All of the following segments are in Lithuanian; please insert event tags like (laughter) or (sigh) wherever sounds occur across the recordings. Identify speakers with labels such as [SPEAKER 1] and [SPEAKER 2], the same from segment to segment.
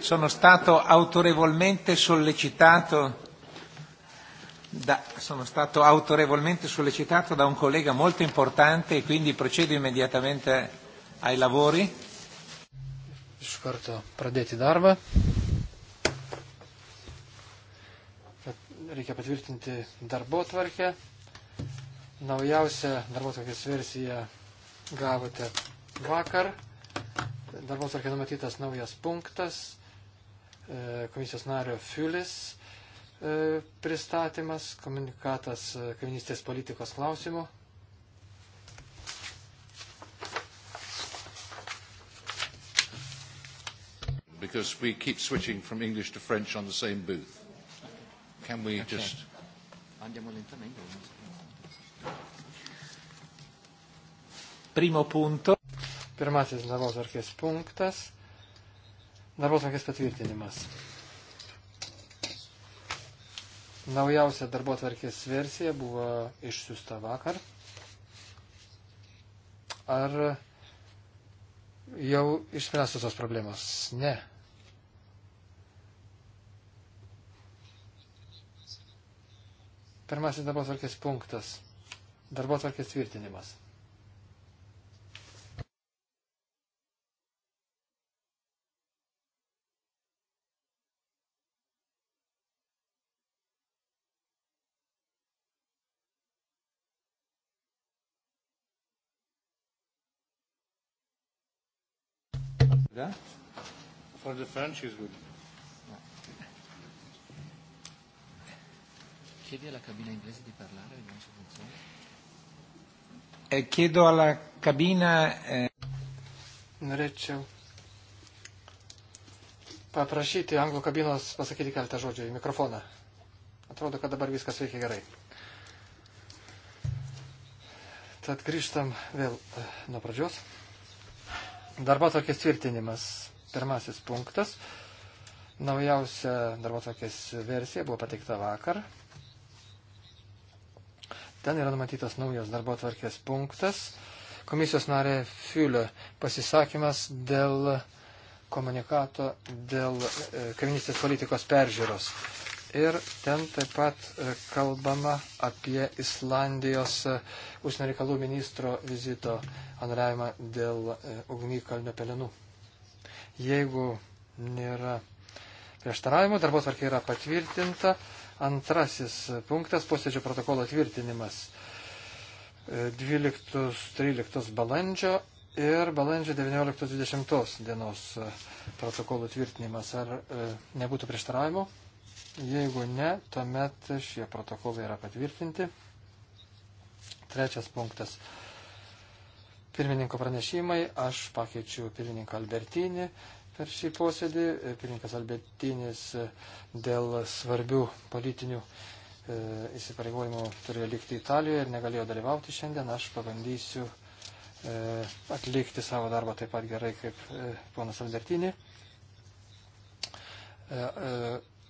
[SPEAKER 1] sono stato autorevolmente sollecitato da, sono stato autorevolmente sollecitato da un collega molto importante e quindi procedo immediatamente ai lavori. Iš karto
[SPEAKER 2] pradėti darbą. Reikia patvirtinti darbo tvarkę. Naujausią darbo tvarkės versiją gavote vakar darbos arkė numatytas naujas punktas, e, komisijos nario Fiulis e, pristatymas, komunikatas e, kaiminystės politikos klausimų.
[SPEAKER 1] Because we keep switching from English to French on the same booth. Can we okay. just...
[SPEAKER 2] Andiamo lentamente. Primo punto. Pirmasis darbos arkės punktas. Darbos arkės patvirtinimas. Naujausia darbo tvarkės versija buvo išsiusta vakar. Ar jau išspręstos tos problemos? Ne. Pirmasis darbo tvarkės punktas. Darbo tvarkės tvirtinimas.
[SPEAKER 1] Yeah? For the French is good. Chiedi alla cabina inglese di parlare, vediamo se funziona. E chiedo alla cabina... Eh... Norėčiau
[SPEAKER 2] paprašyti anglų kabinos pasakyti keletą žodžių į mikrofoną. Atrodo, kad dabar viskas veikia gerai. Tad grįžtam vėl eh, nuo pradžios. Darbo tokias tvirtinimas. Pirmasis punktas. Naujausia darbo tokias versija buvo pateikta vakar. Ten yra numatytas naujas darbo tvarkės punktas. Komisijos narė Fiulio pasisakymas dėl komunikato dėl e, kavinystės politikos peržiūros. Ir ten taip pat e, kalbama apie Islandijos e, užsienio reikalų ministro vizito anuliavimą dėl e, ugnikalnio pelenų. Jeigu nėra prieštaravimų, darbo tvarkė yra patvirtinta. Antrasis punktas - posėdžio protokolo tvirtinimas 12-13 balandžio ir balandžio 19-20 dienos protokolų tvirtinimas. Ar nebūtų prieštaravimų? Jeigu ne, tuomet šie protokolai yra patvirtinti. Trečias punktas. Pirmininko pranešimai. Aš pakeičiu pirmininką Albertinį per šį posėdį. Pirmininkas Albertinis dėl svarbių politinių e, įsipareigojimų turėjo likti Italijoje ir negalėjo dalyvauti šiandien. Aš pabandysiu e, atlikti savo darbą taip pat gerai kaip e, ponas Albertinį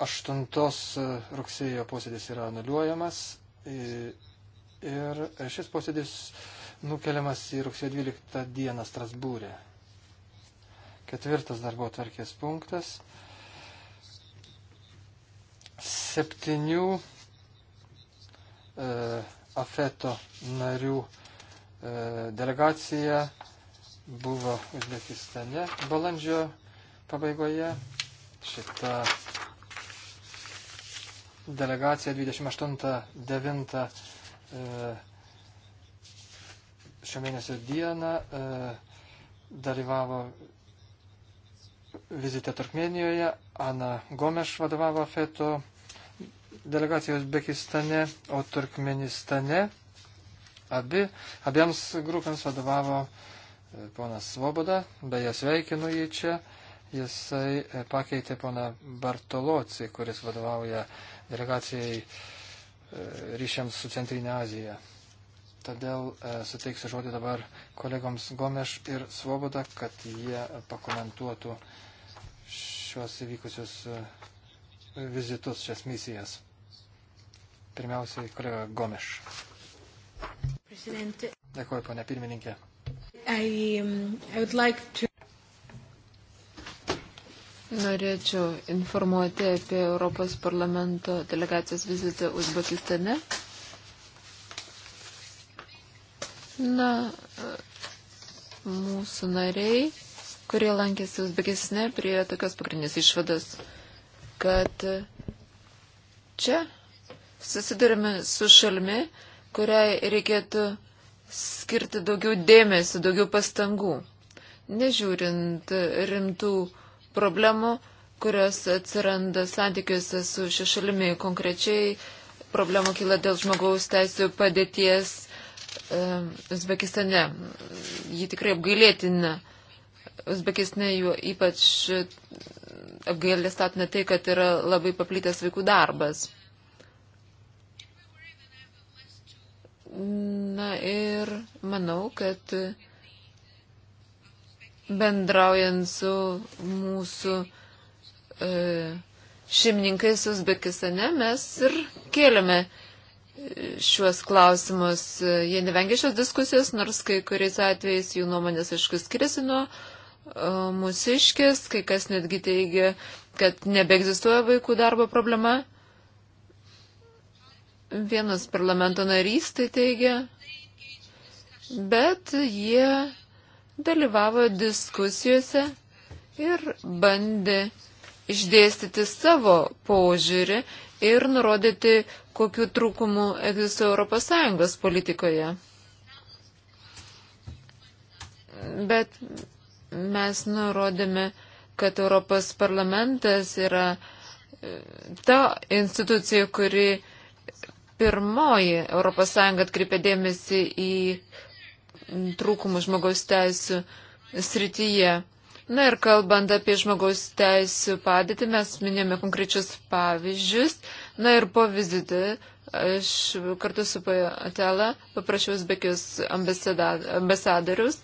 [SPEAKER 2] 8 e, rugsėjo posėdis yra anuliuojamas ir šis posėdis nukeliamas į rugsėjo 12 dieną Strasbūrė. Ketvirtas darbo tvarkės punktas. Septynių e, afeto narių e, delegacija buvo Uzbekistane balandžio pabaigoje. Šita delegacija 28-9 e, šio mėnesio dieną e, dalyvavo vizite Turkmenijoje, Ana Gomeš vadovavo FETO delegacijos Bekistane, o Turkmenistane abi, abiems grupėms vadovavo e, ponas Svoboda, beje sveikinu jį čia, jisai pakeitė poną Bartoloci, kuris vadovauja delegacijai e, ryšiams su Centrinė Azija. Todėl e, suteiksiu žodį dabar kolegoms Gomeš ir Svoboda, kad jie pakomentuotų šios įvykusius e, vizitus, šias misijas. Pirmiausiai kolega Gomeš.
[SPEAKER 1] Presidente.
[SPEAKER 2] Dėkuoju, ponia pirmininkė.
[SPEAKER 3] I, um, I like to... Norėčiau informuoti apie Europos parlamento delegacijos vizitą Uzbekistane. Na, mūsų nariai, kurie lankėsi Uzbekistane, prie tokios pagrindinės išvados, kad čia susidurime su šalmi, kuriai reikėtų skirti daugiau dėmesio, daugiau pastangų. Nežiūrint rimtų problemų, kurios atsiranda santykiuose su šešalimi. Konkrečiai problemų kyla dėl žmogaus teisų padėties Uzbekistane. Ji tikrai apgailėtina. Uzbekistane juo ypač apgailė statina tai, kad yra labai paplytęs vaikų darbas. Na ir manau, kad bendraujant su mūsų e, šeimininkais Uzbekistane, mes ir kėlėme e, šiuos klausimus. E, jie nevengia šios diskusijos, nors kai kuriais atvejais jų nuomonės aišku skiriasi nuo e, mūsiškės, kai kas netgi teigia, kad nebeegzistuoja vaikų darbo problema. Vienas parlamento narys tai teigia, bet jie dalyvavo diskusijose ir bandė išdėstyti savo požiūrį ir nurodyti, kokiu trūkumu egzistuoja ES politikoje. Bet mes nurodėme, kad Europos parlamentas yra e, ta institucija, kuri pirmoji ES atkreipė dėmesį į trūkumų žmogaus teisų srityje. Na ir kalbant apie žmogaus teisų padėtį, mes minėjome konkrečius pavyzdžius. Na ir po vizitį aš kartu su Atela paprašiau Uzbekijos ambasadorius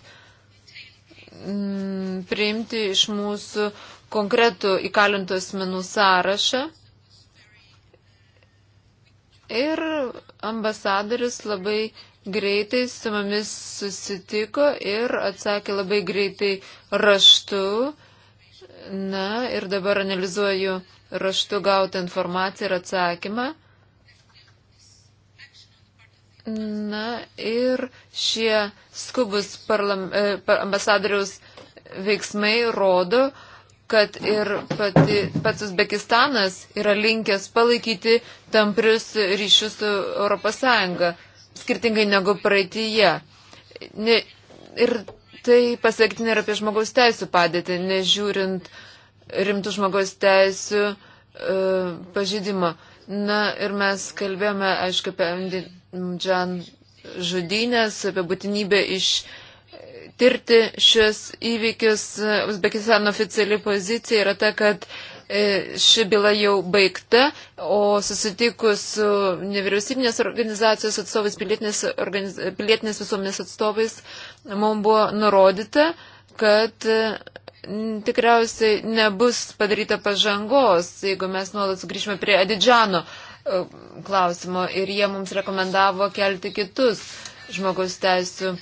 [SPEAKER 3] mm, priimti iš mūsų konkretų įkalintų asmenų sąrašą. Ir ambasadoris labai greitai su mumis susitiko ir atsakė labai greitai raštu. Na ir dabar analizuoju raštu gautą informaciją ir atsakymą. Na ir šie skubus parlam, eh, ambasadoriaus veiksmai rodo, kad ir pati, pats Uzbekistanas yra linkęs palaikyti tamprius ryšius su ES skirtingai negu praeitįje. Ne, ir tai pasakytinė ir apie žmogaus teisų padėtį, nežiūrint rimtų žmogaus teisų e, pažydimą. Na ir mes kalbėjome, aišku, apie Mdžan žudynės, apie būtinybę iš tirti šios įvykius. Uzbekistano oficiali pozicija yra ta, kad E, ši byla jau baigta, o susitikus su nevyriausybinės organizacijos atstovais, pilietinės, organiz... pilietinės visuomenės atstovais, mums buvo nurodyta, kad e, tikriausiai nebus padaryta pažangos, jeigu mes nuolat sugrįžime prie Adidžano e, klausimo ir jie mums rekomendavo kelti kitus žmogaus teisų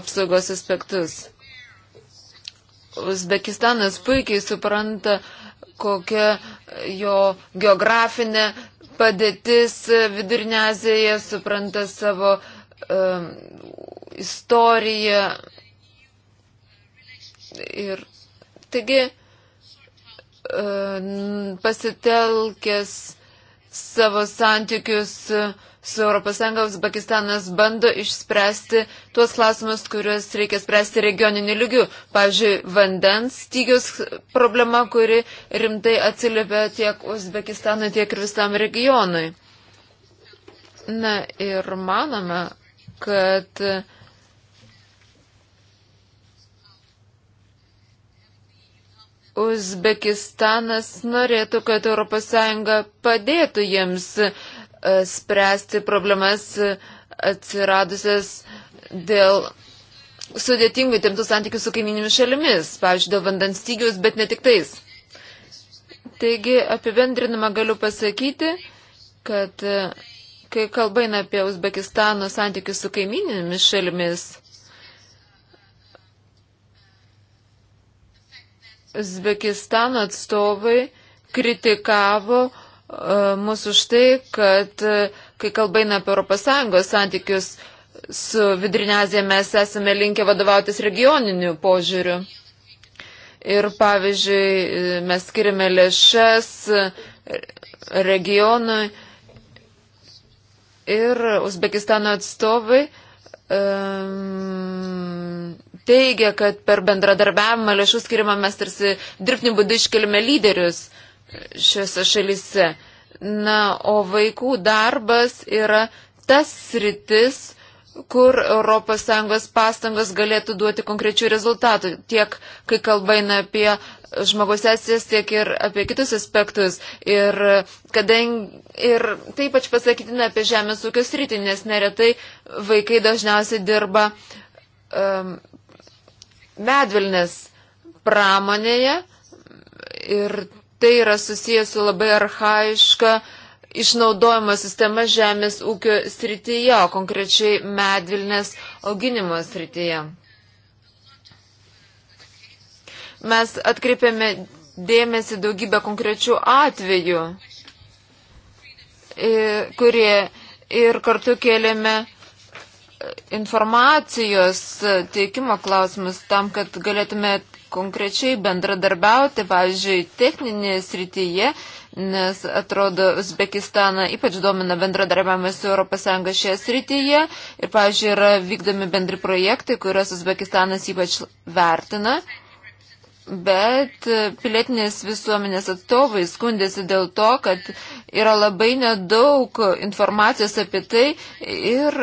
[SPEAKER 3] apsaugos aspektus. Uzbekistanas puikiai supranta kokia jo geografinė padėtis Vidurinė Azija, supranta savo um, istoriją. Ir taigi um, pasitelkęs savo santykius uh, su ES Uzbekistanas bando išspręsti tuos klausimus, kuriuos reikia spręsti regioniniu lygiu. Pavyzdžiui, vandens stygius problema, kuri rimtai atsiliepia tiek Uzbekistanui, tiek ir visam regionui. Na ir manome, kad Uzbekistanas norėtų, kad ES padėtų jiems E, spręsti problemas atsiradusias dėl sudėtingų įtemptų santykių su kaiminimis šalimis, pavyzdžiui, dėl vandens stygius, bet ne tik tais. Taigi, apibendrinimą galiu pasakyti, kad e, kai kalba eina apie Uzbekistano santykius su kaimininėmis šalimis, Uzbekistano atstovai kritikavo mūsų už tai, kad e, kai kalba eina apie ES santykius su Vidurinė Azija, mes esame linkę vadovautis regioniniu požiūriu. Ir pavyzdžiui, e, mes skiriame lėšas regionui ir Uzbekistano atstovai um, teigia, kad per bendradarbiavimą lėšų skirimą mes tarsi dirbtiniu būdu iškelime lyderius. Uh, šiuose šalise. Na, o vaikų darbas yra tas sritis, kur ES pastangos galėtų duoti konkrečių rezultatų, tiek kai kalba eina apie žmogaus esės, tiek ir apie kitus aspektus. Ir, kadangi, ir taip pač pasakytina apie žemės ūkio sritį, nes neretai vaikai dažniausiai dirba um, medvilnės pramonėje ir tai yra susijęs su labai arhaiška išnaudojimo sistema žemės ūkio srityje, konkrečiai medvilnės auginimo srityje. Mes atkreipėme dėmesį daugybę konkrečių atvejų, kurie ir kartu kėlėme informacijos teikimo klausimus tam, kad galėtume konkrečiai bendradarbiauti, pavyzdžiui, techninėje srityje, nes atrodo, Uzbekistaną ypač domina bendradarbiavimas su ES šioje srityje ir, pavyzdžiui, yra vykdomi bendri projektai, kuriuos Uzbekistanas ypač vertina. Bet pilietinės visuomenės atstovai skundėsi dėl to, kad yra labai nedaug informacijos apie tai ir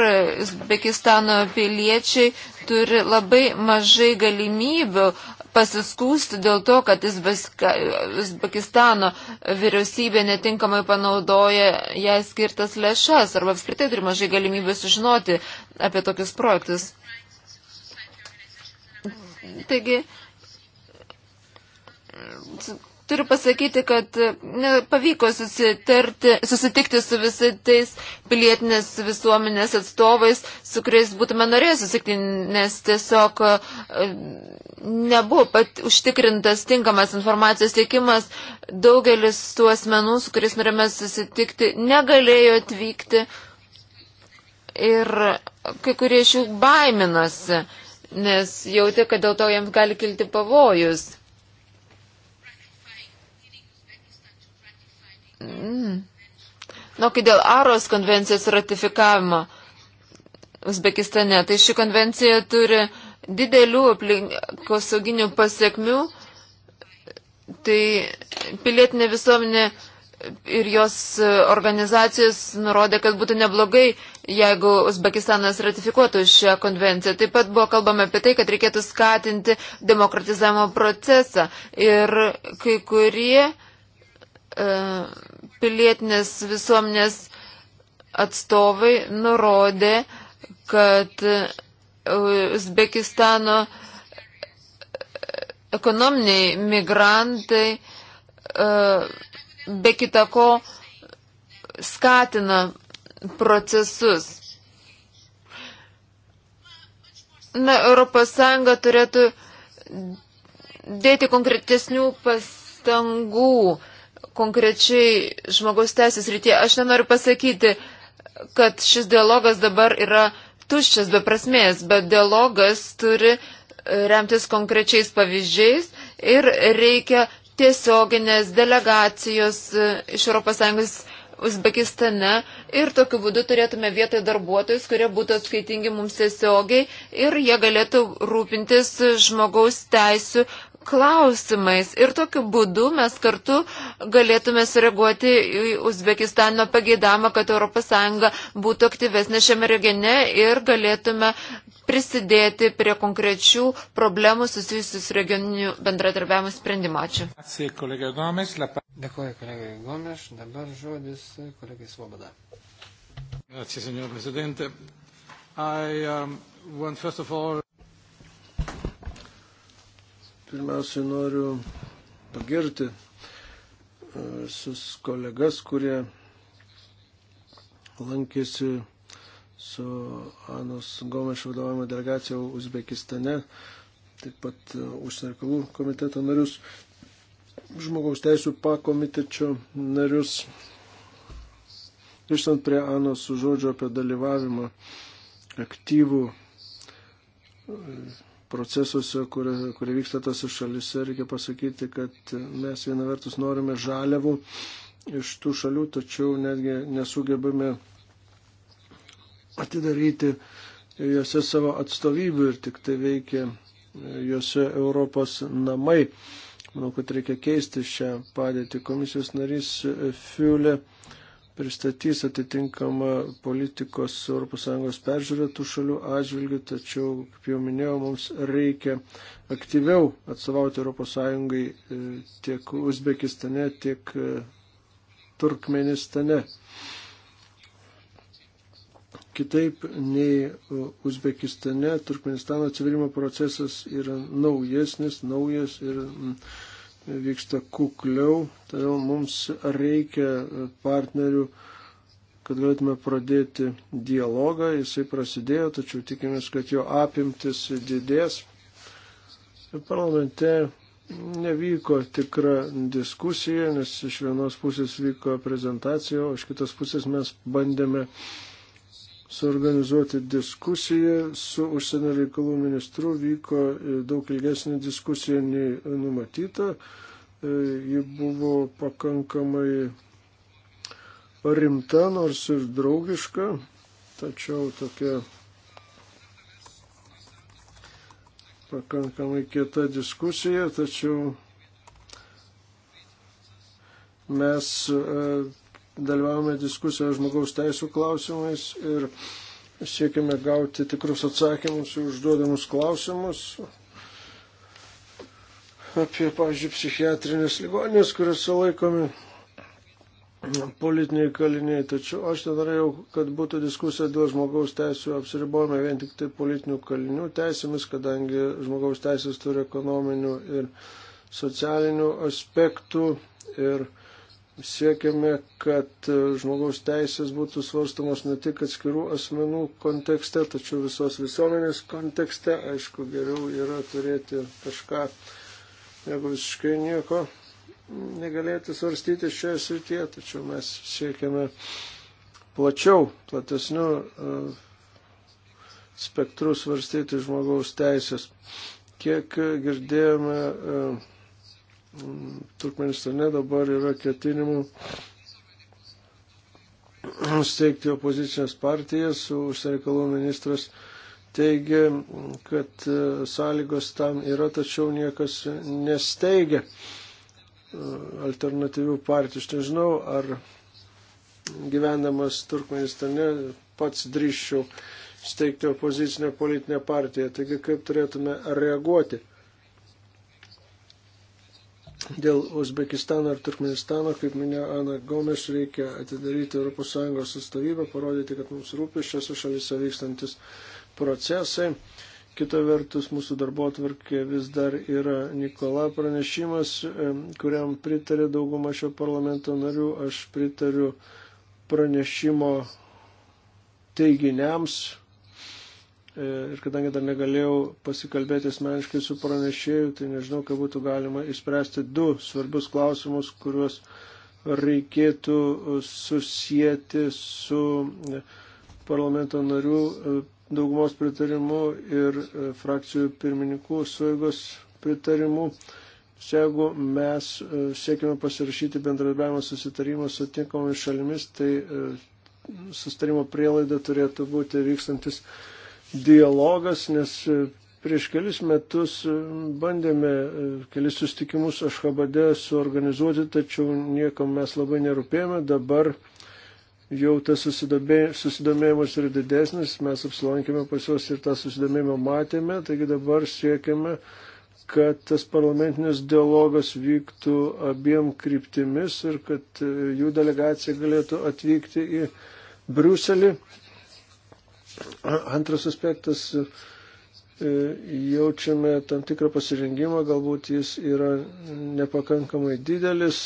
[SPEAKER 3] Uzbekistano piliečiai turi labai mažai galimybių pasiskūsti dėl to, kad Uzbekistano vyriausybė netinkamai panaudoja jai skirtas lėšas arba apskritai turi mažai galimybę sužinoti apie tokius projektus. Taigi, Turiu pasakyti, kad pavyko susitikti su visais tais pilietinės visuomenės atstovais, su kuriais būtume norėję susitikti, nes tiesiog e, nebuvo pat užtikrintas tinkamas informacijos teikimas. Daugelis tų asmenų, su kuriais norėjome susitikti, negalėjo atvykti ir kai kurie iš jų baiminosi, nes jautė, kad dėl to jiems gali kilti pavojus. Mm. Na, kai dėl Aros konvencijos ratifikavimo Uzbekistane, tai ši konvencija turi didelių aplinkosauginių pasiekmių, tai pilietinė visuomenė ir jos organizacijos nurodė, kad būtų neblogai, jeigu Uzbekistanas ratifikuotų šią konvenciją. Taip pat buvo kalbama apie tai, kad reikėtų skatinti demokratizavimo procesą ir kai kurie E, pilietinės visuomenės atstovai nurodė, kad Uzbekistano ekonominiai migrantai e, be kitako skatina procesus. Na, ES turėtų dėti konkretesnių pastangų konkrečiai žmogaus teisės rytyje. Aš nenoriu pasakyti, kad šis dialogas dabar yra tuščias be prasmės, bet dialogas turi e, remtis konkrečiais pavyzdžiais ir reikia tiesioginės delegacijos e, iš ES Uzbekistane ir tokiu būdu turėtume vietoj darbuotojus, kurie būtų atskaitingi mums tiesiogiai ir jie galėtų rūpintis žmogaus teisų klausimais ir tokiu būdu mes kartu galėtume sureaguoti į Uzbekistano pageidamą, kad ES būtų aktyvesnė šiame regione ir galėtume prisidėti prie konkrečių problemų susijusių su regioniniu bendradarbiavimu sprendimu. Ačiū.
[SPEAKER 2] Dėkuoju, kolegai Gomes. Dabar žodis kolegai Svoboda.
[SPEAKER 4] Grazie, signor Presidente. I um, want first of all Pirmiausiai noriu pagirti e, visus kolegas, kurie lankėsi su Anos Gomeš vadovaujama delegacija Uzbekistane, taip pat e, užsienio reikalų komiteto narius, žmogaus teisų pakomitečio narius. Grįžtant prie Anos žodžio apie dalyvavimą aktyvų e, procesuose, kurie, kurie vyksta tose šalise, reikia pasakyti, kad mes viena vertus norime žaliavų iš tų šalių, tačiau netgi nesugebame atidaryti juose savo atstovybių ir tik tai veikia juose Europos namai. Manau, kad reikia keisti šią padėtį. Komisijos narys Fiulė. E, pristatys atitinkamą politikos ES peržiūrą tų šalių atžvilgių, tačiau, kaip jau minėjau, mums reikia aktyviau atstovauti ES e, tiek Uzbekistane, tiek e, Turkmenistane. Kitaip nei e, Uzbekistane, Turkmenistano atsiverimo procesas yra naujesnis, naujas ir. Naujas ir vyksta kukliau, todėl mums reikia partnerių, kad galėtume pradėti dialogą. Jisai prasidėjo, tačiau tikimės, kad jo apimtis didės. Parlamente nevyko tikra diskusija, nes iš vienos pusės vyko prezentacija, o iš kitos pusės mes bandėme uh, suorganizuoti diskusiją su užsienio reikalų ministru. Vyko e, daug ilgesnė diskusija nei numatyta. E, ji buvo pakankamai rimta, nors ir draugiška, tačiau tokia pakankamai kieta diskusija, tačiau mes e, dalyvavome diskusijoje žmogaus teisų klausimais ir siekime gauti tikrus atsakymus į užduodamus klausimus apie, pavyzdžiui, psichiatrinės ligoninės, kuriuose laikomi politiniai kaliniai. Tačiau aš nenorėjau, kad būtų diskusija dėl žmogaus teisų apsiribojama vien tik tai politinių kalinių teisėmis, kadangi žmogaus teisės turi ekonominių ir socialinių aspektų. Ir siekiame, kad e, žmogaus teisės būtų svarstamos ne tik atskirų asmenų kontekste, tačiau visos visuomenės kontekste. Aišku, geriau yra turėti kažką, negu visiškai nieko negalėti svarstyti šioje srityje, tačiau mes siekiame plačiau, platesnių e, spektrų svarstyti žmogaus teisės. Kiek girdėjome e, Turkmenistane dabar yra ketinimų steigti opozicinės partijas. Užsienio reikalų ministras teigia, kad e, sąlygos tam yra, tačiau niekas nesteigia e, alternatyvių partijų. Aš nežinau, ar gyvendamas Turkmenistane pats drįščiau steigti opozicinę politinę partiją. Taigi kaip turėtume reaguoti? Dėl Uzbekistano ir Turkmenistano, kaip minėjo Ana Gomes, reikia atidaryti ES atstovybę, parodyti, kad mums rūpi šiose šalyse vykstantis procesai. Kita vertus, mūsų darbo atvarkė vis dar yra Nikola pranešimas, kuriam pritarė dauguma šio parlamento narių. Aš pritariu pranešimo teiginiams, E, ir kadangi dar negalėjau pasikalbėti asmeniškai su pranešėju, tai nežinau, kaip būtų galima išspręsti du svarbius klausimus, kuriuos reikėtų susijęti su parlamento narių e, daugumos pritarimu ir e, frakcijų pirmininkų suėgos pritarimu. Jeigu mes siekime pasirašyti bendradarbiavimo susitarimą su tinkamomis šalimis, tai sustarimo prielaida turėtų būti vykstantis dialogas, nes e, prieš kelis metus e, bandėme e, kelis sustikimus Ašhabade suorganizuoti, tačiau niekam mes labai nerūpėjome. Dabar jau tas susidomėjimas yra didesnis, mes apsilankėme pas juos ir tą susidomėjimą matėme, taigi dabar siekiame kad tas parlamentinis dialogas vyktų abiem kryptimis ir kad jų delegacija galėtų atvykti į Briuselį Antras aspektas, e, jaučiame tam tikrą pasirengimą, galbūt jis yra nepakankamai didelis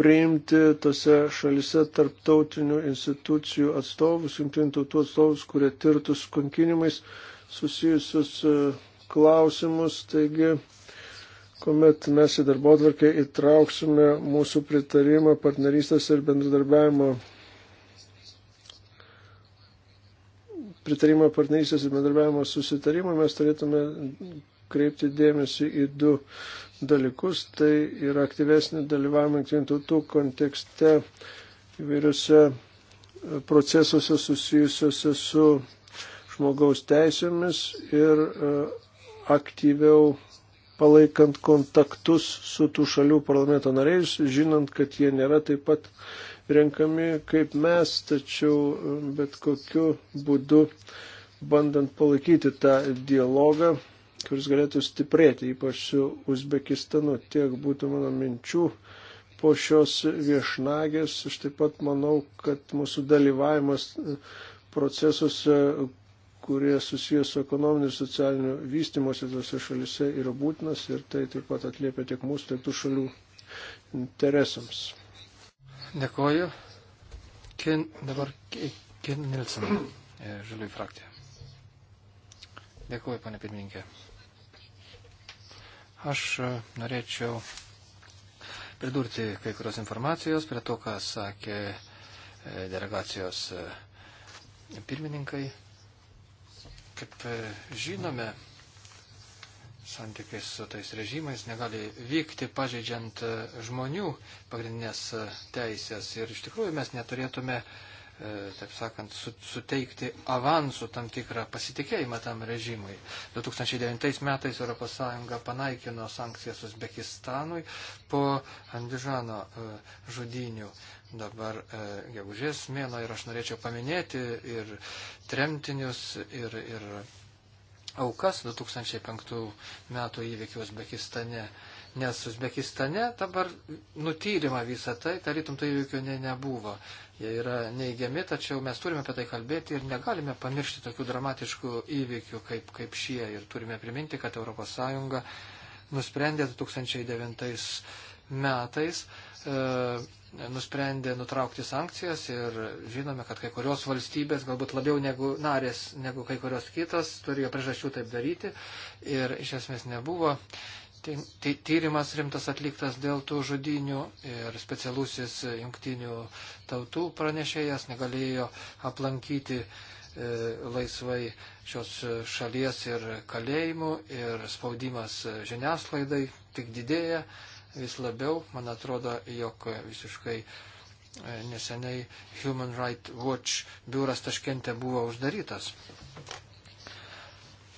[SPEAKER 4] priimti tose šalise tarptautinių institucijų atstovus, jungtinių tautų atstovus, kurie tirtų su kankinimais susijusius e, klausimus. Taigi, kuomet mes į darbo atvarkę įtrauksime mūsų pritarimą partnerystės ir bendradarbiavimo pritarimą partnerystės ir bendarbiavimo susitarimui, mes turėtume kreipti dėmesį į du dalykus. Tai yra aktyvesnį dalyvavimą jungtinių tautų kontekste įvairiose procesuose susijusiuose su žmogaus teisėmis ir e, aktyviau palaikant kontaktus su tų šalių parlamento nariais, žinant, kad jie nėra taip pat renkami kaip mes, tačiau um, bet kokiu būdu bandant palaikyti tą dialogą, kuris galėtų stiprėti, ypač su Uzbekistanu. Tiek būtų mano minčių po šios viešnagės. Aš taip pat manau, kad mūsų dalyvavimas e, procesuose, kurie susijęs su ekonominiu ir socialiniu vystimuose tose šalise yra būtinas ir tai taip pat atliepia tiek mūsų, tiek tų šalių interesams.
[SPEAKER 2] Dėkoju. Ken, dabar Ken Nilsen,
[SPEAKER 4] e, Žaliųjų frakcija.
[SPEAKER 2] Dėkuoju, pane pirmininkė. Aš e, norėčiau pridurti kai kurios informacijos prie to, ką sakė e, delegacijos pirmininkai. Kaip žinome, santykiais su tais režimais negali vykti, pažeidžiant e, žmonių pagrindinės e, teisės. Ir iš tikrųjų mes neturėtume, e, taip sakant, suteikti avansų tam tikrą pasitikėjimą tam režimui. 2009 metais ES panaikino sankcijas Uzbekistanui po Andižano žudinių. Dabar gegužės mėno ir aš norėčiau paminėti ir tremtinius, ir, ir aukas 2005 metų įvykių Uzbekistane, nes Uzbekistane dabar nutylima visą tai, tarytum tai įvykių ne, nebuvo. Jie yra neigiami, tačiau mes turime apie tai kalbėti ir negalime pamiršti tokių dramatiškų įvykių kaip, kaip šie. Ir turime priminti, kad ES nusprendė 2009 metais e, nusprendė nutraukti sankcijas ir žinome, kad kai kurios valstybės, galbūt labiau negu narės, negu kai kurios kitos, turėjo priežasčių taip daryti ir iš esmės nebuvo. Tai, tai tyrimas rimtas atliktas dėl tų žudinių ir specialusis jungtinių tautų pranešėjas negalėjo aplankyti e, laisvai šios šalies ir kalėjimų ir spaudimas žiniasklaidai tik didėja. E, vis labiau. Man atrodo, jog e, visiškai e, neseniai Human Rights Watch biuras taškente buvo uždarytas.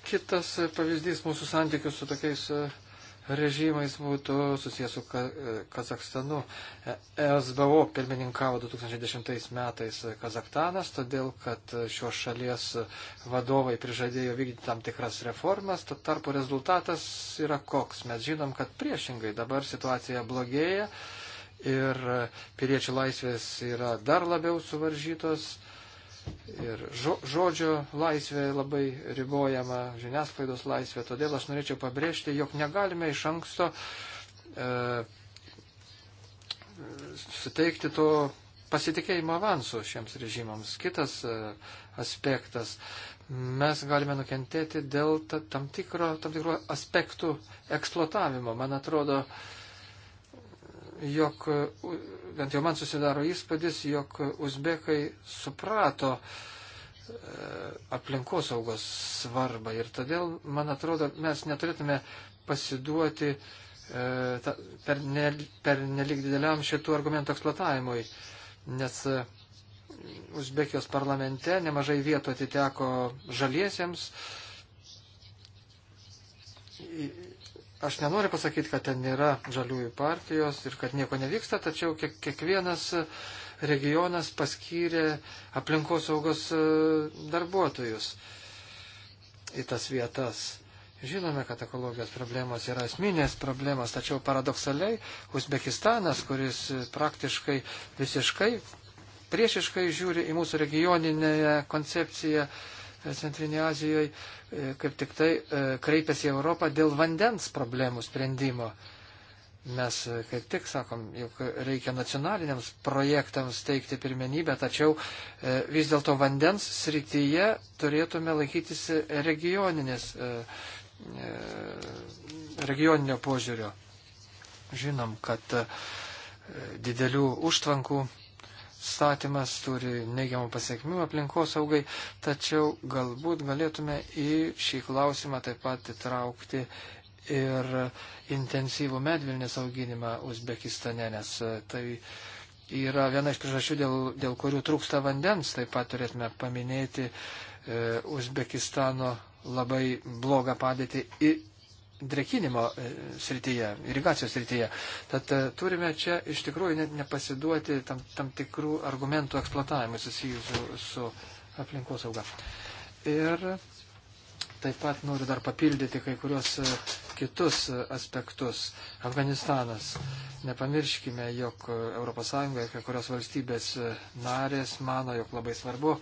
[SPEAKER 2] Kitas e, pavyzdys mūsų santykių su tokiais režimais būtų susijęs su e, Kazakstanu. E, e SBO pirmininkavo 2010 metais Kazakstanas, todėl kad šios šalies vadovai prižadėjo vykdyti tam tikras reformas, tad tarpo rezultatas yra koks. Mes žinom, kad priešingai dabar situacija blogėja ir piliečių laisvės yra dar labiau suvaržytos ir žodžio laisvė labai ribojama, žiniasklaidos laisvė. Todėl aš norėčiau pabrėžti, jog negalime iš anksto e, suteikti to pasitikėjimo avansų šiems režimams. Kitas e, aspektas. Mes galime nukentėti dėl ta, tam, tikro, tam tikro aspektų eksploatavimo. Man atrodo, jog bent jau man susidaro įspūdis, jog uzbekai suprato e, aplinkosaugos svarbą ir todėl, man atrodo, mes neturėtume pasiduoti e, per, ne, per nelik dideliam šitų argumentų eksploatavimui, nes e, Uzbekijos parlamente nemažai vietų atiteko žaliesiems Aš nenoriu pasakyti, kad ten nėra žaliųjų partijos ir kad nieko nevyksta, tačiau kiekvienas regionas paskyrė aplinkosaugos e, darbuotojus į tas vietas. Žinome, kad ekologijos problemos yra asminės problemos, tačiau paradoksaliai Uzbekistanas, kuris praktiškai visiškai priešiškai žiūri į mūsų regioninę koncepciją, Centrinėje Azijoje, e, kaip tik tai e, kreipiasi į Europą dėl vandens problemų sprendimo. Mes e, kaip tik sakom, jog reikia nacionaliniams projektams teikti pirmenybę, tačiau vis dėlto vandens srityje turėtume laikytis regioninės, regioninio požiūrio. Žinom, kad didelių užtvankų statymas turi neigiamų pasiekmių aplinkosaugai, tačiau galbūt galėtume į šį klausimą taip pat įtraukti ir intensyvų medvilnės auginimą Uzbekistane, nes tai yra viena iš priežasčių, dėl, dėl kurių trūksta vandens. Taip pat turėtume paminėti e, Uzbekistano labai blogą padėtį drekinimo e, srityje, irigacijos srityje. Tad e, turime čia iš tikrųjų net nepasiduoti tam, tam tikrų argumentų eksploatavimui susijusių su aplinkosauga. Ir taip pat noriu dar papildyti kai kurios e, kitus aspektus. Afganistanas. Nepamirškime, jog ES ir kai kurios valstybės narės mano, jog labai svarbu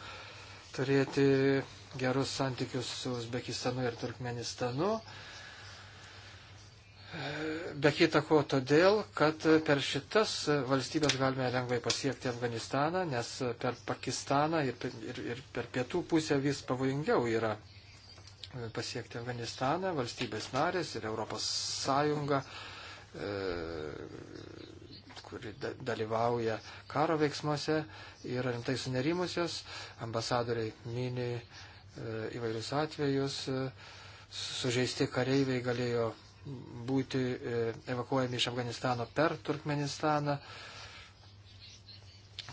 [SPEAKER 2] turėti gerus santykius su Uzbekistanu ir Turkmenistanu. Uh, Be kita ko todėl, kad per šitas valstybės galime lengvai pasiekti Afganistaną, nes per Pakistaną ir, ir, ir per pietų pusę vis pavojingiau yra pasiekti Afganistaną, valstybės narės ir Europos Sąjunga, e, kuri dalyvauja karo veiksmuose, yra rimtai sunerimusios, ambasadoriai mini e, įvairius atvejus, e, sužeisti kareiviai galėjo būti e, evakuojami iš Afganistano per Turkmenistaną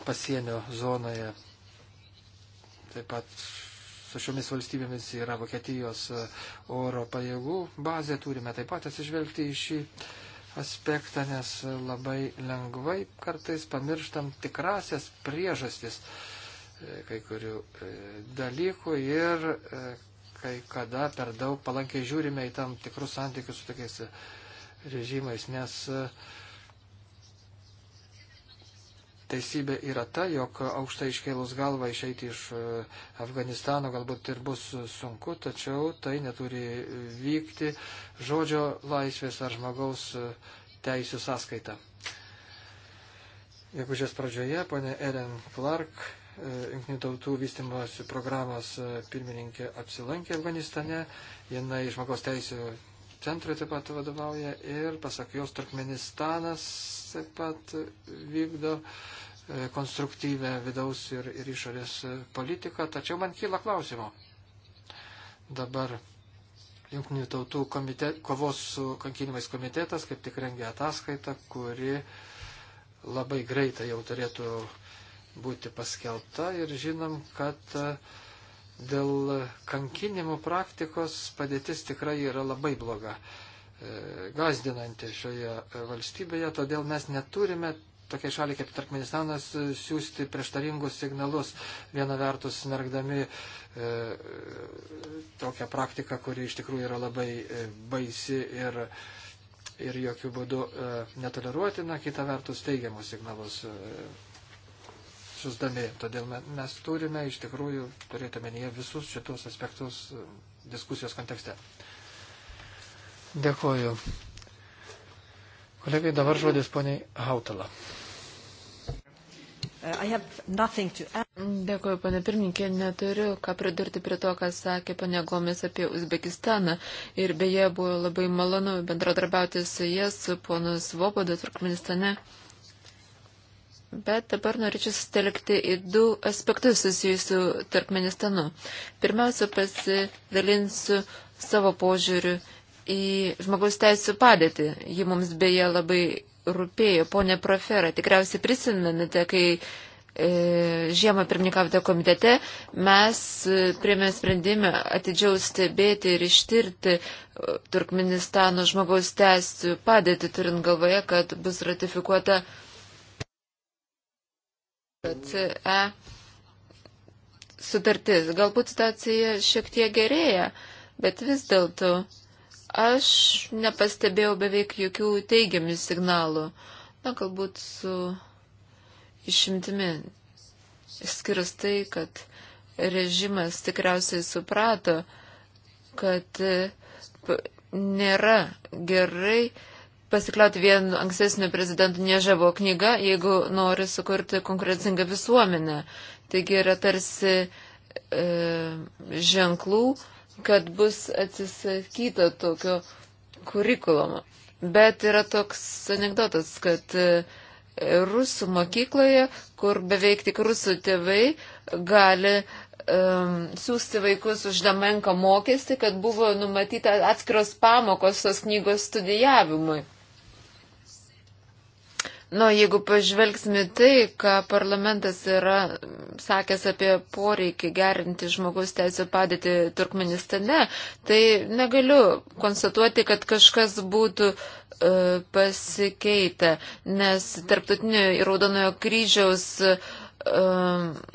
[SPEAKER 2] pasienio zonoje. Taip pat su šiomis valstybėmis yra Vokietijos e, oro pajėgų bazė. Turime taip pat atsižvelgti į šį aspektą, nes labai lengvai kartais pamirštam tikrasias priežastis e, kai kurių dalykų ir kai kada per daug palankiai žiūrime į tam tikrus santykius su tokiais e, režimais, nes e, teisybė yra ta, jog aukštai iškėlus galvą išeiti iš e, Afganistano galbūt ir bus sunku, tačiau tai neturi vykti žodžio laisvės ar žmogaus teisų sąskaita. Jeigu žies pradžioje, ponė Eren Clark Junktinių tautų vystimosi programos e, pirmininkė apsilankė Afganistane, jinai žmogaus teisų centrui taip pat vadovauja ir, pasak jos, Turkmenistanas taip pat vykdo e, konstruktyvę vidaus ir, ir išorės politiką, tačiau man kyla klausimo. Dabar Junktinių tautų komitet, kovos su kankinimais komitetas kaip tik rengia ataskaitą, kuri labai greitai jau turėtų būti paskelbta ir žinom, kad e, dėl kankinimų praktikos padėtis tikrai yra labai bloga, e, gazdinanti šioje e, valstybėje, todėl mes neturime tokiai šaliai kaip Turkmenistanas siūsti prieštaringus signalus, viena vertus smergdami e, tokią praktiką, kuri iš tikrųjų yra labai e, baisi ir, ir jokių būdų e, netoleruotina, kita vertus teigiamus signalus e, susdami. Todėl mes turime iš tikrųjų turėti menyje visus šitos aspektus e, diskusijos kontekste. Dėkuoju. Kolegai, dabar žodis poniai Hautala.
[SPEAKER 3] Uh, Dėkuoju, pane pirmininkė, neturiu ką pridurti prie to, ką sakė pane Gomis apie Uzbekistaną. Ir beje, buvo labai malonu bendradarbiauti su jas, su ponu Svobodu Turkmenistane. Uh, Bet dabar norėčiau sustelkti į du aspektus susijusių Turkmenistanu. Pirmiausia, pasidalinsiu savo požiūriu į žmogaus teisų padėtį. Ji mums beje labai rūpėjo, ponė Profera. Tikriausiai prisimenate, kai e, žiemą pirmininkavote komitete, mes e, priemė sprendimą atidžiau stebėti ir ištirti e, Turkmenistano žmogaus teisų padėtį, turint galvoje, kad bus ratifikuota CE sutartis. Galbūt situacija šiek tiek gerėja, bet vis dėlto aš nepastebėjau beveik jokių teigiamų signalų. Na, galbūt su išimtimi. Išskirus tai, kad režimas tikriausiai suprato, kad nėra gerai pasikliauti vien ankstesnio prezidento Nežavo knyga, jeigu nori sukurti konkurencingą visuomenę. Taigi yra tarsi e, ženklų, kad bus atsisakyta tokio kurikulumo. Bet yra toks anegdotas, kad e, rusų mokykloje, kur beveik tik rusų tėvai gali um, siūsti vaikus už damenką mokestį, kad buvo numatyta atskiros pamokos tos knygos studijavimui. Na, jeigu pažvelgsime tai, ką parlamentas yra sakęs apie poreikį gerinti žmogaus teisų padėti Turkmenistane, tai negaliu konstatuoti, kad kažkas būtų uh, pasikeitę, nes tarptautinio ir raudonojo kryžiaus uh,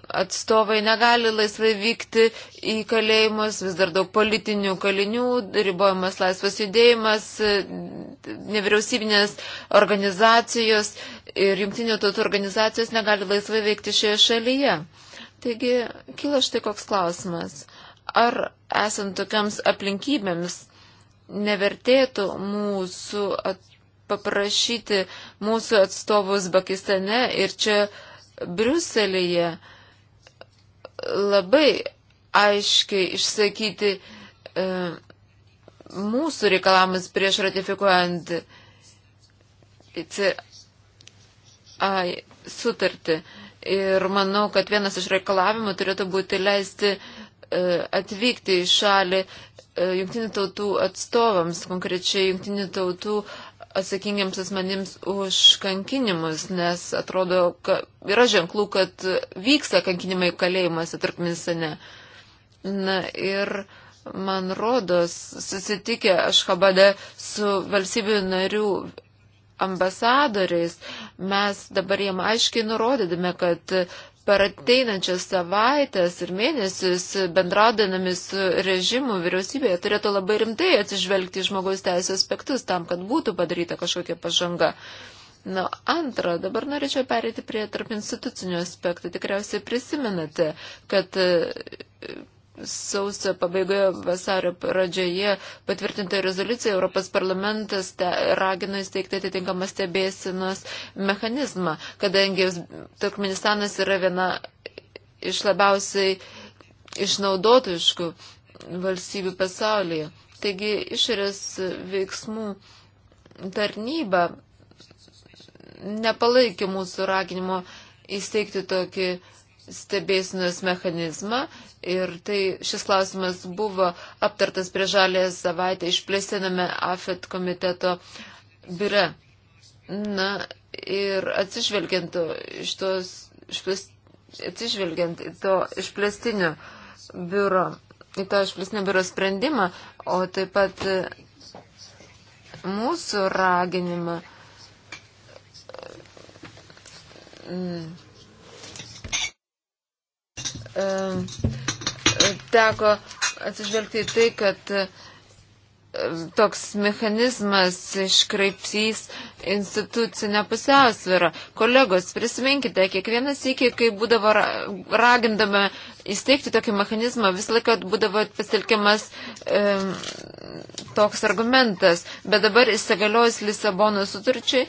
[SPEAKER 3] atstovai negali laisvai vykti į kalėjimus, vis dar daug politinių kalinių, ribojamas laisvas judėjimas, e, nevyriausybinės organizacijos ir jungtinių tautų organizacijos negali laisvai veikti šioje šalyje. Taigi, kila štai koks klausimas. Ar esant tokiams aplinkybėms nevertėtų mūsų at... paprašyti mūsų atstovus Pakistane ir čia uh, Briuselėje labai aiškiai išsakyti e, mūsų reikalavimus prieš ratifikuojant ai, sutartį. Ir manau, kad vienas iš reikalavimų turėtų būti leisti e, atvykti į šalį e, jungtinių tautų atstovams, konkrečiai jungtinių tautų atsakingiams asmenims už kankinimus, nes atrodo, kad yra ženklų, kad vyksta kankinimai kalėjimuose Turkmenistane. Na ir man rodos, susitikę Aškabade su valstybių narių ambasadoriais, mes dabar jiem aiškiai nurodydame, kad per ateinančias savaitės ir mėnesius bendraudami su režimu vyriausybėje turėtų labai rimtai atsižvelgti žmogaus teisės aspektus tam, kad būtų padaryta kažkokia pažanga. Na, antra, dabar norėčiau perėti prie tarp institucinių aspektų. Tikriausiai prisimenate, kad sausio pabaigoje, vasario pradžioje patvirtinta rezoliucija, Europos parlamentas te, ragino įsteigti atitinkamą stebėsinos mechanizmą, kadangi Turkmenistanas yra viena iš labiausiai išnaudotiškų valstybių pasaulyje. Taigi išorės veiksmų tarnyba nepalaikė mūsų raginimo įsteigti tokį stebėsinos mechanizmą ir tai šis klausimas buvo aptartas prie žalėje savaitę išplėsiname AFET komiteto biure. Na ir atsižvelgiant šitos, išplės, atsižvelgiant į to išplėstinio biuro, į to išplėstinio biuro sprendimą, o taip pat mūsų raginimą. Mm E, e, teko atsižvelgti į tai, kad toks mechanizmas iškraipsys institucinę pusiausvyrą. Kolegos, prisiminkite, kiekvienas iki, kai būdavo ragindama įsteigti tokį mechanizmą, visą laiką būdavo pasitelkiamas e, toks argumentas. Bet dabar įsigaliojus Lisabono sutarčiai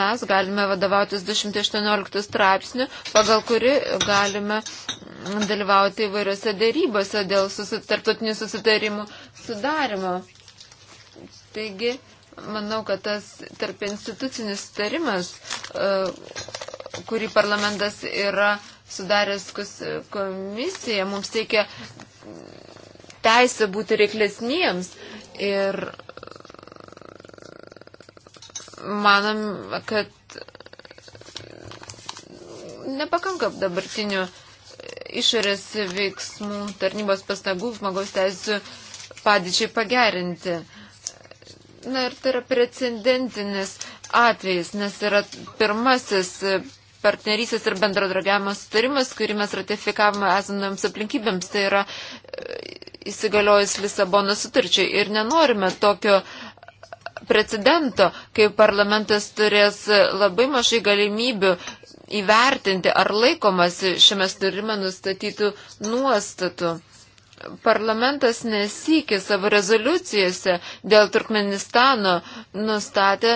[SPEAKER 3] mes galime vadovautis 218 straipsniu, pagal kuri galime dalyvauti įvairiose dėrybose dėl susit, tarptautinių susitarimų sudarimo. Taigi, manau, kad tas tarp institucinis tarimas, e, kurį parlamentas yra sudaręs komisiją, mums teikia teisę būti reiklesniems ir manom, kad nepakanka dabartinių išorės veiksmų tarnybos pastangų žmogaus teisų padėčiai pagerinti. Uh, Na ir tai yra precedentinis atvejis, nes yra pirmasis partnerysės ir bendradarbiavimo sutarimas, kurį mes ratifikavome esanams aplinkybėms, tai yra e, įsigaliojus Lisabono sutarčiai. Ir nenorime tokio precedento, kai parlamentas turės labai mažai galimybių įvertinti, ar laikomasi šiame sutarime nustatytų nuostatų. Parlamentas nesikė savo rezoliucijose dėl Turkmenistano nustatė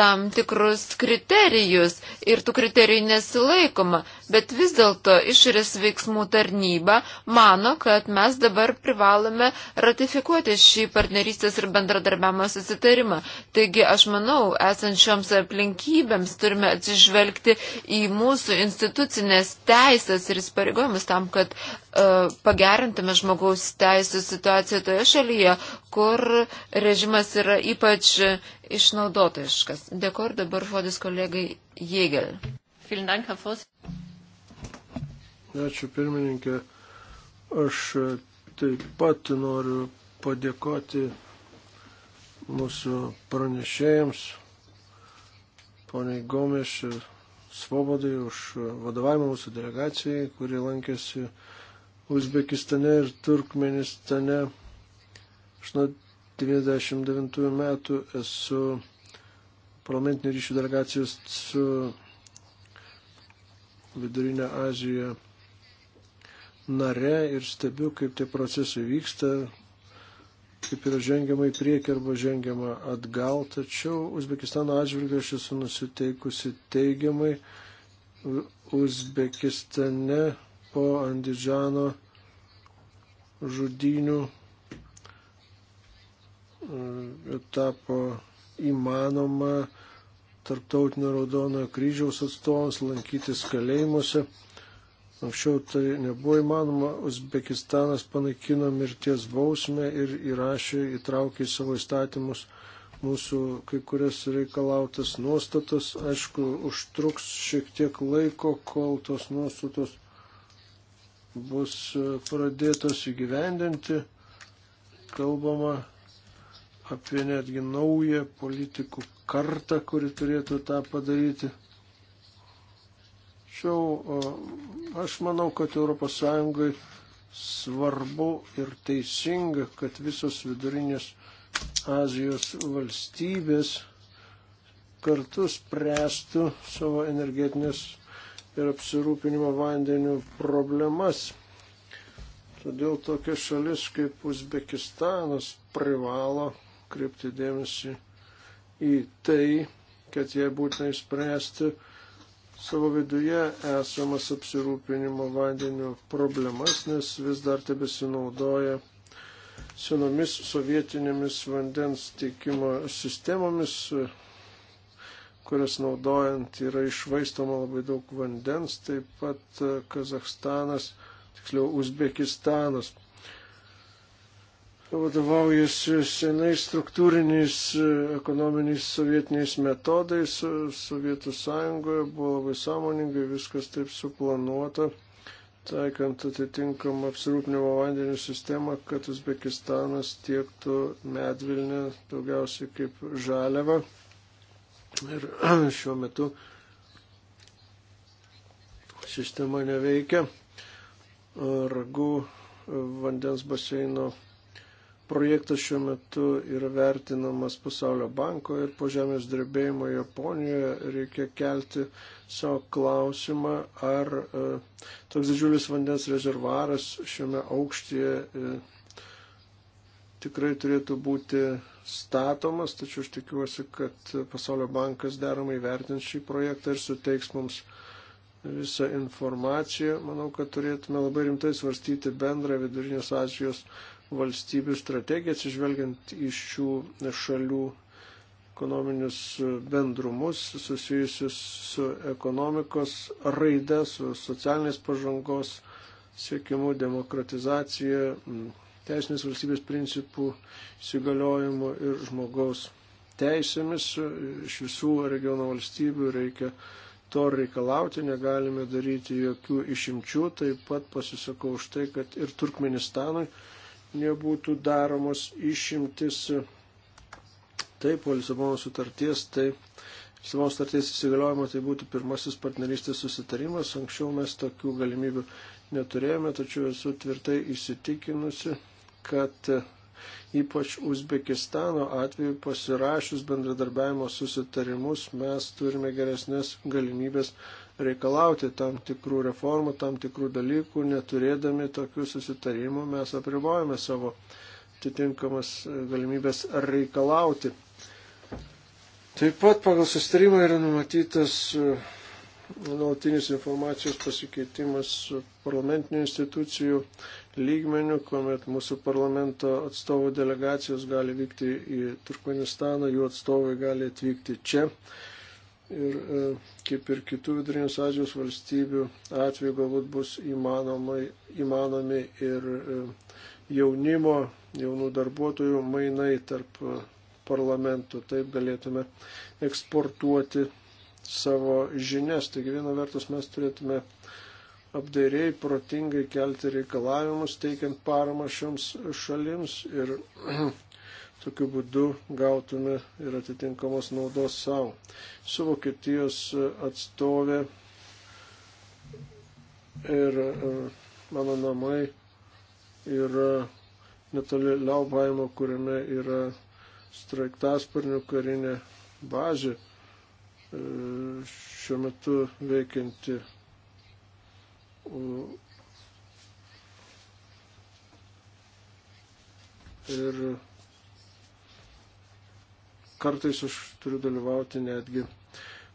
[SPEAKER 3] tam tikrus kriterijus ir tų kriterijų nesilaikoma bet vis dėlto išorės veiksmų tarnyba mano, kad mes dabar privalome ratifikuoti šį partnerystės ir bendradarbiavimo susitarimą. Taigi aš manau, esančioms aplinkybėms turime atsižvelgti į mūsų institucinės teisės ir įsipareigojimus tam, kad uh, pagerintume žmogaus teisų situaciją toje šalyje, kur režimas yra ypač išnaudotojiškas. Dėkuoju dabar žodis kolegai Jėgel.
[SPEAKER 4] Ačiū pirmininkė. Aš taip pat noriu padėkoti mūsų pranešėjams, poniai Gomes ir Svobodai už vadovavimą mūsų delegacijai, kuri lankėsi Uzbekistane ir Turkmenistane. Aš nuo 99 metų esu parlamentinių ryšių delegacijos su Vidurinė Azija nare ir stebiu, kaip tie procesai vyksta, kaip yra žengiama į priekį arba žengiama atgal, tačiau Uzbekistano atžvilgiu aš esu nusiteikusi teigiamai. Uzbekistane po Andidžano žudinių e, tapo įmanoma tarptautinio raudonojo kryžiaus atstovams lankytis kalėjimuose Anksčiau tai nebuvo įmanoma. Uzbekistanas panaikino mirties bausmę ir įrašė, įtraukė į savo įstatymus mūsų kai kurias reikalautas nuostatas. Aišku, užtruks šiek tiek laiko, kol tos nuostatos bus e, pradėtos įgyvendinti. Kalbama apie netgi naują politikų kartą, kuri turėtų tą padaryti. Tačiau e, aš manau, kad ES svarbu ir teisinga, kad visos vidurinės Azijos valstybės kartu spręstų savo energetinės ir apsirūpinimo vandeniu problemas. Todėl tokia šalis kaip Uzbekistanas privalo kreipti dėmesį į tai, kad jie būtina įspręsti savo viduje esamas apsirūpinimo vandeniu problemas, nes vis dar tebesinaudoja senomis sovietinėmis vandens tiekimo sistemomis, kurias naudojant yra išvaistoma labai daug vandens, taip pat Kazakstanas, tiksliau Uzbekistanas vadovaujasi senais struktūriniais e, ekonominiais sovietiniais metodais. E, Sovietų sąjungoje buvo labai sąmoningai viskas taip suplanuota, taikant atitinkamą apsirūpinimo vandenį sistemą, kad Uzbekistanas tiektų medvilnę daugiausiai kaip žaliavą. Ir (clears throat) šiuo metu sistema neveikia. Ragų vandens baseino Projektas šiuo metu yra vertinamas Pasaulio banko ir po žemės drebėjimo Japonijoje reikia kelti savo klausimą, ar e, toks didžiulis vandens rezervaras šiame aukštyje e, tikrai turėtų būti statomas, tačiau aš tikiuosi, kad Pasaulio bankas deramai vertins šį projektą ir suteiks mums visą informaciją. Manau, kad turėtume labai rimtai svarstyti bendrą vidurinės Azijos valstybių strategiją, atsižvelgiant iš šių šalių ekonominius bendrumus susijusius su ekonomikos raida, su socialinės pažangos siekimu, demokratizacija, teisinės valstybės principų įsigaliojimu ir žmogaus teisėmis. Iš visų regiono valstybių reikia to reikalauti, negalime daryti jokių išimčių. Taip pat pasisakau už tai, kad ir Turkmenistanui nebūtų daromos išimtis taip po Lisabono sutarties, tai Lisabono sutarties įsigaliojimo tai būtų pirmasis partnerystės susitarimas. Anksčiau mes tokių galimybių neturėjome, tačiau esu tvirtai įsitikinusi, kad e, ypač Uzbekistano atveju pasirašius bendradarbiavimo susitarimus mes turime geresnės galimybės reikalauti tam tikrų reformų, tam tikrų dalykų, neturėdami tokių susitarimų mes apribojame savo atitinkamas e, galimybės reikalauti. Taip pat pagal susitarimą yra numatytas e, nuolatinis informacijos pasikeitimas parlamentinių institucijų lygmenių, kuomet mūsų parlamento atstovų delegacijos gali vykti į Turkmenistaną, jų atstovai gali atvykti čia ir e, kaip ir kitų vidurinės Azijos valstybių atveju galbūt bus įmanomai, įmanomi ir e, jaunimo, jaunų darbuotojų mainai tarp e, parlamentų. Taip galėtume eksportuoti savo žinias. Taigi viena vertus mes turėtume apdairiai, protingai kelti reikalavimus, teikiant paramą šioms šalims ir Tokiu būdu gautume ir atitinkamos naudos savo. Su Vokietijos e, atstovė ir e, mano namai yra netoli Laubaimo, kuriame yra straiktasparnių karinė bazė e, šiuo metu veikianti ir kartais aš turiu dalyvauti netgi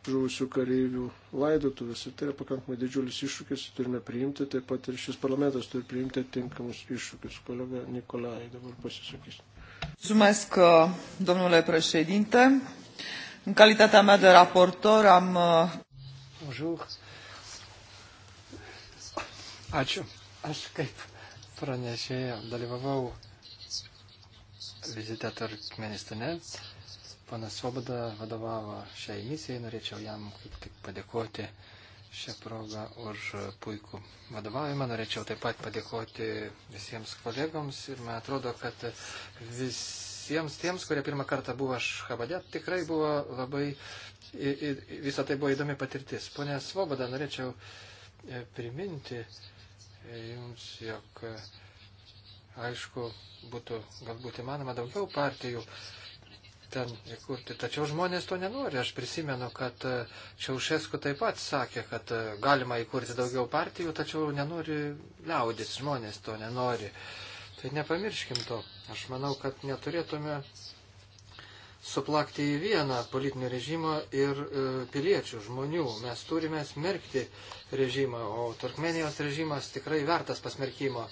[SPEAKER 4] žuvusių kareivių laidotuvėse. Tai yra pakankamai didžiulis iššūkis, turime priimti, taip pat ir šis parlamentas turi priimti atitinkamus iššūkius. Kolega Nikolai dabar pasisakys.
[SPEAKER 3] Mulțumesc, uh,
[SPEAKER 1] domnule președinte. În calitatea mea de raportor am... Uh,
[SPEAKER 2] Bonjour. Ačiū. Aš kaip pranešėja dalyvavau vizite Turkmenistane Panas Svoboda vadovavo šiai misijai, norėčiau jam kaip tik padėkoti šią progą už puikų vadovavimą. Norėčiau taip pat padėkoti visiems kolegoms ir man atrodo, kad visiems tiems, kurie pirmą kartą buvo Šhabadė, tikrai buvo labai, visą tai buvo įdomi patirtis. Pone Svoboda, norėčiau e, priminti e, jums, jog e, aišku, būtų galbūt įmanoma daugiau partijų ten įkurti. Tačiau žmonės to nenori. Aš prisimenu, kad e, Šiaušesku taip pat sakė, kad e, galima įkurti daugiau partijų, tačiau nenori liaudis, žmonės to nenori. Tai nepamirškim to. Aš manau, kad neturėtume suplakti į vieną politinį režimą ir e, piliečių, žmonių. Mes turime smerkti režimą, o Turkmenijos režimas tikrai vertas pasmerkimo.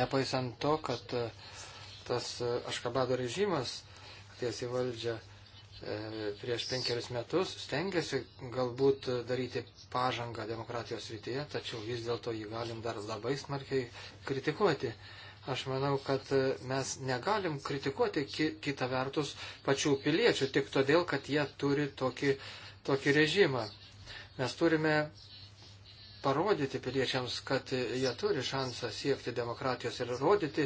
[SPEAKER 2] Nepaisant to, kad e, tas e, Aškabado režimas partijas į valdžią e, prieš penkerius metus stengiasi galbūt daryti pažangą demokratijos rytyje, tačiau vis dėlto jį galim dar labai smarkiai kritikuoti. Aš manau, kad e, mes negalim kritikuoti ki kitą vertus pačių piliečių tik todėl, kad jie turi tokį, tokį režimą. Mes turime parodyti piliečiams, kad jie turi šansą siekti demokratijos ir rodyti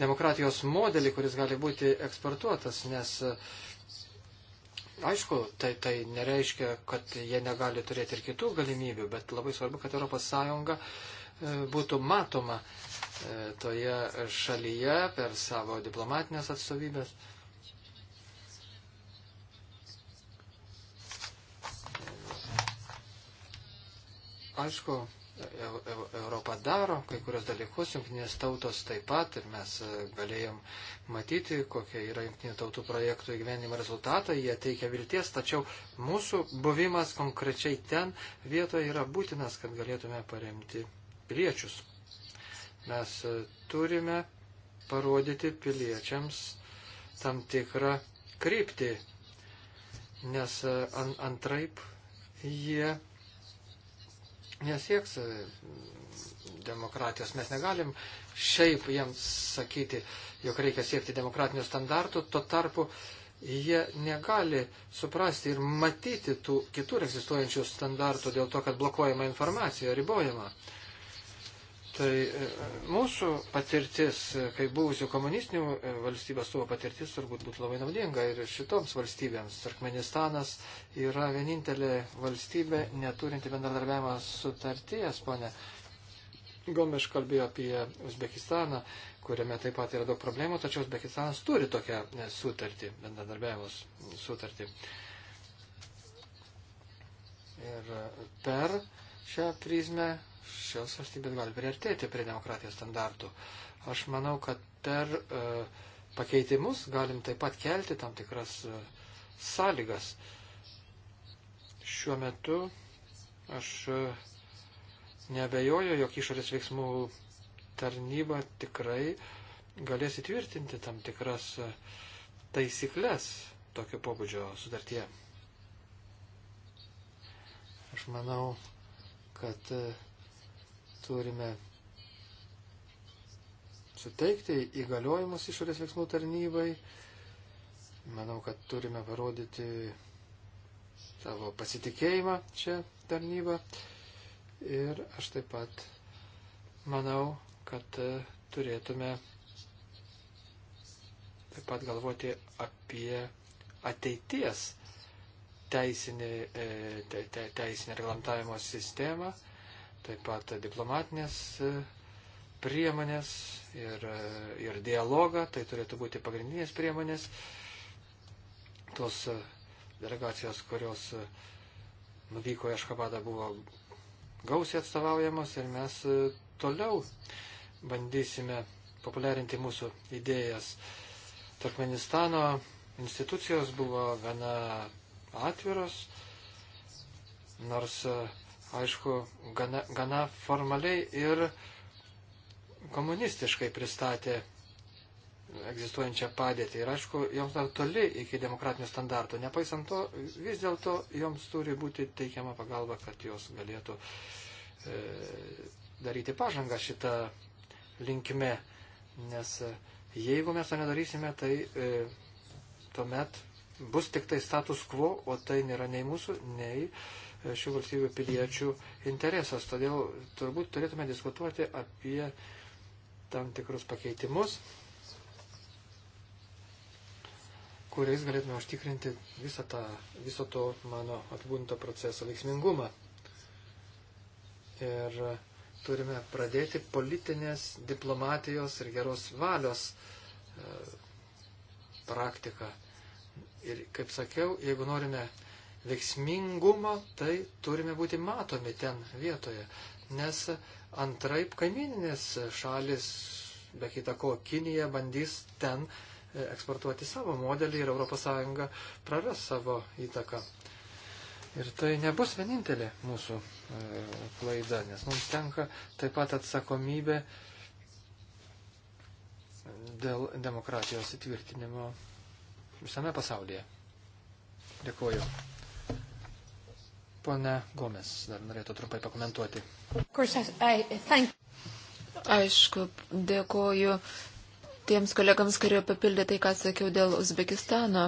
[SPEAKER 2] demokratijos modelį, kuris gali būti eksportuotas, nes aišku, tai, tai nereiškia, kad jie negali turėti ir kitų galimybių, bet labai svarbu, kad ES e, būtų matoma e, toje šalyje per savo diplomatinės atstovybės. Aišku, e, e, Europa daro kai kurios dalykus, jungtinės tautos taip pat ir mes e, galėjom matyti, kokie yra jungtinių tautų projektų įgyvenimo rezultatai, jie teikia vilties, tačiau mūsų buvimas konkrečiai ten vietoje yra būtinas, kad galėtume paremti piliečius. Mes turime parodyti piliečiams tam tikrą kryptį, nes an, antraip jie nesieks e, demokratijos. Mes negalim šiaip jiems sakyti, jog reikia siekti demokratinių standartų, tuo tarpu jie negali suprasti ir matyti tų kitur egzistuojančių standartų dėl to, kad blokuojama informacija, ribojama. Uh, Tai e, mūsų patirtis, kaip buvusių komunistinių e, valstybių atstovų patirtis, turbūt būtų labai naudinga ir šitoms valstybėms. Turkmenistanas yra vienintelė valstybė neturinti bendradarbiavimo sutarties, ponė. Gomeš kalbėjo apie Uzbekistaną, kuriame taip pat yra daug problemų, tačiau Uzbekistanas turi tokią e, sutartį, bendradarbiavimus sutartį. Ir per šią prizmę šios valstybės gali priartėti prie demokratijos standartų. Aš manau, kad per e, pakeitimus galim taip pat kelti tam tikras e, sąlygas. Šiuo metu aš e, nebejoju, jog išorės veiksmų tarnyba tikrai galės įtvirtinti tam tikras e, taisyklės tokio pobūdžio sutartyje. Aš manau, kad e, turime suteikti įgaliojimus išorės veiksmų tarnybai. Manau, kad turime parodyti savo pasitikėjimą čia tarnybą. Ir aš taip pat manau, kad e, turėtume taip pat galvoti apie ateities teisinį, e, te, te, teisinį reglamentavimo sistemą taip pat diplomatinės e, priemonės ir, e, ir dialogą, tai turėtų būti pagrindinės priemonės. Tos e, delegacijos, kurios nuvyko į Aškabadą, buvo gausiai atstovaujamos ir mes toliau bandysime populiarinti mūsų idėjas. Turkmenistano institucijos buvo gana atviros, nors uh, aišku, gana, gana formaliai ir komunistiškai pristatė egzistuojančią padėtį. Ir aišku, joms dar toli iki demokratinių standartų. Nepaisant to, vis dėlto joms turi būti teikiama pagalba, kad jos galėtų e, daryti pažangą šitą linkme. Nes e, jeigu mes to nedarysime, tai e, tuomet bus tik tai status quo, o tai nėra nei mūsų, nei šių valstybių piliečių interesas. Todėl turbūt turėtume diskutuoti apie tam tikrus pakeitimus, kuriais galėtume užtikrinti visą tą, viso to mano apibūdinto proceso veiksmingumą. Ir turime pradėti politinės diplomatijos ir geros valios e, praktiką. Ir kaip sakiau, jeigu norime veiksmingumo, tai turime būti matomi ten vietoje, nes antraip kaimininės šalis, be kita ko, Kinija bandys ten e, eksportuoti savo modelį ir ES praras savo įtaką. Ir tai nebus vienintelė mūsų e, klaida, nes mums tenka taip pat atsakomybė dėl demokratijos įtvirtinimo visame pasaulyje. Dėkuoju. Pone Gomes, dar norėtų trumpai pakomentuoti.
[SPEAKER 3] Aišku, dėkoju tiems kolegams, kurie papildė tai, ką sakiau dėl Uzbekistano.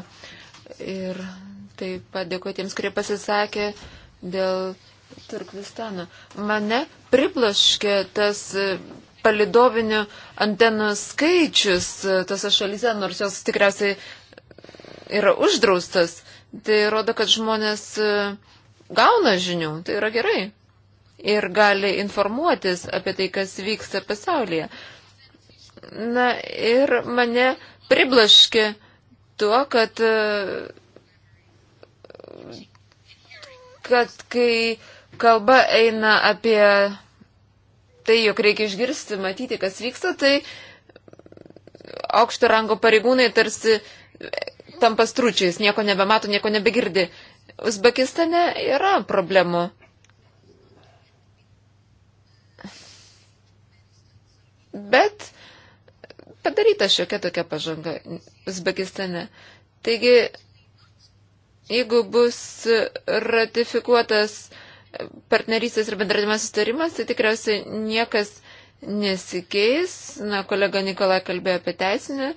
[SPEAKER 3] Ir taip pat dėkoju tiems, kurie pasisakė dėl Turkvistano. Mane priblaškė tas e, palidovinių antenų skaičius e, tose šalyse, nors jos tikriausiai yra uždraustas. Tai rodo, kad žmonės e, gauna žinių, tai yra gerai. Ir gali informuotis apie tai, kas vyksta pasaulyje. Na ir mane priblaškė tuo, kad, kad kai kalba eina apie tai, jog reikia išgirsti, matyti, kas vyksta, tai aukšto rango pareigūnai tarsi tampa stručiais, nieko nebemato, nieko nebegirdi. Uzbekistane yra problemų. Bet padaryta šiokia tokia pažanga Uzbekistane. Taigi, jeigu bus ratifikuotas partnerystės ir bendradimas sustarimas, tai tikriausiai niekas nesikeis. Na, kolega Nikolai kalbėjo apie teisinį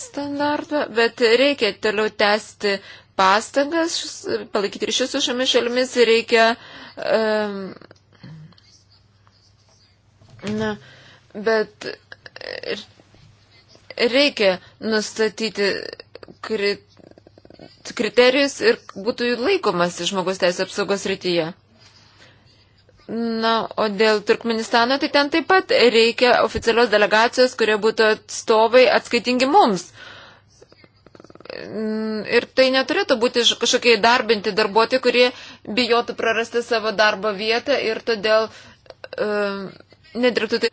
[SPEAKER 3] standartą, bet reikia toliau tęsti pastangas palaikyti ryšius su šiomis šalimis ir reikia um, na, bet reikia nustatyti krit, kriterijus ir būtų jų laikomas žmogus teisės apsaugos rytyje. Na, o dėl Turkmenistano, tai ten taip pat reikia oficialios delegacijos, kurie būtų atstovai atskaitingi mums. Uh, Mm, ir tai neturėtų būti kažkokie darbinti darbuotojai, kurie bijotų prarasti savo darbo vietą ir todėl um, nedirbtų. Tai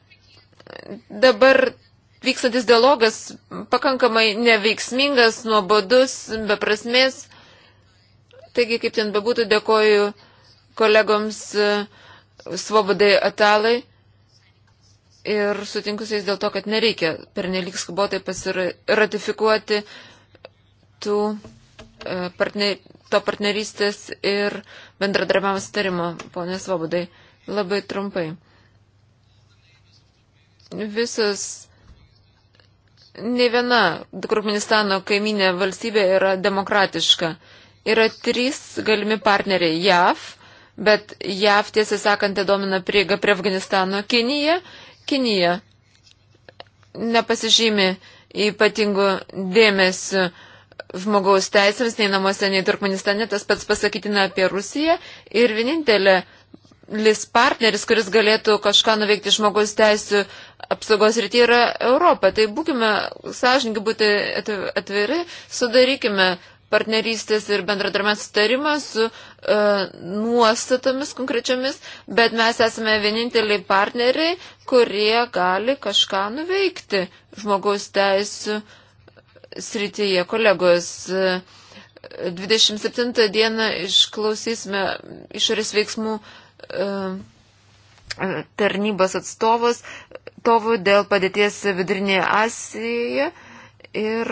[SPEAKER 3] dabar vykstantis dialogas pakankamai neveiksmingas, nuobodus, beprasmės. Taigi, kaip ten bebūtų, dėkoju kolegoms e, Svobodai Atalai ir sutinkusiais dėl to, kad nereikia pernelik skubotai pasiratifikuoti. Pasira metų e, partner, to partnerystės ir bendradarbiavimo starimo, ponės Vobudai, labai trumpai. Visas, ne viena Turkmenistano kaiminė valstybė yra demokratiška. Yra trys galimi partneriai - JAV, bet JAV tiesą sakant, domina prieiga prie Afganistano Kinija. Kinija nepasižymi ypatingų dėmesių žmogaus teisėms nei namuose, nei Turkmenistane, tas pats pasakytina apie Rusiją. Ir vienintelė lis partneris, kuris galėtų kažką nuveikti žmogaus teisų apsaugos rytyje, yra Europa. Tai būkime sąžininkai, būti atviri, sudarykime partnerystės ir bendradarbiavimo sutarimą su e, nuostatomis konkrečiomis, bet mes esame vieninteliai partneriai, kurie gali kažką nuveikti žmogaus teisų srityje. Kolegos, 27 dieną išklausysime išorės veiksmų e, tarnybos atstovas tovų dėl padėties vidurinėje Asijoje ir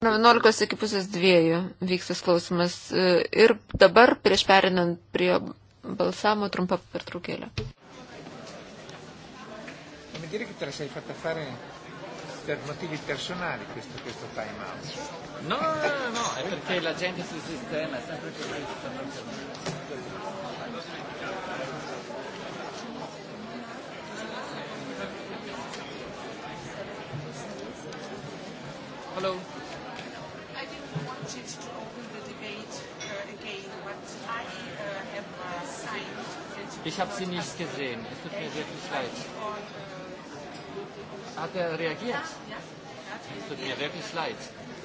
[SPEAKER 3] Nuo 11 iki pusės dviejų vyksas klausimas. E, ir dabar, prieš perinant prie balsamo, trumpa pertraukėlė
[SPEAKER 1] dire che te la sei fatta fare per motivi personali questo, questo time out. No, no, no, no, è perché la gente sul sistema è sempre così.
[SPEAKER 2] Hello.
[SPEAKER 3] I didn't want it to open the debate uh, again, but I uh, have uh,
[SPEAKER 1] signed. Ich habe sie nicht gesehen. Es tut mir wirklich leid. On, uh, Hat er reagiert? Es tut mir wirklich leid.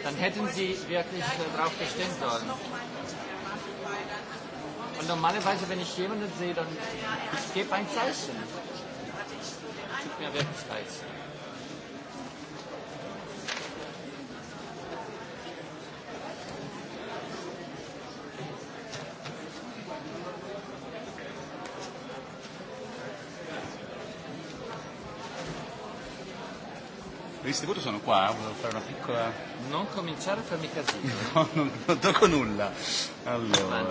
[SPEAKER 1] Dann hätten Sie wirklich äh, darauf bestehen sollen. Und normalerweise,
[SPEAKER 2] wenn ich jemanden sehe, dann ich gebe ein Zeichen.
[SPEAKER 1] Es
[SPEAKER 2] tut mir wirklich leid.
[SPEAKER 1] dell'istituto sono qua, eh, volevo fare una piccola... Non cominciare a farmi casino. (laughs)
[SPEAKER 4] no, non, non tocco nulla. Allora,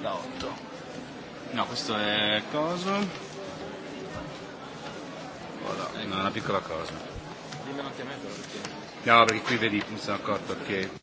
[SPEAKER 1] la 8.
[SPEAKER 2] No, questo è coso. Voilà, ecco. no, una
[SPEAKER 1] piccola cosa. Dimmelo anche a me però perché... No, perché qui vedi, mi sono accorto che...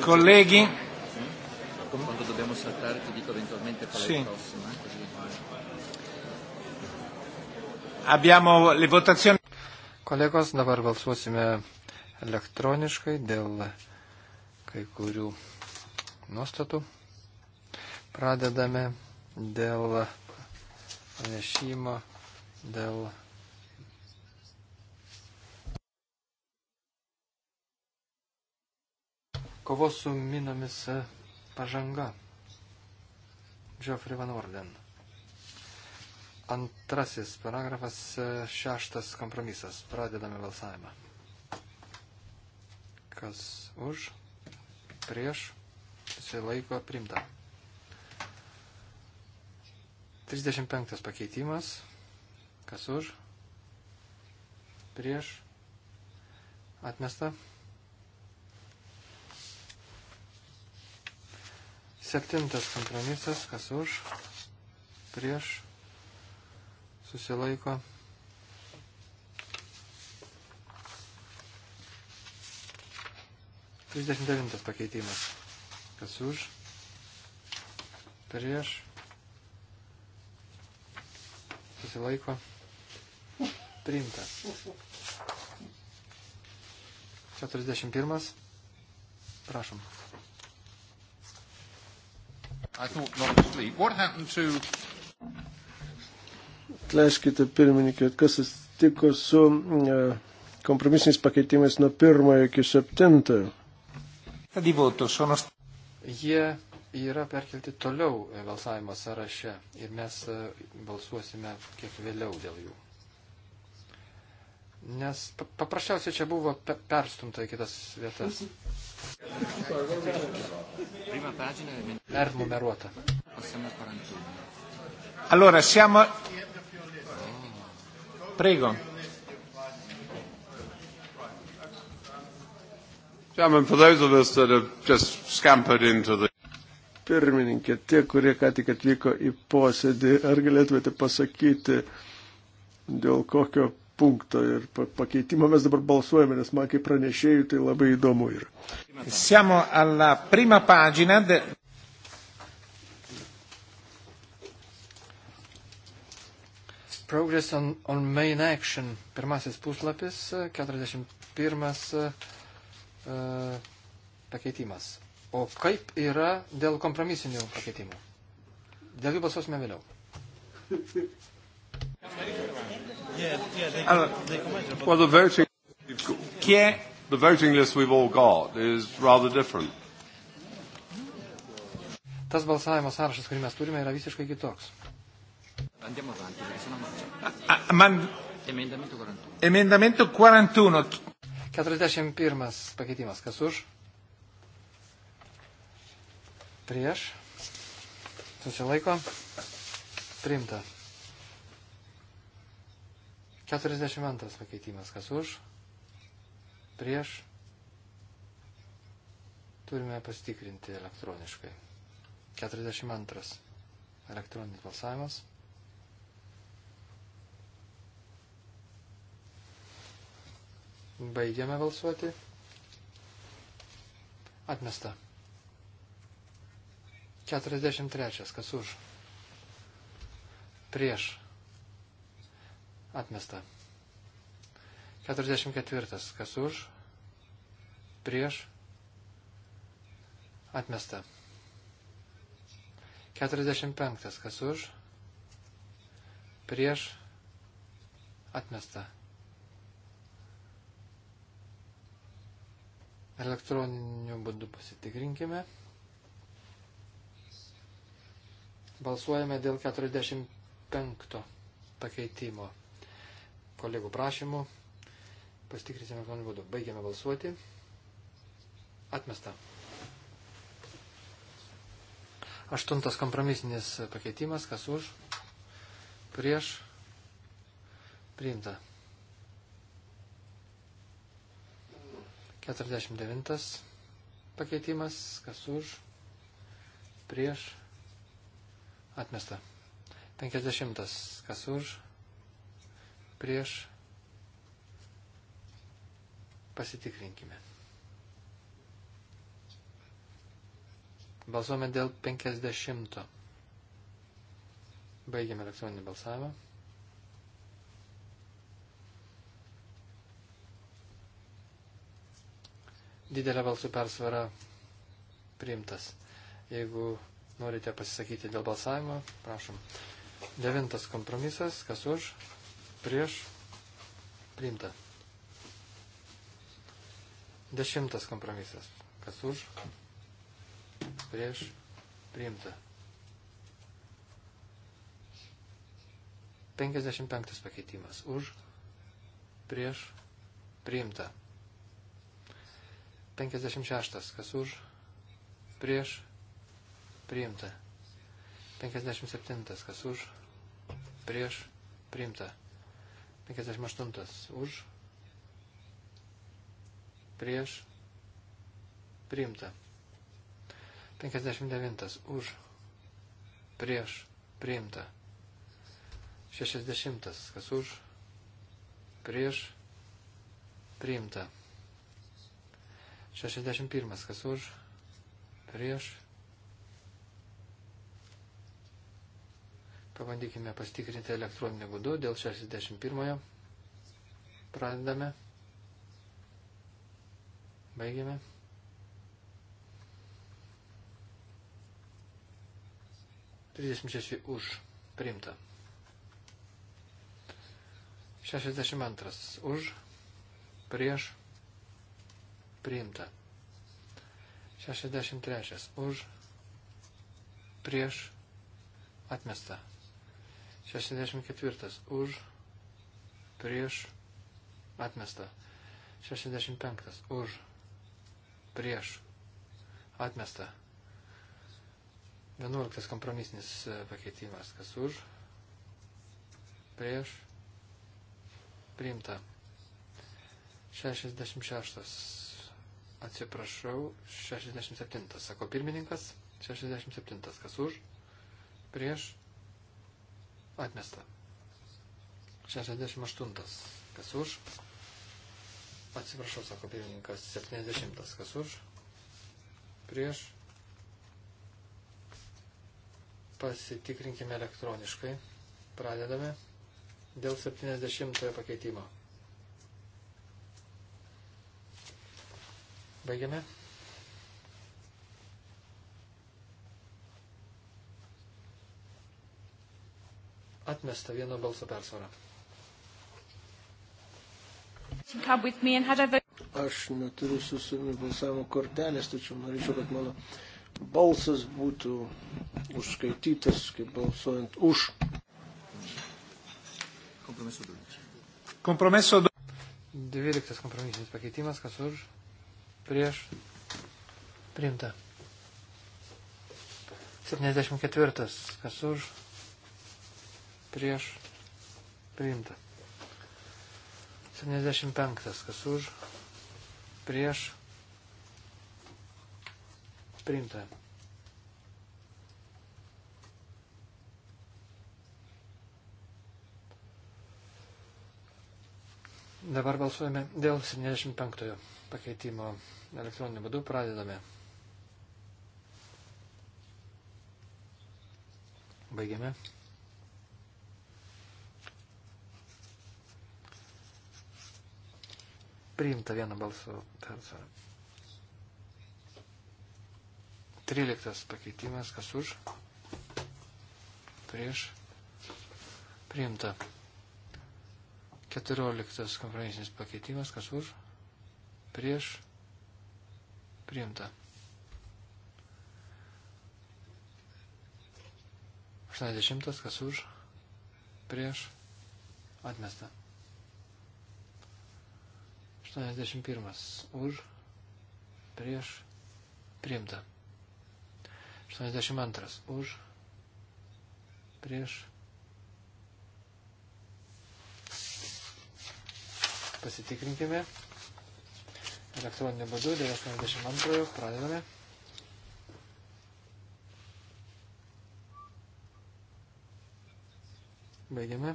[SPEAKER 2] Colleghi.
[SPEAKER 1] Quando dobbiamo saltare ti dico eventualmente qual è sì. il prossimo. Eh, così.
[SPEAKER 2] Abbiamo le votazioni. Kolegos, dabar balsuosime elektroniškai dėl kai kurių nuostatų. Pradedame dėl pranešimo, dėl kovos su minomis e, pažanga. Geoffrey Van Orden. Antrasis paragrafas, e, šeštas kompromisas. Pradedame balsavimą. Kas už, prieš, visi laiko primta. 35 pakeitimas. Kas už, prieš, atmesta. Septintas kompromisas, kas už, prieš, susilaiko. Trisdešimt devintas pakeitimas, kas už, prieš, susilaiko. Priimta. 41. Prašom.
[SPEAKER 1] I thought not asleep. What happened to...
[SPEAKER 4] Atleiskite pirmininkė, kas atsitiko su e, kompromisiniais pakeitimais nuo pirmojo iki septintojo.
[SPEAKER 1] Jie
[SPEAKER 2] yra perkelti toliau e, balsavimo sąraše ir mes e, balsuosime kiek vėliau dėl jų. Nes paprasčiausiai čia buvo perstumta į kitas vietas. (laughs) Prima pagina è Dar numerata. Passiamo al 41.
[SPEAKER 1] Allora, siamo...
[SPEAKER 4] Prego. Chairman, for those of us that have just scampered into the pirmininkė, tie, kurie ką tik atvyko į posėdį, ar galėtumėte pasakyti, dėl kokio punktą ir pakeitimą mes dabar balsuojame, nes man kaip pranešėjų tai labai įdomu yra.
[SPEAKER 1] Siamo alla prima pagina. De...
[SPEAKER 2] Progress on, on main action. Pirmasis puslapis, 41 uh, e, pakeitimas. O kaip yra dėl kompromisinių pakeitimų? Dėl jų balsuosime vėliau.
[SPEAKER 1] (laughs) Allora, well, the voting, yeah.
[SPEAKER 4] the voting list we've all got is rather different.
[SPEAKER 2] Tas balsavimo sąrašas, kurį mes turime, yra visiškai kitoks.
[SPEAKER 1] Andiamo avanti, perché sennò mangiamo. Man... Emendamento 41. Emendamento 41.
[SPEAKER 2] 41 pakeitimas. Kas už? Prieš. Susilaiko. Priimta. 42 pakeitimas, kas už, prieš, turime pasitikrinti elektroniškai. 42 elektroninis balsavimas. Baigiame balsuoti. Atmesta. 43. Kas už? Prieš. Atmesta. 44. Kas už? Prieš? Atmesta. 45. Kas už? Prieš? Atmesta. Elektroniniu būdu pasitikrinkime. Balsuojame dėl 45 pakeitimo kolegų prašymų. Pastikrinsime elektroniniu būdu. Baigiame balsuoti. Atmesta. Aštuntas kompromisinis pakeitimas. Kas už? Prieš. Priimta. 49 pakeitimas. Kas už? Prieš. Atmesta. 50. Kas už? prieš pasitikrinkime. Balsuome dėl 50. Baigiame elektroninį balsavimą. Didelė balsų persvara priimtas. Jeigu norite pasisakyti dėl balsavimo, prašom. Devintas kompromisas, kas už? prieš priimta. Dešimtas kompromisas. Kas už? Prieš priimta. 55 pakeitimas. Už prieš priimta. 56. Kas už prieš priimta. 57. Kas už prieš priimta. 58 už, prieš, priimta. 59 už, prieš, priimta. 60 kas už, prieš, priimta. 61 kas už, prieš, priimta. Pabandykime pastikrinti elektroninį būdu dėl 61-ojo. Pradedame. Baigiame. Trisdešimt šeši už priimta. Šešiasdešimt antras už prieš priimta. Šešiasdešimt trečias už prieš atmesta. 64 už, prieš, atmesta. 65 už, prieš, atmesta. 11 kompromisinis e, pakeitimas, kas už, prieš, priimta. 66, atsiprašau, 67, sako pirmininkas, 67, kas už, prieš, Atmesta. 68. Kas už? Atsiprašau, sako pirmininkas. 70. Kas už? Prieš. Pasitikrinkime elektroniškai. Pradedame. Dėl 70 pakeitimo. Baigiame. Atmesta vieno balso persvara.
[SPEAKER 4] Aš neturiu susirūpinimo balsavimo kortelės, tačiau norėčiau, kad mano balsas būtų užskaitytas, kaip balsuojant už.
[SPEAKER 1] Kompromiso 12.
[SPEAKER 2] Kompromiso 12 kompromisinis pakeitimas, kas už, prieš, priimta. 74, kas už, prieš priimta. 75. Kas už prieš priimta. Dabar balsuojame dėl 75 pakeitimo elektroniniu būdu. Pradedame. Baigiame. Priimta vieną balsų. 13 pakeitimas, kas už, prieš, priimta. 14 konferencinis pakeitimas, kas už, prieš, priimta. 80 kas už, prieš, atmesta. 81 už, prieš, priimta. 82 už, prieš, pasitikrinkime. Elektroninė būdu, 82 pradedame. Baigiame.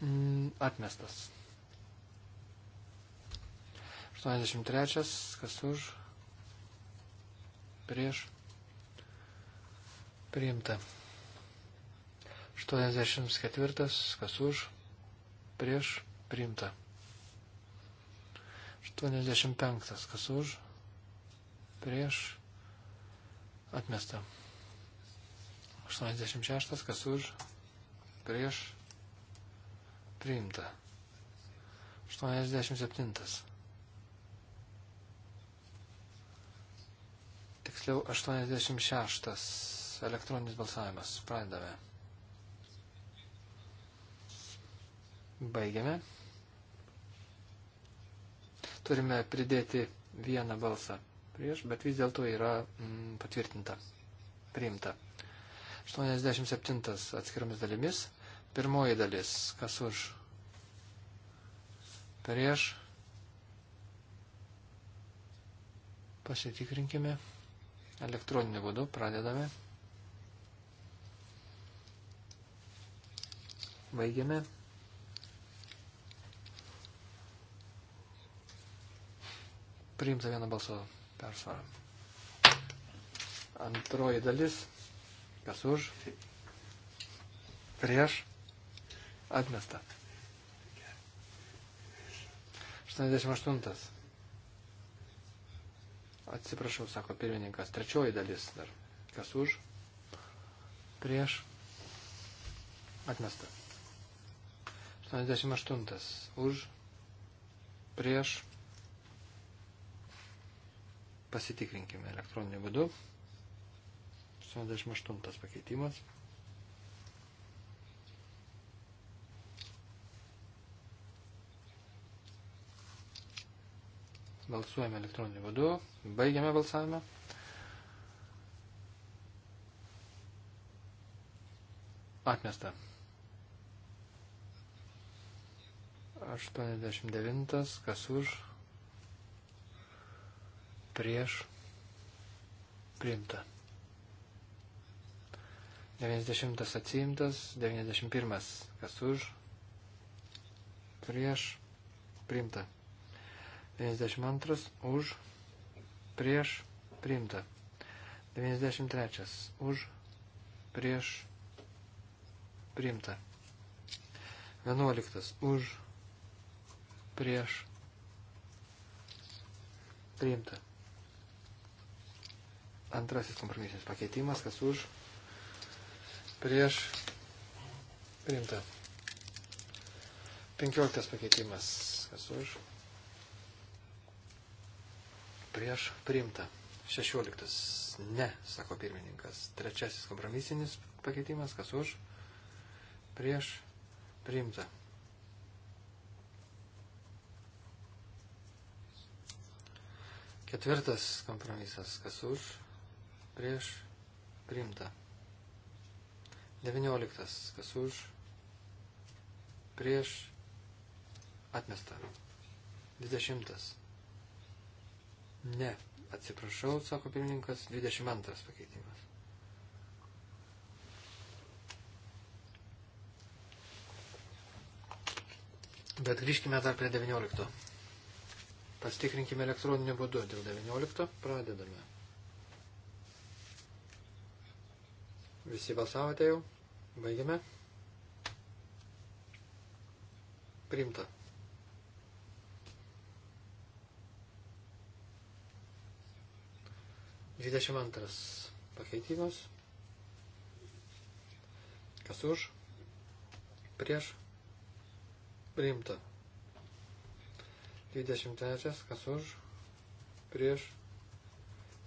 [SPEAKER 2] Mm, atmestas. 83. Kas už? Prieš. Priimta. 84. Kas už? Prieš. Priimta. 85. Kas už? Prieš. Atmesta. 86. Kas už? Prieš Priimta. 87. Tiksliau 86. Elektroninis balsavimas. Pradedame. Baigiame. Turime pridėti vieną balsą prieš, bet vis dėlto yra mm, patvirtinta. Priimta. 87 atskiromis dalimis. Pirmoji dalis, kas už, prieš, pasitikrinkime, elektroniniu būdu pradedame, baigiame. Priimta vieno balso persvarą. Antroji dalis, kas už, prieš, Atmesta. 88. Atsiprašau, sako pirmininkas. Trečioji dalis dar. Kas už? Prieš. Atmesta. 88. Už. Prieš. Pasitikrinkime elektroniniu būdu. 88 pakeitimas. Balsuojame elektroniniu būdu. Baigiame balsavimą. Atmesta. 89. Kas už? Prieš. Priimta. 90 atsiimtas, 91 kas už, prieš, primta. 92 už, prieš, priimta. 93 už, prieš, priimta. 11 už, prieš, priimta. Antrasis kompromisinis pakeitimas, kas už, prieš, priimta. 15 pakeitimas, kas už, prieš prieš priimta. 16. Ne, sako pirmininkas. Trečiasis kompromisinis pakeitimas, kas už, prieš priimta. Ketvirtas kompromisas, kas už, prieš priimta. 19. Kas už, prieš atmestą. 20. Ne, atsiprašau, sako pirmininkas, 22 pakeitimas. Bet grįžkime dar prie 19. Pastikrinkime elektroniniu būdu dėl 19. Pradedame. Visi balsavote jau. Baigiame. Priimta. 22 pakeitimas. Kas už? Prieš? Priimta. 23. Kas už? Prieš?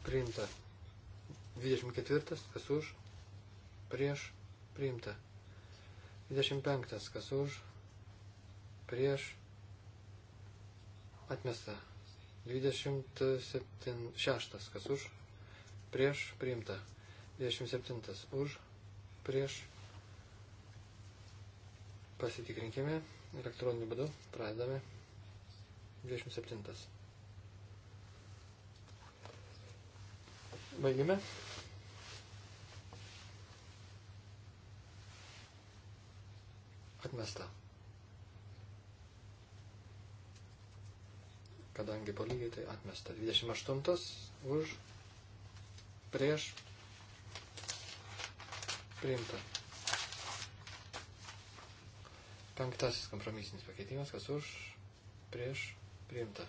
[SPEAKER 2] Priimta. 24. Kas už? Prieš? Priimta. 25. Kas už? Prieš? Atmesta. 26. Kas už? prieš priimta. 27 už prieš pasitikrinkime elektroniniu būdu, pradedame 27. Baigime. Atmesta. Kadangi po lygiai, tai atmesta. 28 už prieš priimta. Penktasis kompromisinis pakeitimas, kas už prieš priimta.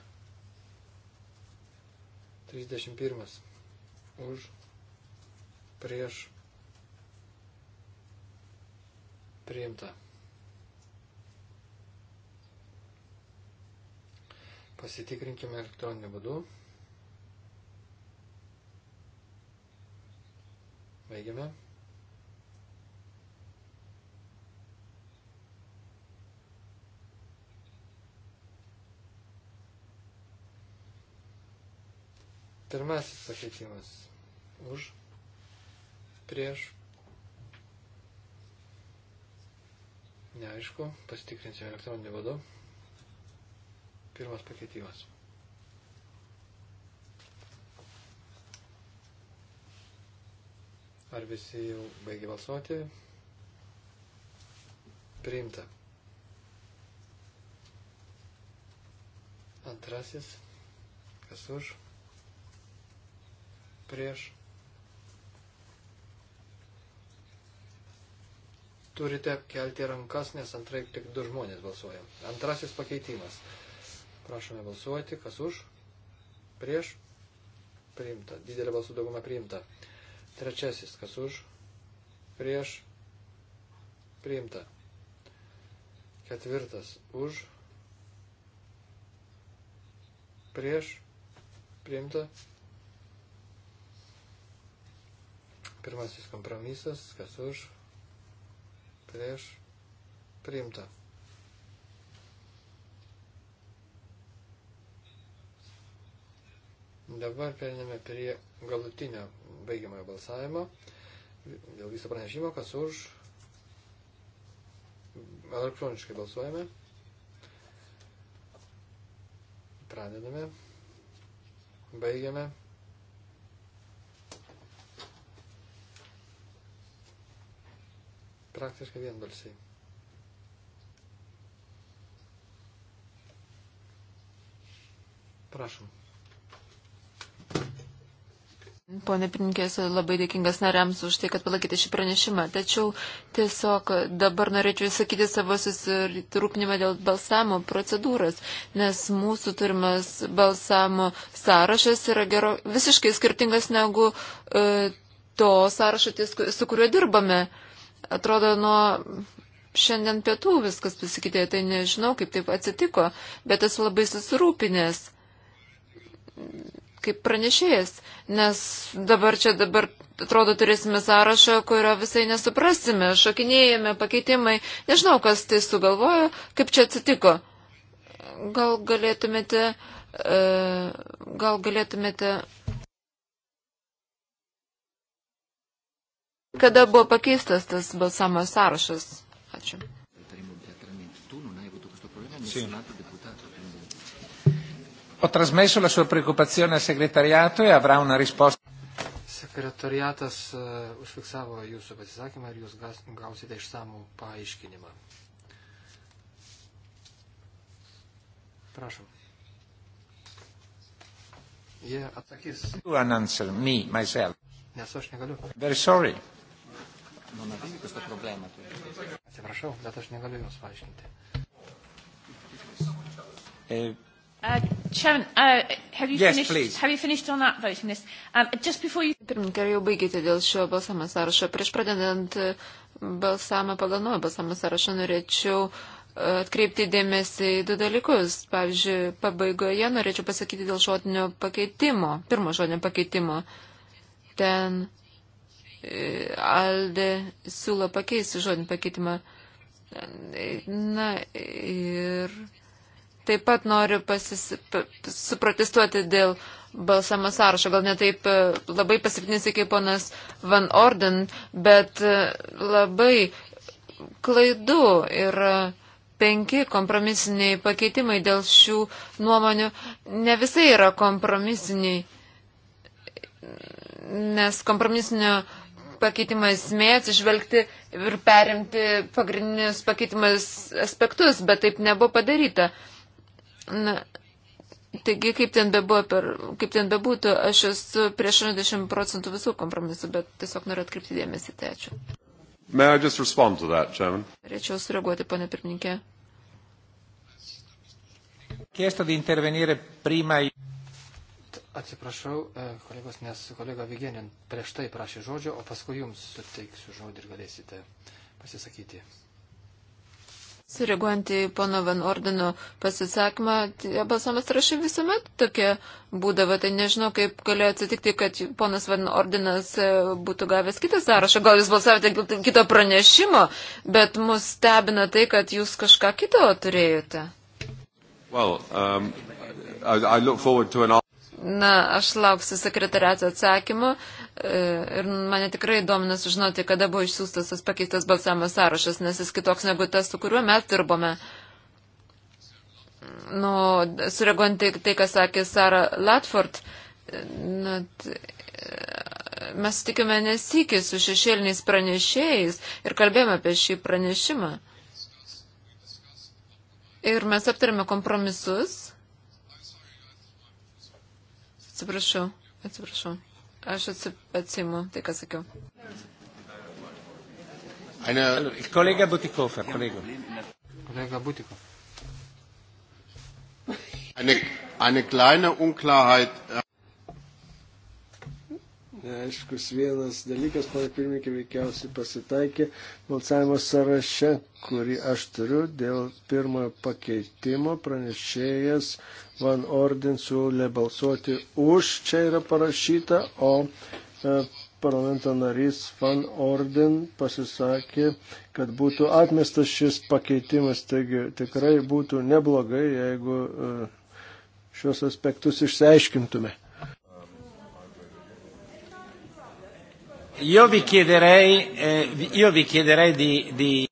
[SPEAKER 2] 31. Už prieš priimta. Pasitikrinkime elektroniniu būdu. Baigiame. Pirmasis pakeitimas už, prieš, neaišku, pasitikrinsime elektroninį vadovą. Pirmas pakeitimas. Ar visi jau baigė balsuoti? Priimta. Antrasis. Kas už? Prieš. Turite kelti rankas, nes antraip tik du žmonės balsuoja. Antrasis pakeitimas. Prašome balsuoti. Kas už? Prieš. Priimta. Didelė balsų dauguma priimta. Priimta. Trečiasis, kas už, prieš, priimta. Ketvirtas, už, prieš, priimta. Pirmasis kompromisas, kas už, prieš, priimta. Dabar periname prie galutinio baigiamojo balsavimo. Dėl viso pranešimo, kas už. Elektroniškai balsuojame. Pradedame. Baigiame. Praktiškai vienbalsiai. Prašom.
[SPEAKER 3] Pone Pirinkė, esu labai dėkingas nariams už tai, kad palakėte šį pranešimą. Tačiau tiesiog dabar norėčiau įsakyti savo susirūpinimą dėl balsamo procedūros, nes mūsų turimas balsamo sąrašas yra gero, visiškai skirtingas negu e, to sąrašo, ties, su kuriuo dirbame. Atrodo, nuo šiandien pietų viskas pasikeitė, tai nežinau, kaip taip atsitiko, bet esu labai susirūpinęs kaip pranešėjas, nes dabar čia dabar, atrodo, turėsime sąrašą, kurio visai nesuprasime, šokinėjame, pakeitimai, nežinau, kas tai sugalvojo, kaip čia atsitiko. Gal galėtumėte, e, gal galėtumėte. Kada buvo pakeistas tas balsamo sąrašas? Ačiū. Sì. Ho trasmesso la
[SPEAKER 1] sua preoccupazione al segretariato e avrà una risposta.
[SPEAKER 2] Sekretariatas eh, užfiksavo jūsų pasisakymą ir jūs gausite išsamų paaiškinimą. Prašom. Jie atsakys. You
[SPEAKER 1] an answer me, myself.
[SPEAKER 2] Nes aš negaliu. Very sorry. Atsiprašau, bet aš negaliu jums paaiškinti.
[SPEAKER 1] E... Eh,
[SPEAKER 3] Ag uh, Chairman, uh, have you yes, finished? Please. Have you finished on that voting list? Um, just before you. Pirmininkė, jau baigėte dėl šio balsavimo sąrašo. Prieš pradedant uh, balsavimą pagal naują balsavimo sąrašą norėčiau uh, atkreipti dėmesį į du dalykus. Pavyzdžiui, pabaigoje norėčiau pasakyti dėl žodinio pakeitimo, pirmo žodinio pakeitimo. Ten uh, Alde siūlo pakeisti žodinį pakeitimą. Na ir taip pat noriu pasis, suprotestuoti dėl balsamo sąrašo. Gal netaip e, labai pasipinėsi kaip ponas Van Orden, bet e, labai klaidu yra e, penki kompromisiniai pakeitimai dėl šių nuomonių. Ne visai yra kompromisiniai, nes kompromisinio pakeitimo esmė atsižvelgti ir perimti pagrindinius pakeitimus aspektus, bet taip nebuvo padaryta. Na, taigi, kaip ten, bebuvo, per, kaip ten bebūtų, aš esu prieš 60 procentų visų kompromisų, bet tiesiog noriu atkreipti dėmesį, tai ačiū.
[SPEAKER 4] Norėčiau
[SPEAKER 3] sureaguoti, pane pirmininkė.
[SPEAKER 1] Chiesto di intervenire prima
[SPEAKER 2] Atsiprašau, e, kolegos, nes kolega Vigenin prieš tai prašė žodžio, o paskui jums suteiksiu žodį ir galėsite pasisakyti.
[SPEAKER 3] Sureaguojant į pono Van Ordino pasisakymą, tai balsavimas rašė visuomet tokia būdavo, tai nežinau, kaip galėjo atsitikti, kad ponas Van Ordinas e, būtų gavęs kitą sąrašą, gal jūs balsavote kito pranešimo, bet mus stebina tai, kad jūs kažką kito turėjote.
[SPEAKER 4] Well, um, I, I an...
[SPEAKER 3] Na, aš lauksiu sekretariato atsakymo E, ir mane tikrai domina sužinoti, kada buvo išsiųstas tas pakeistas balsavimo sąrašas, nes jis kitoks negu tas, su kuriuo mes dirbome. Nu, sureaguojant tai, tai, ką sakė Sara Latford, nu, mes tikime nesikį su šešėliniais pranešėjais ir kalbėjome apie šį pranešimą. Ir mes aptarėme kompromisus. Atsiprašau, atsiprašau. Aš atsimu tai, ką sakiau.
[SPEAKER 1] Kolega Butikofer, kolega.
[SPEAKER 2] Kolega Butikofer.
[SPEAKER 4] Eine, eine kleine Unklarheit. Äh, neaiškus vienas dalykas, pana pirmininkė, veikiausiai pasitaikė balsavimo sąraše, kurį aš turiu dėl pirmojo pakeitimo pranešėjas Van Orden siūlė balsuoti už, čia yra parašyta, o e, parlamento narys Van Orden pasisakė, kad būtų atmestas šis pakeitimas, taigi tikrai būtų neblogai, jeigu e, šios aspektus išsiaiškintume.
[SPEAKER 1] Io vi chiederei, eh, io vi chiederei di, di...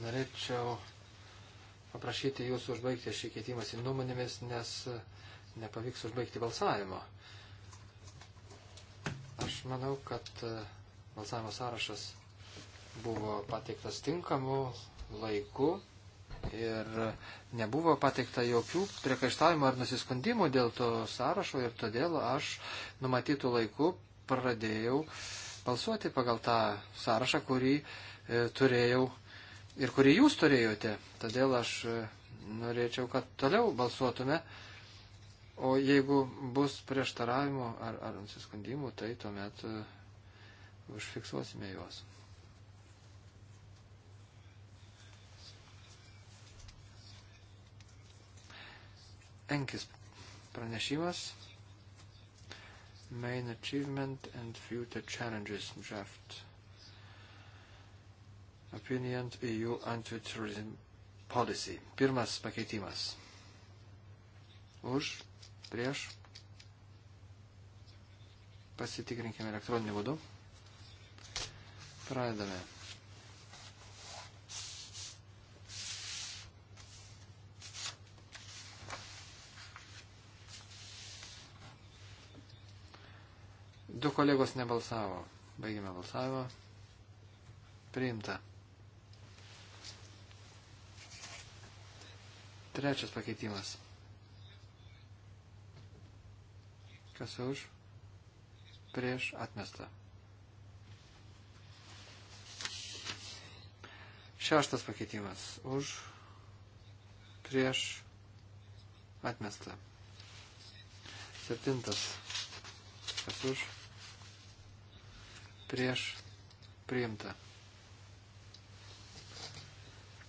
[SPEAKER 4] Norėčiau
[SPEAKER 2] paprašyti jūsų užbaigti šį keitimąsi nuomonėmis, nes eh, nepavyks užbaigti balsavimo. Aš manau, kad eh, balsavimo sąrašas buvo pateiktas tinkamu laiku ir eh, nebuvo pateikta jokių priekaištavimų ar nusiskundimų dėl to sąrašo ir todėl aš numatytų laiku pradėjau uh, balsuoti pagal tą sąrašą, kurį e, turėjau ir kurį jūs turėjote. Todėl aš e, norėčiau, kad toliau balsuotume. O jeigu bus prieštaravimų ar, ar nusiskundimų, tai tuomet e, užfiksuosime juos. Enkis pranešimas Main Achievement and Future Challenges draft opinion EU anti-terrorism policy. Pirmas pakeitimas. Už, prieš. Pasitikrinkime elektroninį būdų. Pradedame. Du kolegos nebalsavo. Baigime balsavimą. Priimta. Trečias pakeitimas. Kas už? Prieš atmestą. Šeštas pakeitimas. Už. Prieš atmestą. Septintas. Kas už? prieš priimta.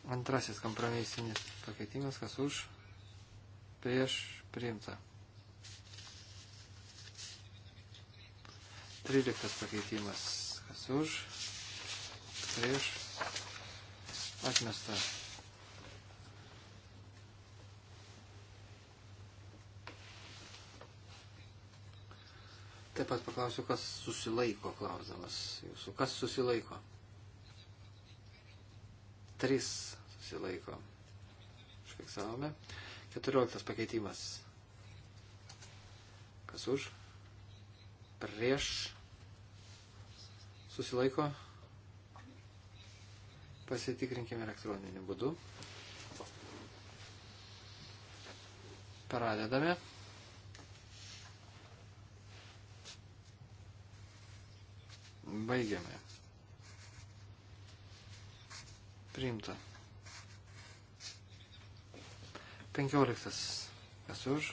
[SPEAKER 2] Antrasis kompromisinis pakeitimas, kas už prieš priimta. 13 pakeitimas, kas už prieš atmesta. Taip pat paklausiu, kas susilaiko, klausdamas jūsų. Kas susilaiko? Trys susilaiko. Užfiksavome. Keturioliktas pakeitimas. Kas už? Prieš. Susilaiko. Pasitikrinkime elektroniniu būdu. Pradedame. Baigiame. Priimta. 15. Kas už?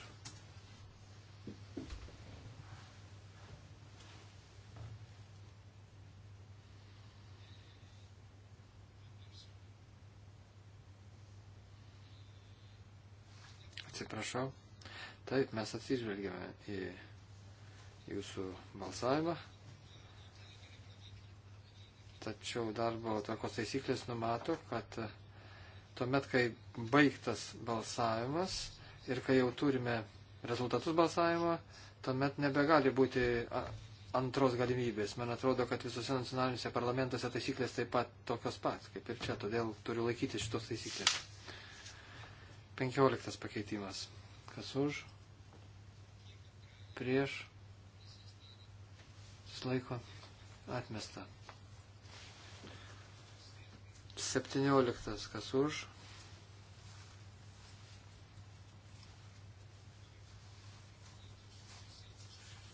[SPEAKER 2] Atsiprašau. Taip, mes atsižvelgėme į jūsų balsavimą. Tačiau darbo tvarkos taisyklės numato, kad tuomet, kai baigtas balsavimas ir kai jau turime rezultatus balsavimo, tuomet nebegali būti antros galimybės. Man atrodo, kad visose nacionaliniuose parlamentuose taisyklės taip pat tokios pat, kaip ir čia, todėl turiu laikyti šitos taisyklės. 15 pakeitimas. Kas už? Prieš? Suslaiko? Atmesta. 17. Kas už?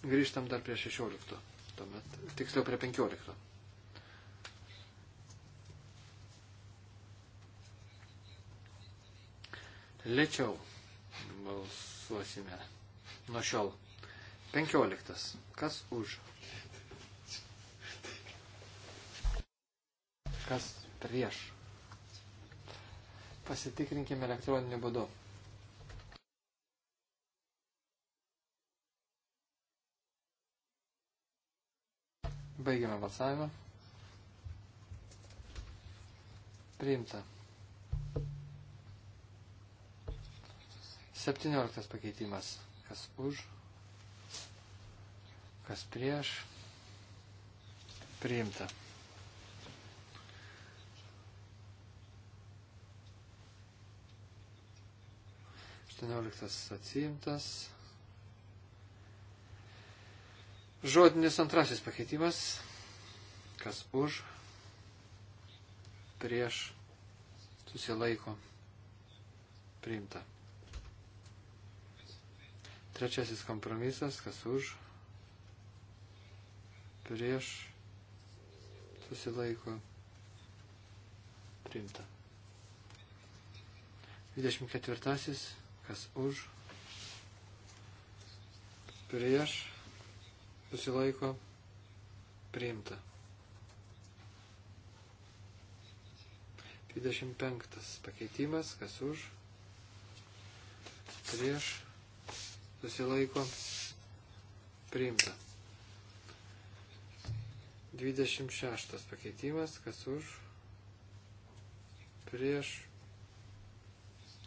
[SPEAKER 2] Grįžtam dar prie 16. Tuomet, tiksliau prie 15. Lėčiau balsuosime nuo šiol. 15. Kas už? Kas prieš. Pasitikrinkime elektroniniu būdu. Baigiame balsavimą. Priimta. 17 pakeitimas. Kas už, kas prieš. Priimta. 18 atsiimtas. Žodinis antrasis pakeitimas. Kas už, prieš, susilaiko, priimta. Trečiasis kompromisas. Kas už, prieš, susilaiko, priimta. 24 kas už, prieš, susilaiko, priimta. 25 pakeitimas, kas už, prieš, susilaiko, priimta. 26 pakeitimas, kas už, prieš,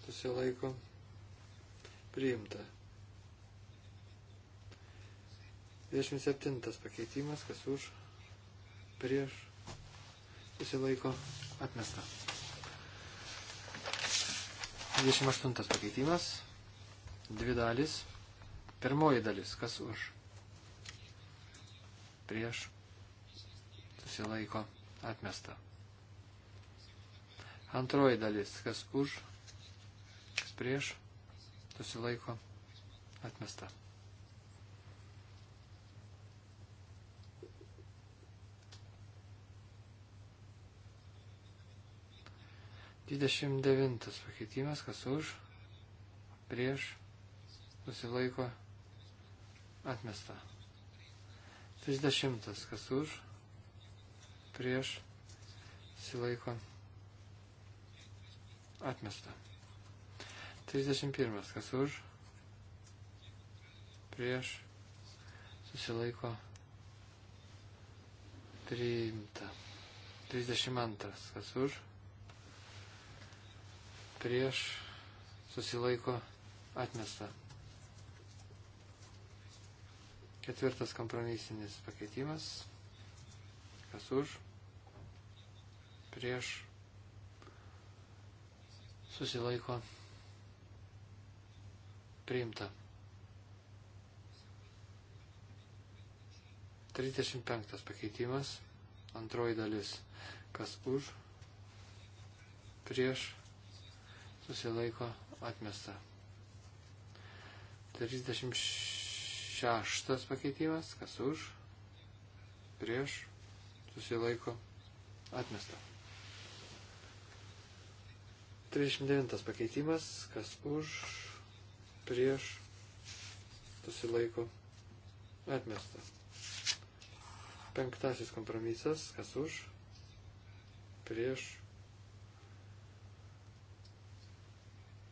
[SPEAKER 2] susilaiko, priimta priimta. 27 pakeitimas, kas už, prieš, susilaiko, atmesta. 28 pakeitimas, dvi dalis, pirmoji dalis, kas už, prieš, susilaiko, atmesta. Antroji dalis, kas už, kas prieš, susilaiko atmesta. Dvidešimt devintas pakeitimas, kas už, prieš, susilaiko atmesta. Trisdešimtas, kas už, prieš, susilaiko atmesta. 31. Kas už? Prieš. Susilaiko. Priimta. 32. Kas už? Prieš. Susilaiko. Atmesta. Ketvirtas kompromisinis pakeitimas. Kas už? Prieš. Susilaiko priimta. 35 pakeitimas, antroji dalis, kas už, prieš, susilaiko atmesta. 36 pakeitimas, kas už, prieš, susilaiko atmesta. 39 pakeitimas, kas už, prieš susilaiko atmesta. Penktasis kompromisas, kas už, prieš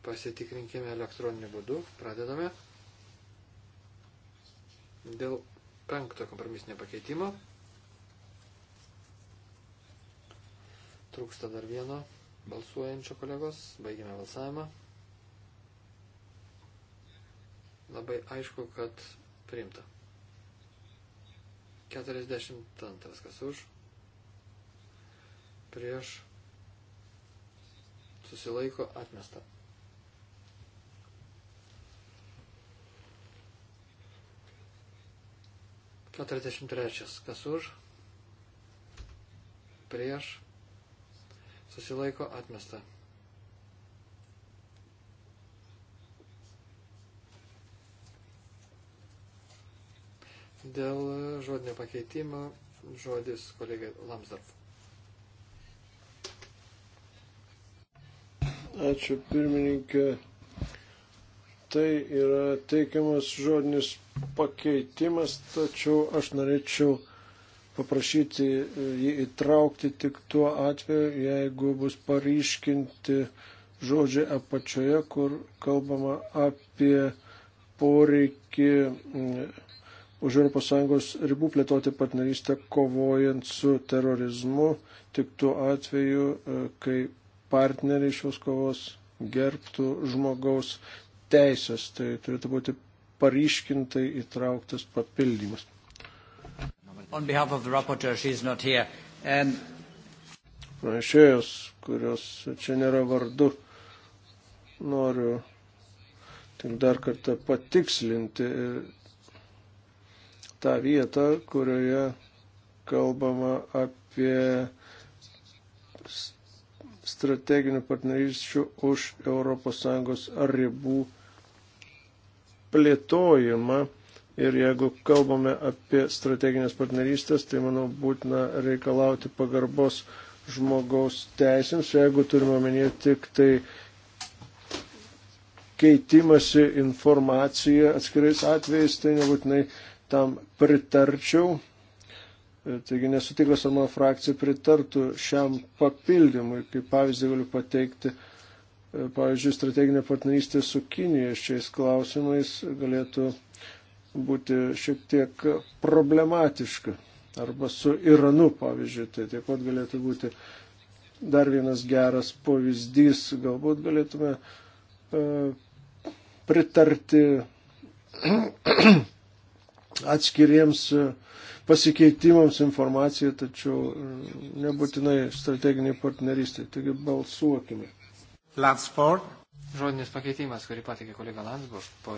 [SPEAKER 2] pasitikrinkime elektroniniu būdu, pradedame dėl penkto kompromisinio pakeitimo. Trūksta dar vieno balsuojančio kolegos, baigime balsavimą. Labai aišku, kad priimta. 42. Kas už? Prieš. Susilaiko atmesta. Keturiasdešimt trečias. Kas už? Prieš. Susilaiko atmesta. Dėl žodinio pakeitimo žodis kolegė Lamsdorf.
[SPEAKER 4] Ačiū pirmininkė. Tai yra teikiamas žodinis pakeitimas, tačiau aš norėčiau paprašyti e, jį įtraukti tik tuo atveju, jeigu bus paryškinti žodžiai apačioje, kur kalbama apie poreikį už ES ribų plėtoti partnerystę kovojant su terorizmu, tik tuo atveju, e, kai partneriai šios kovos gerbtų žmogaus teisės. Tai turėtų būti paryškintai įtrauktas papildymas.
[SPEAKER 1] On behalf of the rapporteur, she's not here.
[SPEAKER 4] Um... Pranešėjos, kurios čia nėra vardu, noriu tik dar kartą patikslinti ir tą vietą, kurioje kalbama apie strateginių partnerysčių už ES ribų plėtojimą. Ir jeigu kalbame apie strateginės partnerystės, tai manau būtina reikalauti pagarbos žmogaus teisėms, jeigu turime omenyje tik tai keitimasi informacija atskirais atvejais, tai nebūtinai tam pritarčiau. Taigi nesu tikras, ar mano frakcija pritartų šiam papildymui. Kaip pavyzdį galiu pateikti, pavyzdžiui, strateginė partnerystė su Kinija šiais klausimais galėtų būti šiek tiek problematiška. Arba su Iranu, pavyzdžiui, tai taip pat galėtų būti dar vienas geras pavyzdys. Galbūt galėtume e, pritarti atskiriems e, pasikeitimams informacija, tačiau e, nebūtinai strateginiai partnerystė. Taigi balsuokime. Landsford.
[SPEAKER 2] Žodinis pakeitimas, kurį patikė kolega Landsburg po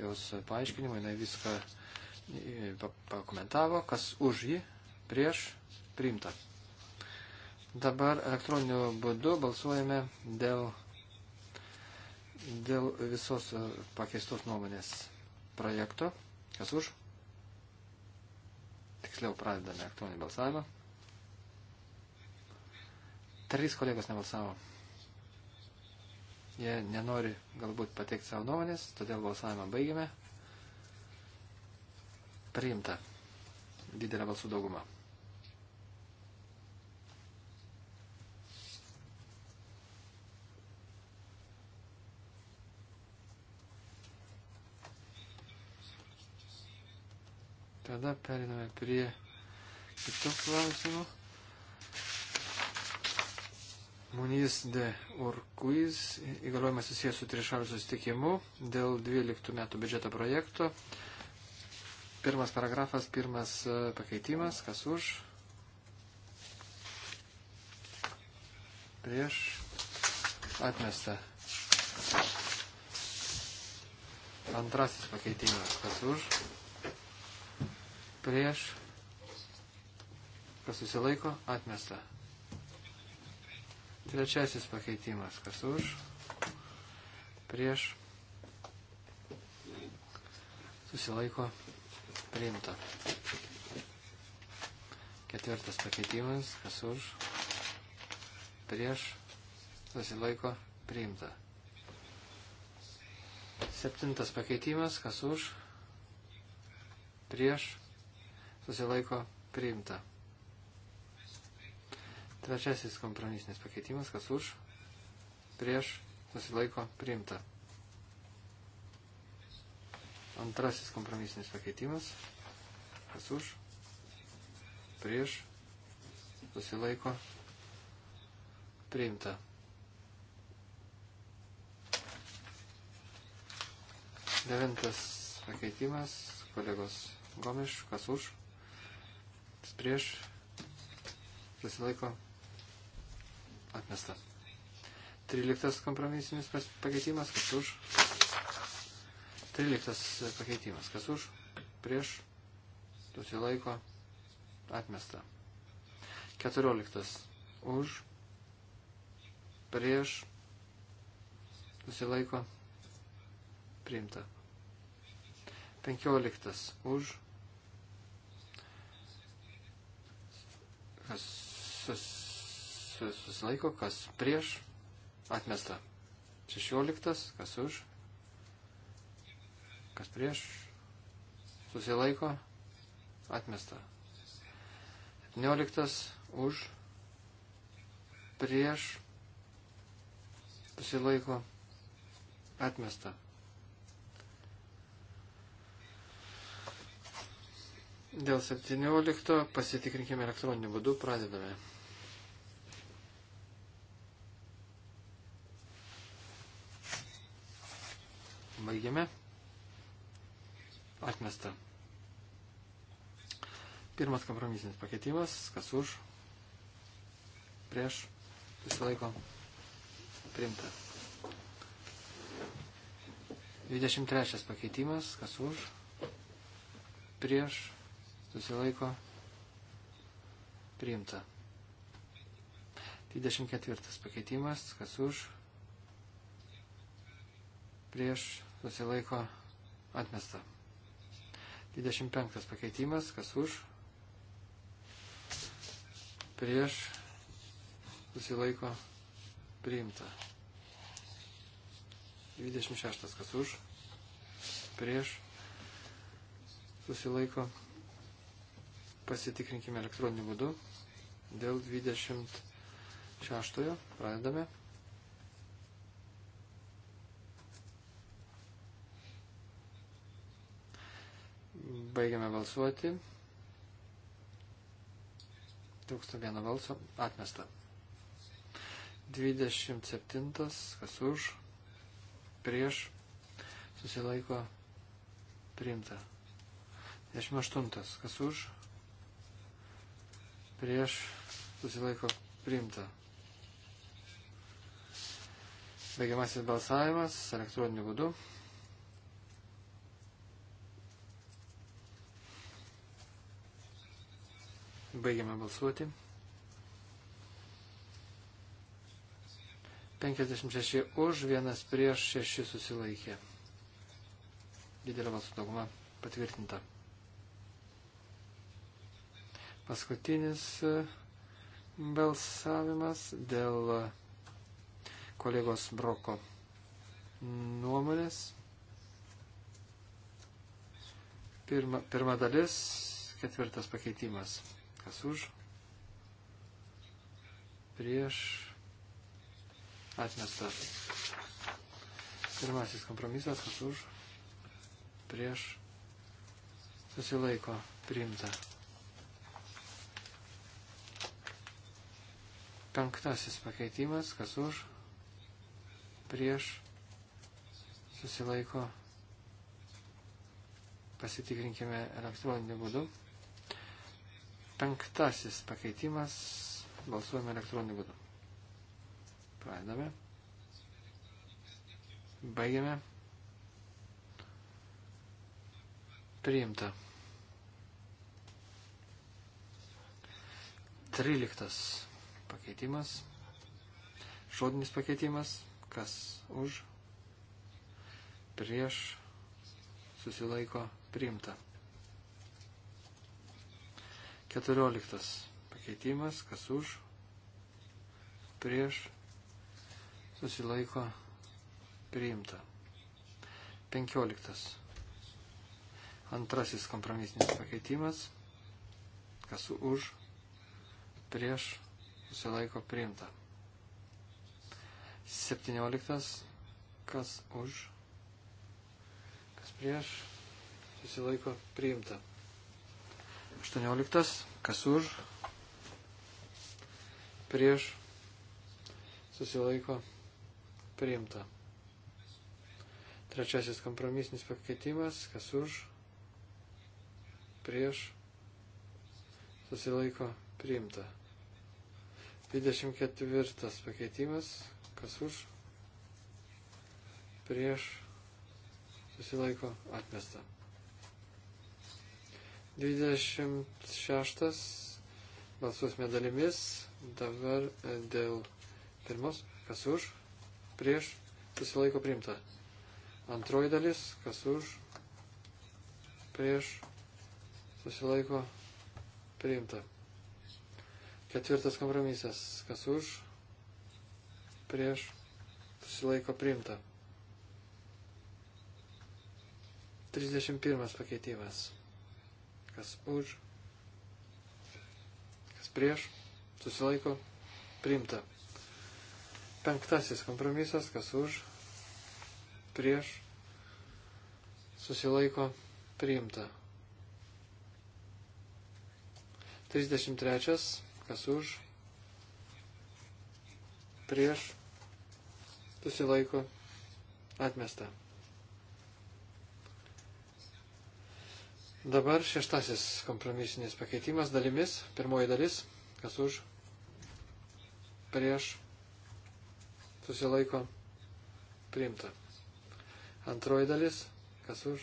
[SPEAKER 2] jos paaiškinimo, jinai viską e, pakomentavo, kas už jį prieš priimta. Dabar elektroniniu būdu balsuojame dėl, dėl visos pakeistos nuomonės projekto. Kas už? Tiksliau pradedame elektroninį balsavimą. Trys kolegos nebalsavo. Jie nenori galbūt pateikti savo nuomonės, todėl balsavimą baigėme. Priimta didelę balsų daugumą. Tada periname prie kitų klausimų. Munys de Urkuiz įgaliojimas susijęs su trišaliu susitikimu dėl 12 metų biudžeto projekto. Pirmas paragrafas, pirmas e, pakeitimas, kas už. Prieš atmestą. Antrasis pakeitimas, kas už prieš, kas susilaiko, atmesta. Trečiasis pakeitimas, kas už, prieš, susilaiko, priimta. Ketvirtas pakeitimas, kas už, prieš, susilaiko, priimta. Septintas pakeitimas, kas už, prieš, susilaiko priimta. Trečiasis kompromisinis pakeitimas, kas už, prieš, susilaiko priimta. Antrasis kompromisinis pakeitimas, kas už, prieš, susilaiko priimta. Devintas pakeitimas, kolegos Gomiš, kas už, Kas prieš? Susilaiko. Atmesta. 13 kompromisinis pakeitimas. Kas už? 13 pakeitimas. Kas už? Prieš? Susilaiko. Atmesta. 14. Už. Prieš. Susilaiko. Priimta. 15. Už kas sus, sus, susilaiko, kas prieš, atmesta. 16, kas už, kas prieš, susilaiko, atmesta. 17, už, prieš, susilaiko, atmesta. Dėl 17 pasitikrinkime elektroniniu būdu, pradedame. Baigiame. Atmesta. Pirmas kompromisinis pakeitimas, kas už, prieš, visą laiko, primta. 23 pakeitimas, kas už, prieš, susilaiko priimta. 24 pakeitimas, kas už, prieš susilaiko atmesta. 25 pakeitimas, kas už, prieš susilaiko priimta. 26 kas už, prieš susilaiko priimta pasitikrinkime elektroniniu būdu. Dėl 26 pradedame. Baigiame balsuoti. Trūksta vieno balso. Atmesta. 27. Kas už? Prieš. Susilaiko. Priimta. 28. Kas už? prieš susilaiko priimta. Baigiamasis balsavimas elektroniniu būdu. Baigiame balsuoti. 56 už, vienas prieš, šeši susilaikė. Didelė balsų dauguma patvirtinta. Paskutinis e, balsavimas dėl kolegos Broko nuomonės. Pirma, pirma dalis, ketvirtas pakeitimas. Kas už? Prieš atmestas. Pirmasis kompromisas, kas už? Prieš susilaiko priimta. Penktasis pakeitimas, kas už, prieš, susilaiko, pasitikrinkime elektroniniu būdu. Penktasis pakeitimas, balsuojame elektroniniu būdu. Pradedame. Baigiame. Priimta. Tryliktas pakeitimas, žodinis pakeitimas, kas už, prieš, susilaiko priimta. Keturioliktas pakeitimas, kas už, prieš, susilaiko priimta. Penkioliktas. Antrasis kompromisinis pakeitimas, kas už, prieš, susilaiko priimta. 17. Kas už, kas prieš, susilaiko priimta. 18. Kas už, prieš, susilaiko priimta. Trečiasis kompromisinis pakeitimas, kas už, prieš, susilaiko priimta. 24 pakeitimas, kas už, prieš, susilaiko atmesta. 26 balsuosime dalimis, dabar e, dėl pirmos, kas už, prieš, susilaiko primta. Antroji dalis, kas už, prieš, susilaiko primta. Ketvirtas kompromisas. Kas už? Prieš. Susilaiko priimta. 31 pakeitimas. Kas už? Kas prieš? Susilaiko priimta. Penktasis kompromisas. Kas už? Prieš. Susilaiko priimta. 33 kas už, prieš, susilaiko, atmesta. Dabar šeštasis kompromisinis pakeitimas dalimis, pirmoji dalis, kas už, prieš, susilaiko, priimta. Antroji dalis, kas už,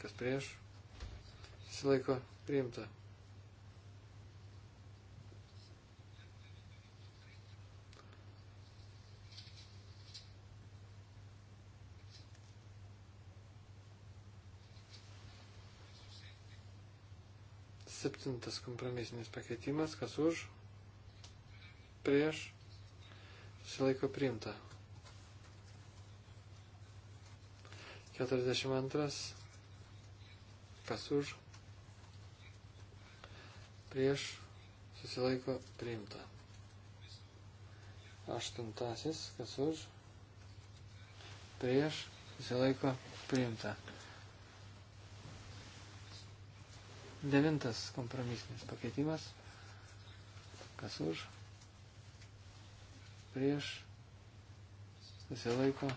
[SPEAKER 2] kas prieš, susilaiko, priimta. Septintas kompromisinis pakeitimas, kas už, prieš, susilaiko priimta. 42, kas už, prieš, susilaiko priimta. Aštuntasis, kas už, prieš, susilaiko priimta. Devintas kompromisinis pakeitimas. Kas už? Prieš. Susilaiko.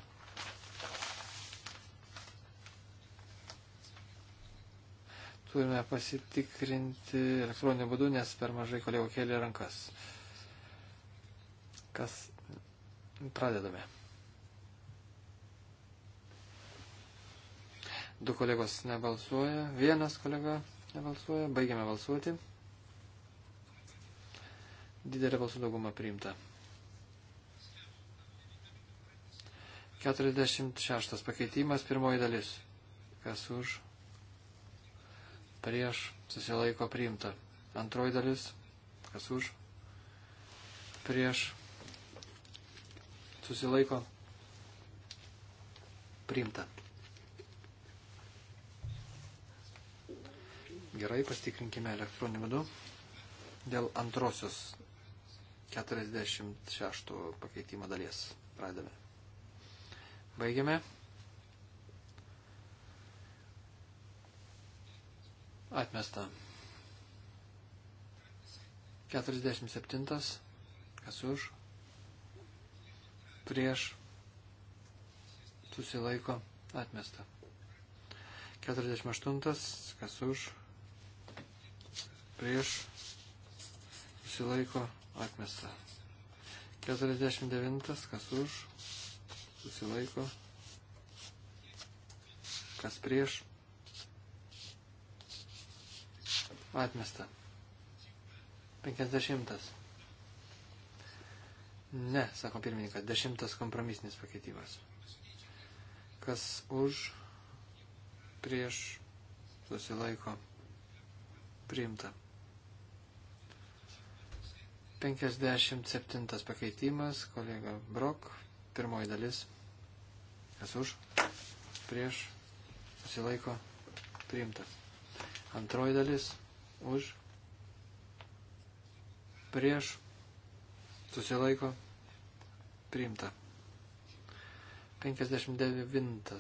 [SPEAKER 2] Turime pasitikrinti elektroniniu būdu, nes per mažai kolegų kėlė rankas. Kas pradedame? Du kolegos nebalsuoja, vienas kolega nevalsuoja. Baigiame valsuoti. Didelė balsų dauguma priimta. 46 pakeitimas, pirmoji dalis. Kas už? Prieš susilaiko priimta. Antroji dalis. Kas už? Prieš susilaiko priimta. Gerai, pastikrinkime elektroniniu būdu. Dėl antrosios 46 pakeitimo dalies pradame. Baigiame. Atmesta. 47. Kas už? Prieš. Susilaiko. Atmesta. 48. Kas už? prieš susilaiko atmesta. 49, kas už, susilaiko, kas prieš, atmesta. 50. Ne, sako pirmininkas, 10 kompromisinis pakeitimas. Kas už, prieš, susilaiko, priimta. 57 pakeitimas, kolega Brok, pirmoji dalis. Kas už? Prieš. Susilaiko. Priimtas. Antroji dalis. Už. Prieš. Susilaiko. Priimta. 59.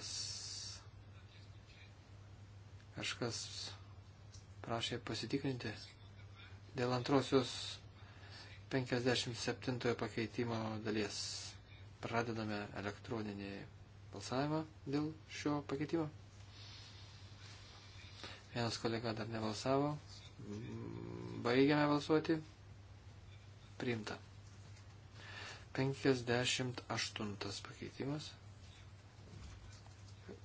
[SPEAKER 2] Kažkas prašė pasitikrinti dėl antrosios 57 pakeitimo dalies pradedame elektroninį balsavimą dėl šio pakeitimo. Vienas kolega dar nebalsavo. Baigiame balsuoti. Priimta. 58 pakeitimas.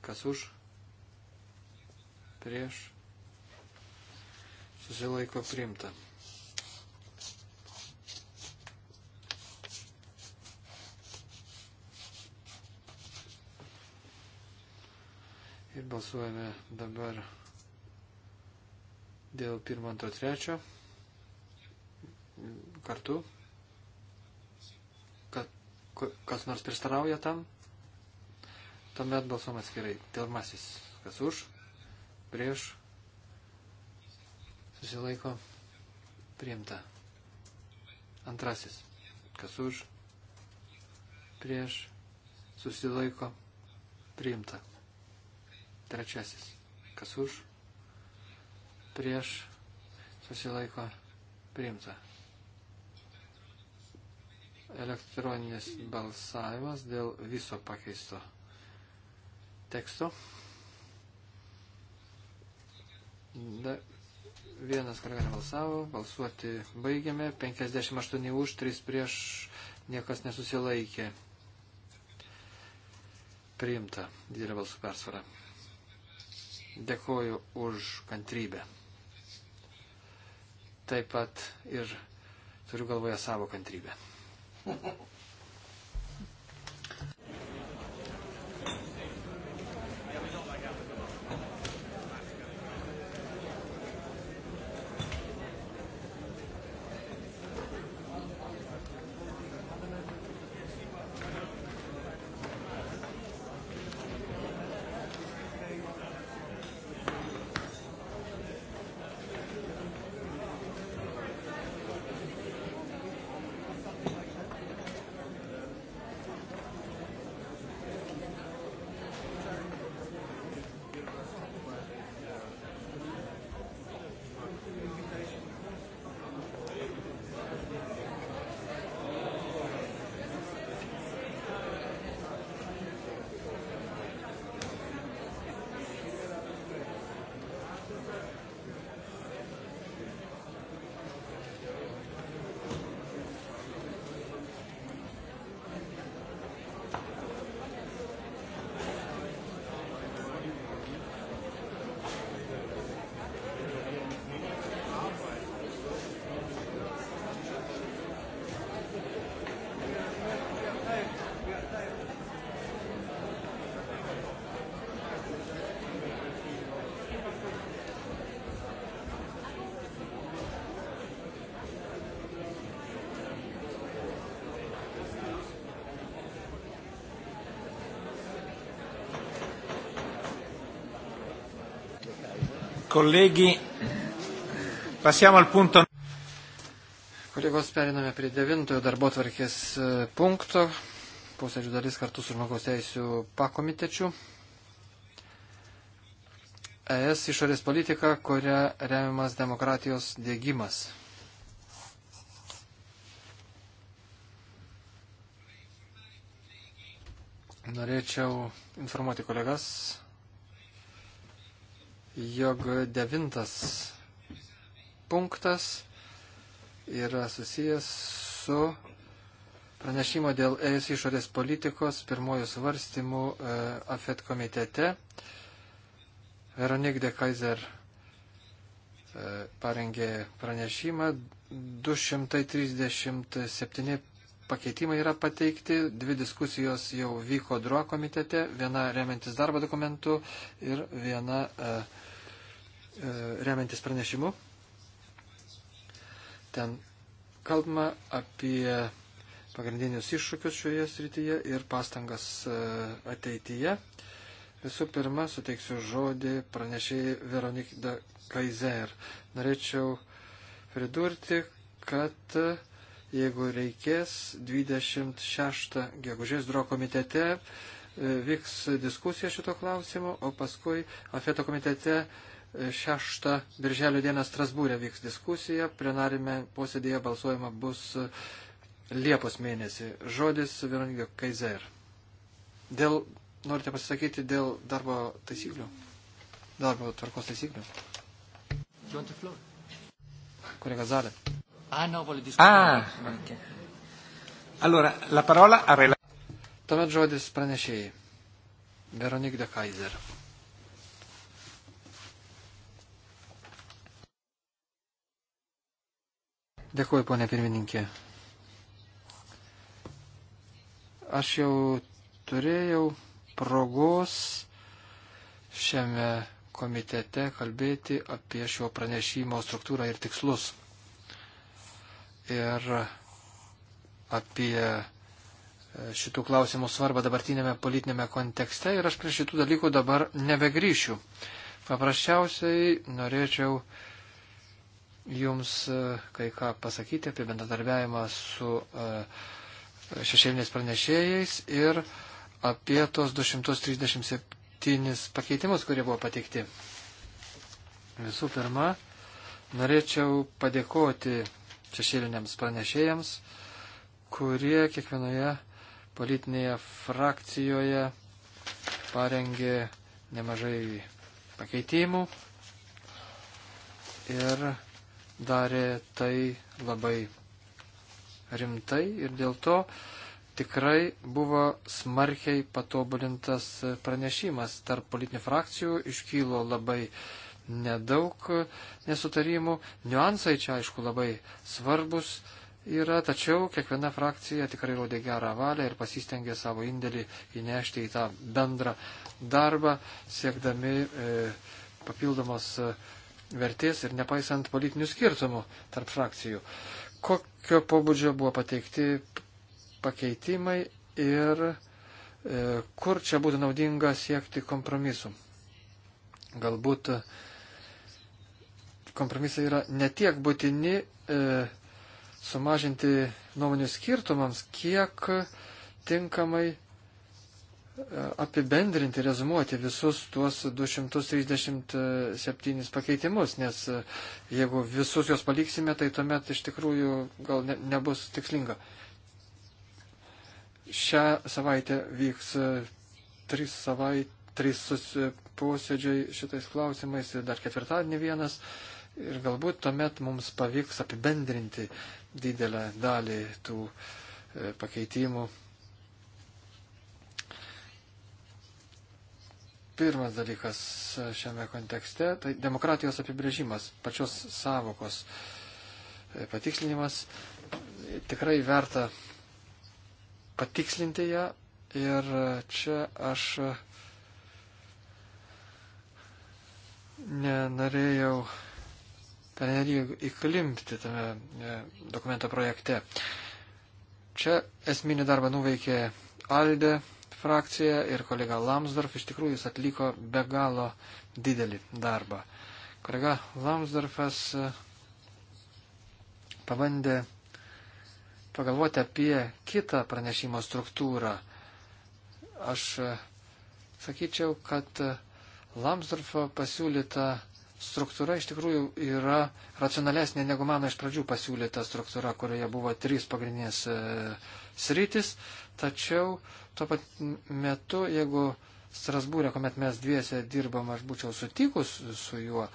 [SPEAKER 2] Kas už? Prieš. Susilaiko priimta. Ir balsuojame dabar dėl 1-2-3 kartu. Kad kas nors prieštarauja tam, tuomet balsuom atskirai. Pirmasis, kas už, prieš, susilaiko, priimta. Antrasis, kas už, prieš, susilaiko, priimta trečiasis. Kas už, prieš, susilaiko, priimta. Elektroninis balsavimas dėl viso pakeisto teksto. Da, vienas kolega nebalsavo, balsuoti baigėme, 58 už, 3 prieš, niekas nesusilaikė. Priimta didelė balsų persvara. Dėkoju už kantrybę. Taip pat ir turiu galvoje savo kantrybę. (laughs)
[SPEAKER 1] Colleghi, passiamo al punto.
[SPEAKER 2] Kolegos, periname prie devintojo darbo tvarkės e, punkto. Posėdžių dalis kartu su žmogaus teisų pakomitečiu. ES išorės politika, kuria remiamas demokratijos dėgymas. Norėčiau informuoti kolegas, jog devintas punktas yra susijęs su pranešimo dėl ES išorės politikos pirmojų svarstymų e, AFET komitete. Veronik de Kaiser e, parengė pranešimą 237 pakeitimai yra pateikti, dvi diskusijos jau vyko DRO komitete, viena remiantis darbo dokumentu ir viena e, e, remiantis pranešimu. Ten kalbama apie pagrindinius iššūkius šioje srityje ir pastangas e, ateityje. Visų pirma, suteiksiu žodį pranešėjai Veronik de Kaiser. Norėčiau pridurti, kad e, jeigu reikės, 26 gegužės dro komitete e, vyks diskusija šito klausimu, o paskui afeto komitete 6 e, birželio dieną Strasbūrė vyks diskusija, plenarime posėdėje balsuojama bus e, Liepos mėnesį. Žodis Veronika Kaiser. Dėl, norite pasisakyti dėl darbo taisyklių? Darbo
[SPEAKER 1] tvarkos taisyklių? Kolega Zalė. Ah, no, vuole discutere. Ah, okay. Allora, la parola a rela...
[SPEAKER 2] Tuomet žodis pranešėjai. Veronik de Kaiser. Dėkuoju, ponė pirmininkė. Aš jau turėjau progos šiame komitete kalbėti apie šio pranešimo struktūrą ir tikslus ir apie e, šitų klausimų svarbą dabartinėme politinėme kontekste ir aš prie šitų dalykų dabar nebegrįšiu. Paprasčiausiai norėčiau Jums e, kai ką pasakyti apie bendradarbiavimą su e, šešėliniais pranešėjais ir apie tos 237 pakeitimus, kurie buvo pateikti. Visų pirma, norėčiau padėkoti šešėliniams pranešėjams, kurie kiekvienoje politinėje frakcijoje parengė nemažai pakeitimų ir darė tai labai rimtai ir dėl to tikrai buvo smarkiai patobulintas pranešimas tarp politinių frakcijų, iškylo labai nedaug nesutarimų. Niuansai čia, aišku, labai svarbus yra, tačiau kiekviena frakcija tikrai rodė gerą valią ir pasistengė savo indėlį įnešti į tą bendrą darbą, siekdami e, papildomos e, vertės ir nepaisant politinių skirtumų tarp frakcijų. Kokio pobūdžio buvo pateikti pakeitimai ir e, kur čia būtų naudinga siekti kompromisų. Galbūt e, kompromisai yra ne tiek būtini e, sumažinti nuomonių skirtumams, kiek tinkamai e, apibendrinti, rezumuoti visus tuos 237 pakeitimus, nes e, jeigu visus juos paliksime, tai tuomet iš tikrųjų gal ne, nebus tikslinga. Šią savaitę vyks e, trys savaitės trys posėdžiai šitais klausimais ir dar ketvirtadienį vienas. E, ir galbūt tuomet mums pavyks apibendrinti didelę dalį tų e, pakeitimų. Pirmas dalykas e, šiame kontekste - tai demokratijos apibrėžimas, pačios savokos e, patikslinimas. Tikrai verta patikslinti ją ir čia aš nenorėjau pernelyg įklimpti tame e, dokumento projekte. Čia esminį darbą nuveikė Alde frakcija ir kolega Lamsdorf. Iš tikrųjų jis atliko be galo didelį darbą. Kolega Lamsdorfas e, pabandė pagalvoti apie kitą pranešimo struktūrą. Aš e, sakyčiau, kad Lamsdorfo pasiūlyta struktūra iš tikrųjų yra racionalesnė negu mano iš pradžių pasiūlyta struktūra, kurioje buvo trys pagrindinės e, sritis, tačiau tuo pat metu, jeigu Strasbūrė, kuomet mes dviese dirbam, aš būčiau sutikus su juo,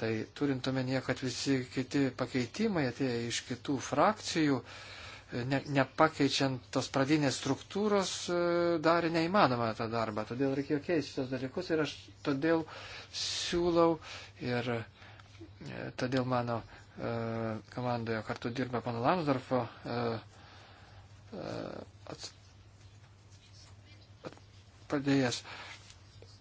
[SPEAKER 2] tai turint omenyje, kad visi kiti pakeitimai atėjo iš kitų frakcijų, e, ne, nepakeičiant tos pradinės struktūros e, darė neįmanoma tą darbą. Todėl reikėjo keisti tos dalykus ir aš todėl siūlau ir e, todėl mano e, komandoje kartu dirba pana Lansdorfo e, e, at, at, padėjęs. E,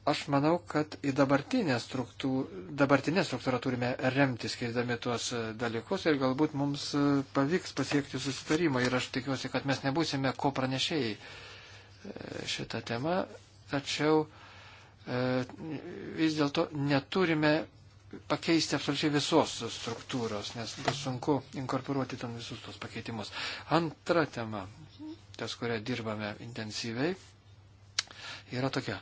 [SPEAKER 2] Aš manau, kad į dabartinę, struktūr, dabartinę struktūrą turime remtis, keisdami tuos e, dalykus ir galbūt mums e, pavyks pasiekti susitarimą ir aš tikiuosi, kad mes nebūsime ko pranešėjai e, šitą temą, tačiau vis dėlto neturime pakeisti absoliučiai visos struktūros, nes bus sunku inkorporuoti ten visus tos pakeitimus. Antra tema, ties kurią dirbame intensyviai, yra tokia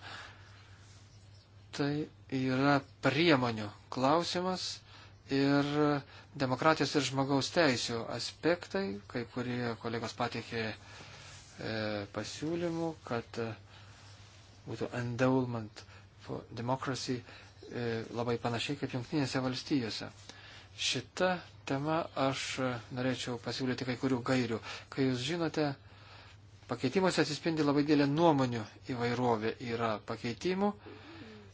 [SPEAKER 2] tai yra priemonių klausimas ir demokratijos ir žmogaus teisų aspektai, kai kurie kolegos patikė e, pasiūlymų, kad e, būtų endowment for democracy e, labai panašiai kaip jungtinėse valstijose. Šitą temą aš e, norėčiau pasiūlyti kai kurių gairių. Kai jūs žinote, pakeitimuose atsispindi labai dėlė nuomonių įvairovė. Yra pakeitimų, e,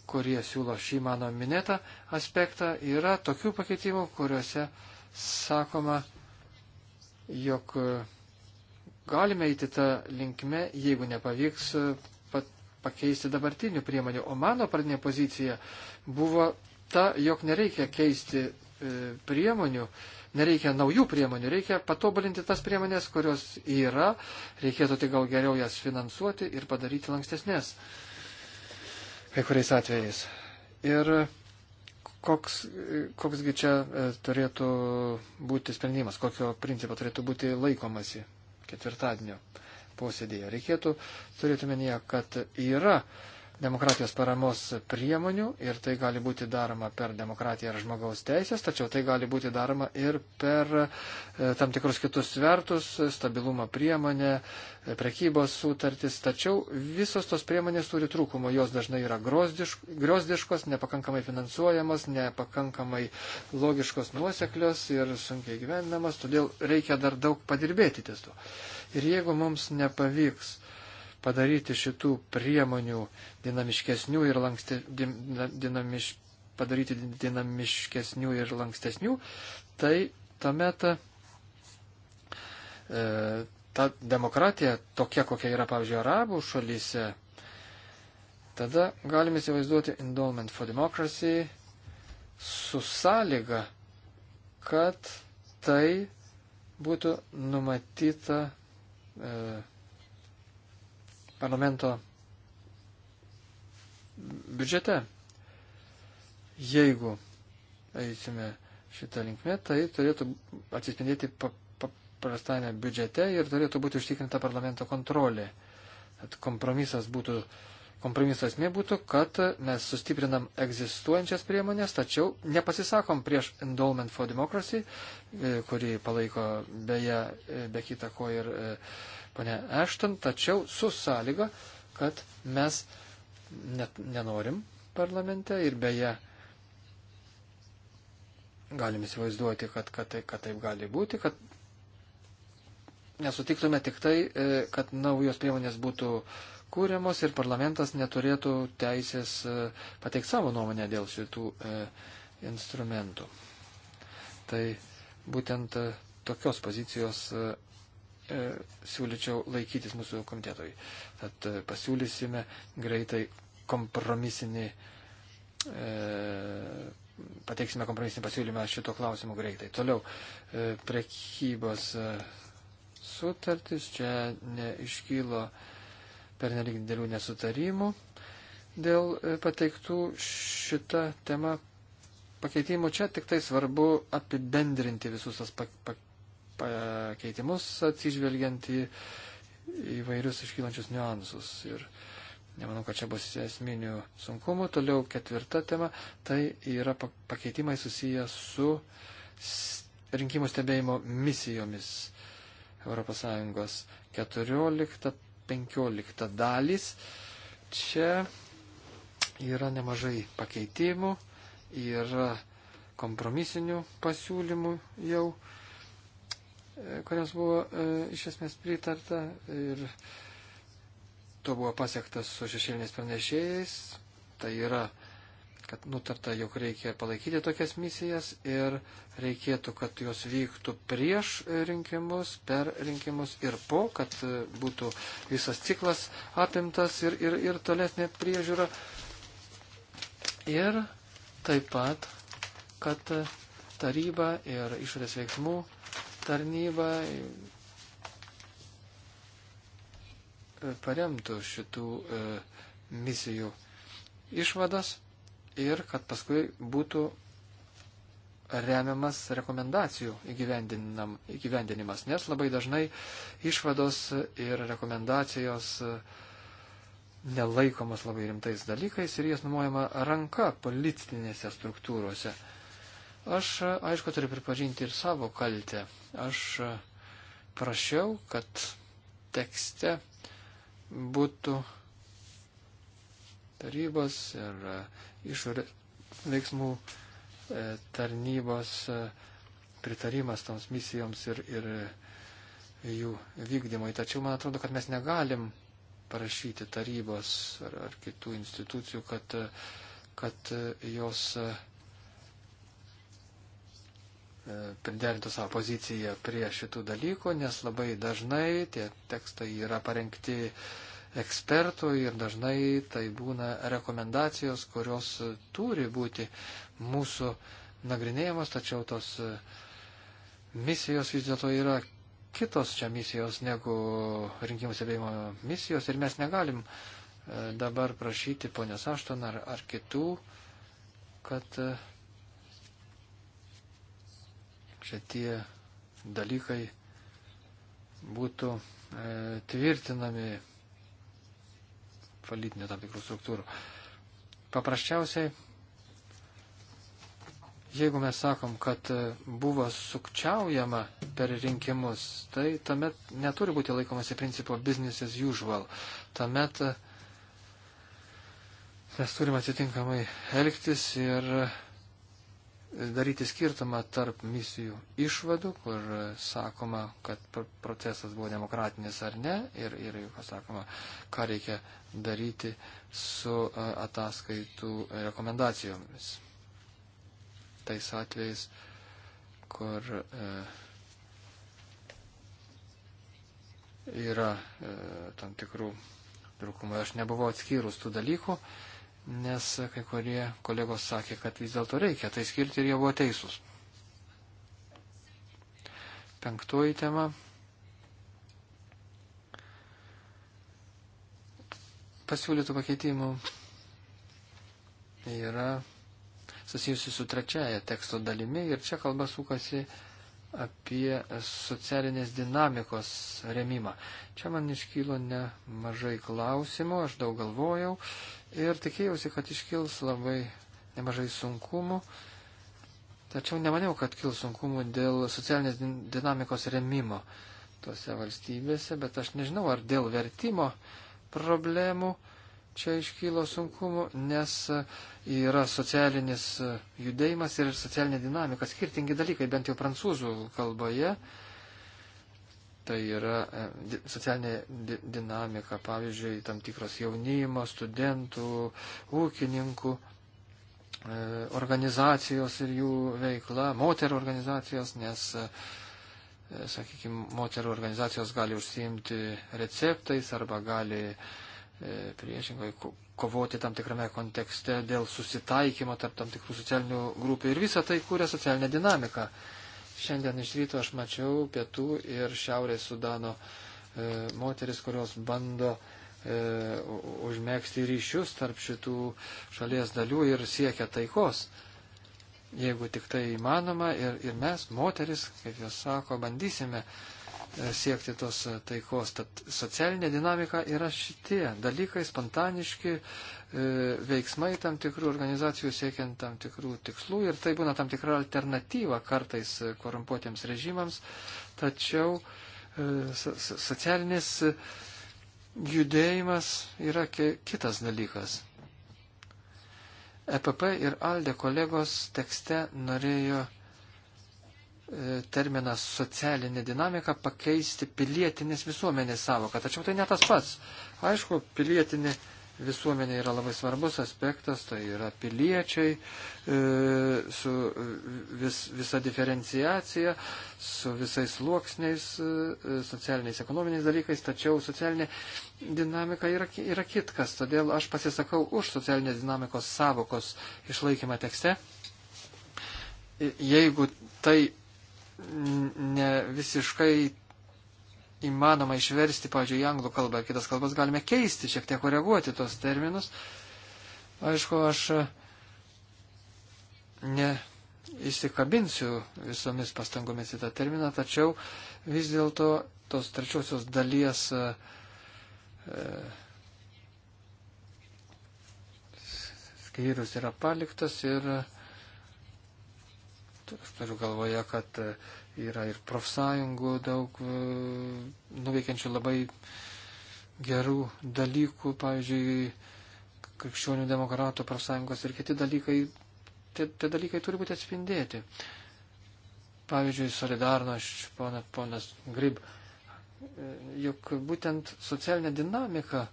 [SPEAKER 2] kurie siūlo šį mano minėtą aspektą, yra tokių pakeitimų, kuriuose sakoma, jog e, galime eiti tą linkmę, jeigu nepavyks e, pakeisti dabartinių priemonių. O mano pradinė pozicija buvo ta, jog nereikia keisti e, priemonių, nereikia naujų priemonių, reikia patobulinti tas priemonės, kurios yra, reikėtų tik gal geriau jas finansuoti ir padaryti lankstesnės. Uh, kai kuriais atvejais. Ir koks, koksgi čia e, turėtų būti sprendimas, kokio principo turėtų būti laikomasi ketvirtadienio posėdėje. Reikėtų turėti menyje, kad yra uh, demokratijos paramos priemonių ir tai gali būti daroma per demokratiją ir žmogaus teisės, tačiau tai gali būti daroma ir per e, tam tikrus kitus svertus, stabilumo priemonę, e, prekybos sutartis, tačiau visos tos priemonės turi trūkumo, jos dažnai yra grozdiškos, nepakankamai finansuojamos, nepakankamai logiškos nuoseklios ir sunkiai gyvenamos, todėl reikia dar daug padirbėti ties to. Ir jeigu mums nepavyks, padaryti šitų priemonių dinamiškesnių ir lanksti, dinamiš, padaryti dinamiškesnių ir lankstesnių, tai tuomet e, ta demokratija, tokia kokia yra, pavyzdžiui, arabų šalyse, tada galime įsivaizduoti endowment for democracy su sąlyga, kad tai būtų numatyta e, parlamento biudžete. Jeigu eisime šitą linkmę, tai turėtų atsispindėti paprastame biudžete ir turėtų būti užtikrinta parlamento kontrolė. Kad kompromisas būtų Kompromiso esmė būtų, kad mes sustiprinam egzistuojančias priemonės, tačiau nepasisakom prieš Endowment for Democracy, e, kurį palaiko beje e, be kita ko ir e, ponė Ashton, tačiau su sąlyga, kad mes net nenorim parlamente ir beje galim įsivaizduoti, kad, kad, tai, kad taip gali būti, kad nesutiktume tik tai, kad naujos priemonės būtų kūriamos ir parlamentas neturėtų teisės e, pateikti savo nuomonę dėl šitų e, instrumentų. Tai būtent e, tokios pozicijos siūlyčiau laikytis mūsų komitetui. Tad pasiūlysime greitai kompromisinį, pateiksime kompromisinį pasiūlymą šito klausimu greitai. Toliau, prekybos sutartis, čia neiškylo pernelik didelių nesutarimų dėl e, pateiktų šitą temą pakeitimų. Čia tik tai svarbu apibendrinti visus tas pakeitimus, atsižvelgiant į įvairius iškylančius niuansus. Ir nemanau, kad čia bus esminių sunkumų. Toliau ketvirta tema - tai yra pakeitimai susiję su rinkimų stebėjimo misijomis ES. 14, 15 dalys. Čia yra nemažai pakeitimų, yra kompromisinių pasiūlymų jau, e, kuriams buvo e, iš esmės pritarta ir to buvo pasiektas su šešėliniais pranešėjais. Tai yra kad nutarta, jog reikia palaikyti tokias misijas ir reikėtų, kad jos vyktų prieš rinkimus, per rinkimus ir po, kad e, būtų visas ciklas apimtas ir, ir, ir tolesnė priežiūra. Ir taip pat, kad e, taryba ir išorės veiksmų tarnyba e, paremtų šitų misijų išvadas ir kad paskui būtų remiamas rekomendacijų įgyvendinimas, nes labai dažnai išvados ir rekomendacijos e, nelaikomas labai rimtais dalykais ir jas numojama ranka politinėse struktūrose. Aš, e, aišku, turiu pripažinti ir savo kaltę. Aš e, prašiau, kad tekste būtų tarybos ir išorės veiksmų e, tarnybos e, pritarimas toms misijoms ir, ir e, jų vykdymui. Tačiau man atrodo, kad mes negalim parašyti tarybos ar, ar kitų institucijų, kad, kad jos priderintų savo poziciją prie šitų dalykų, nes labai dažnai tie tekstai yra parengti uh, ekspertų ir dažnai tai būna rekomendacijos, kurios turi būti mūsų nagrinėjamos, tačiau tos e, misijos vis dėlto yra kitos čia misijos negu rinkimų stebėjimo misijos ir mes negalim e, dabar prašyti ponios Ašton ar, ar kitų, kad šitie e, dalykai būtų tvirtinami politinių tam tikrų struktūrų. Paprasčiausiai, jeigu mes sakom, kad e, buvo sukčiaujama per rinkimus, tai tuomet neturi būti laikomasi principo business as usual. Tuomet e, mes turime atitinkamai elgtis ir e, daryti skirtumą tarp misijų išvadų, kur sakoma, kad procesas buvo demokratinis ar ne, ir, ir sakoma, ką reikia daryti su ataskaitų rekomendacijomis. Tais atvejais, kur e, yra e, tam tikrų trūkumų. Aš nebuvau atskyrus tų dalykų. E, nes kai kurie kolegos sakė, kad vis dėlto reikia tai skirti ir jie buvo teisūs. Penktoji tema. Pasiūlytų pakeitimų yra susijusi su trečiaja teksto dalimi ir čia kalba sukasi apie socialinės dinamikos remimą. Čia man iškylo nemažai klausimų, aš daug galvojau ir tikėjausi, kad iškils labai nemažai sunkumų. Tačiau nemaniau, kad kils sunkumų dėl socialinės dinamikos remimo tose valstybėse, bet aš nežinau, ar dėl vertimo problemų čia iškylo sunkumų, nes yra socialinis judėjimas ir socialinė dinamika, skirtingi dalykai, bent jau prancūzų kalboje. Tai yra e, socialinė dinamika, pavyzdžiui, tam tikros jaunimo, studentų, ūkininkų e, organizacijos ir jų veikla, moterų organizacijos, nes, e, sakykime, moterų organizacijos gali užsiimti receptais arba gali uh, E, priešingai kovoti tam tikrame kontekste dėl susitaikymo tarp tam tikrų socialinių grupių ir visą tai kūrė socialinę dinamiką. Šiandien iš ryto aš mačiau pietų ir šiaurės Sudano e, moteris, kurios bando e, užmėgsti ryšius tarp šitų šalies dalių ir siekia taikos. Jeigu tik tai įmanoma ir, ir mes, moteris, kaip jos sako, bandysime e, siekti tos taikos. Tad socialinė dinamika yra šitie dalykai, spontaniški e, veiksmai tam tikrų organizacijų siekiant tam tikrų tikslų ir tai būna tam tikra alternatyva kartais korumpuotiems režimams, tačiau e, socialinis judėjimas yra kitas dalykas. EPP ir ALDE kolegos tekste norėjo E, terminą socialinė dinamika pakeisti pilietinės visuomenės savoką. Tačiau tai ne tas pats. Aišku, pilietinė visuomenė yra labai svarbus aspektas, tai yra piliečiai e, su vis, visa diferenciacija, su visais sluoksniais, e, socialiniais, ekonominiais dalykais, tačiau socialinė dinamika yra, yra kitkas. Todėl aš pasisakau už socialinės dinamikos savokos išlaikymą tekste. Jeigu tai ne visiškai įmanoma išversti, pavyzdžiui, į anglų kalbą, kitas kalbas galime keisti, šiek tiek koreguoti tos terminus. Aišku, aš e, ne įsikabinsiu visomis pastangomis į tą terminą, tačiau vis dėlto tos trečiosios dalies e, e skyrius yra paliktas ir e, Turiu galvoje, kad e, yra ir profsąjungų daug e, nuveikiančių labai gerų dalykų, pavyzdžiui, krikščionių demokratų profsąjungos ir kiti dalykai, tie, tie dalykai turi būti atspindėti. Pavyzdžiui, Solidarnoš, ponas, ponas Grib, e, juk būtent socialinė dinamika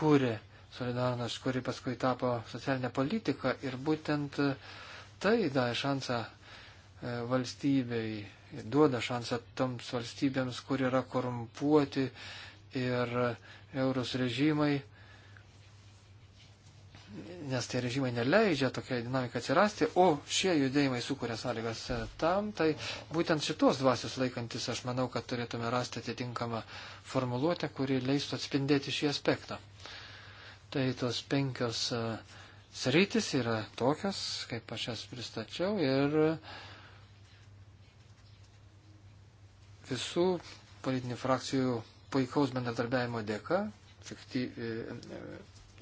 [SPEAKER 2] kūrė Solidarnoš, kuri paskui tapo socialinė politika ir būtent tai davė šansą E, valstybei ir duoda šansą toms valstybėms, kur yra korumpuoti ir eurus režimai, nes tie režimai neleidžia tokiai dinamikai atsirasti, o šie judėjimai sukuria sąlygas e, tam, tai būtent šitos dvasios laikantis aš manau, kad turėtume rasti atitinkamą formuluotę, kuri leistų atspindėti šį aspektą. Tai tos penkios e, sritis yra tokios, kaip aš jas pristačiau ir uh, visų politinių frakcijų puikaus bendradarbiavimo dėka, e, e,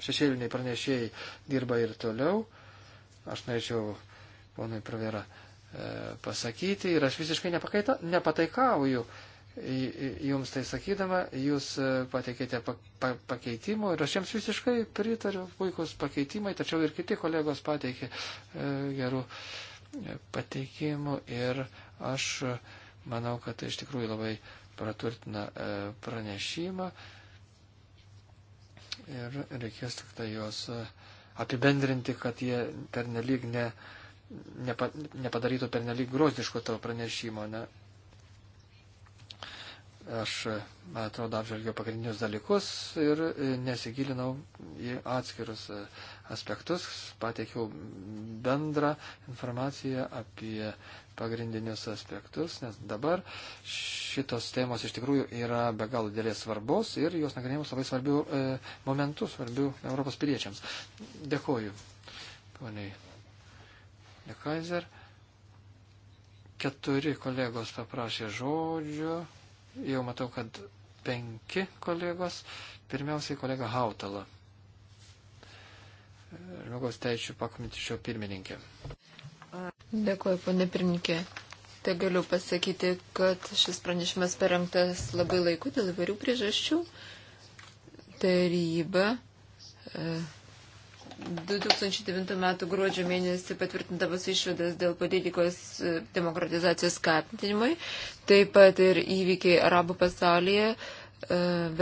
[SPEAKER 2] šešėliniai pranešėjai dirba ir toliau. Aš norėčiau ponui Pravera e, pasakyti ir aš visiškai nepakaita, nepataikauju jums tai sakydama, jūs pateikėte pa, pa, pakeitimų ir aš jiems visiškai pritariu, puikus pakeitimai, tačiau ir kiti kolegos pateikė gerų pateikimų ir aš Manau, kad tai iš tikrųjų labai praturtina e, pranešimą ir reikės tik tai jos e, apibendrinti, kad jie pernelyg ne, nepa, nepadarytų pernelyg grozdiško to pranešimo. Ne, Aš, e, man atrodo, apžvelgiau pagrindinius dalykus ir e, nesigilinau į atskirus e, aspektus, pateikiau bendrą informaciją apie pagrindinius aspektus, nes dabar šitos temos iš tikrųjų yra be galo dėlės svarbos ir jos nagrinėjimus labai svarbių e, momentų, svarbių Europos piliečiams. Dėkoju, poniai Nekaiser. Keturi kolegos paprašė žodžio. Jau matau, kad penki kolegos. Pirmiausiai kolega Hautala. Žmogaus teisų pakomitečio pirmininkė.
[SPEAKER 3] Dėkuoju, ponė pirmininkė. Tai galiu pasakyti, kad šis pranešimas parengtas labai laiku dėl įvairių priežasčių. Taryba. E, 2009 m. gruodžio mėnesį patvirtintavas išvadas dėl politikos e, demokratizacijos skatinimui, taip pat ir įvykiai arabų pasaulyje e,